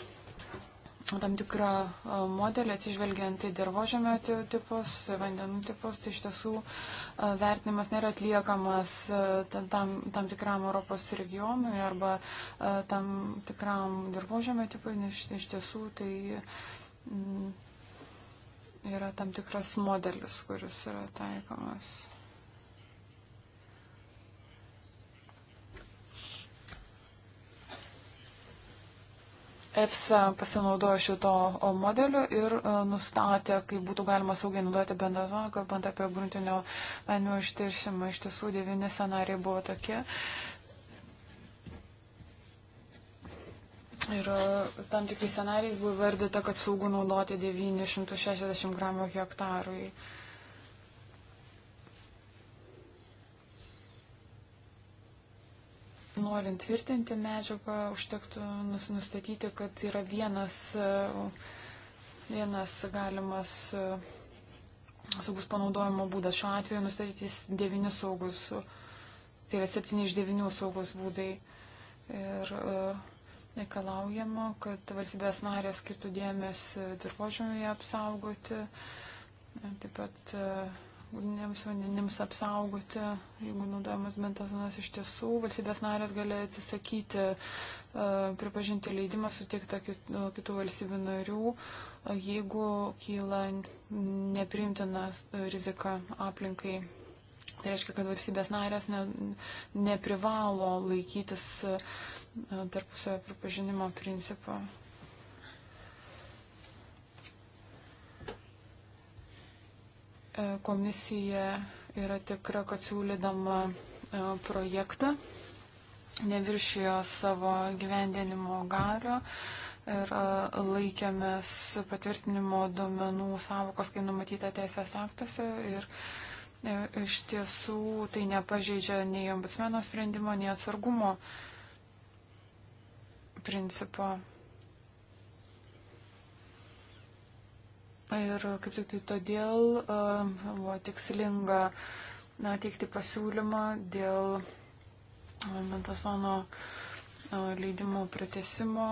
Speaker 2: tam tikrą e, modelį atsižvelgiant į dirbožėmio tipus, vandenų tipus, tai iš tiesų e, vertinimas nėra atliekamas tam, tam tikram Europos regionui arba tam tikram dirbožėmio tipui, nes iš tiesų tai mm, yra tam tikras modelis, kuris yra taikomas. EFSA pasinaudojo šito modeliu ir e, nustatė, kaip būtų galima saugiai naudoti bendazoną, kalbant apie gruntinio vandenio ištiršimą. Iš tiesų, devyni scenarijai buvo tokie. Ir e, tam tikrai scenarijais buvo vardyta, kad saugu naudoti 960 gramų hektarui. Uh, norint tvirtinti medžiagą, užtektų nustatyti, kad yra vienas, e, vienas galimas e, saugus panaudojimo būdas. Šiuo atveju nustatytis devyni saugus, tai yra septyni iš devynių saugus būdai. Ir e, reikalaujama, kad valstybės narės skirtų dėmesį dirbožėmėje apsaugoti. Taip pat uh, gruniniams vandenims apsaugoti, jeigu naudojamas bentazonas iš tiesų, valstybės narės gali atsisakyti e, pripažinti leidimą suteiktą e, kitų valstybių narių, e, jeigu kyla nepriimtina rizika aplinkai. Tai reiškia, kad valstybės narės ne, neprivalo laikytis tarpusio pripažinimo principo. E, komisija yra tikra, kad siūlydama e, projektą neviršijo savo gyvendinimo gario ir e, laikėmės patvirtinimo duomenų savokos, kai numatyta teisės aktuose. Ir iš tiesų tai nepažeidžia nei ombudsmeno sprendimo, nei atsargumo principo. Ir kaip tik tai todėl e, buvo tikslinga na, teikti pasiūlymą dėl e, Mentasono e, leidimo pritesimo,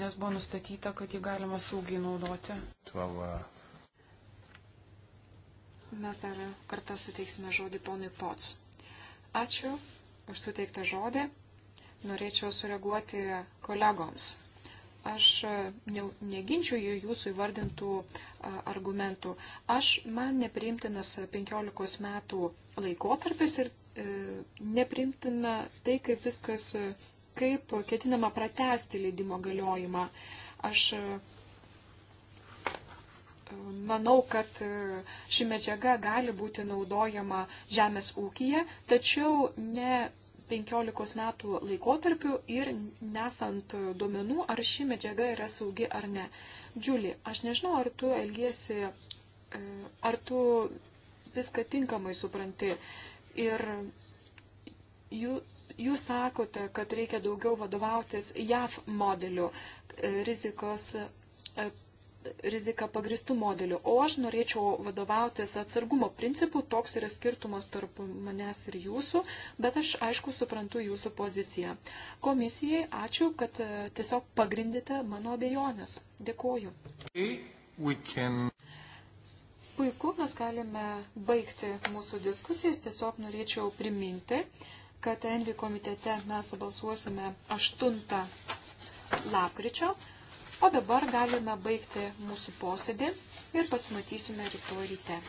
Speaker 2: nes buvo nustatyta, kad jį galima saugiai naudoti.
Speaker 3: Mes dar kartą suteiksime žodį ponui Pots. Ačiū už suteiktą žodį. Norėčiau sureaguoti kolegoms. Aš neginčiu jūsų įvardintų uh, argumentų. Aš, man nepriimtinas 15 metų laikotarpis ir e, nepriimtina tai, kaip viskas, e, kaip ketinama pratesti leidimo galiojimą. Aš e, manau, kad e, ši medžiaga gali būti naudojama žemės ūkija, tačiau ne 15 metų laikotarpiu ir nesant duomenų, ar ši medžiaga yra saugi ar ne. Džiulį, aš nežinau, ar tu elgiesi, e, ar tu viską tinkamai supranti. Ir jų, jūs sakote, kad reikia daugiau vadovautis JAF modeliu e, rizikos e, rizika pagristų modelių, o aš norėčiau vadovautis atsargumo principu, toks yra skirtumas tarp manęs ir jūsų, bet aš aišku suprantu jūsų poziciją. Komisijai ačiū, kad e, tiesiog pagrindite mano abejonės. Dėkuoju. Can... Puiku, mes galime baigti mūsų diskusijas, tiesiog norėčiau priminti, kad Envi komitete mes balsuosime 8 lapkričio. O dabar galime baigti mūsų posėdį ir pasimatysime rytoj ryte.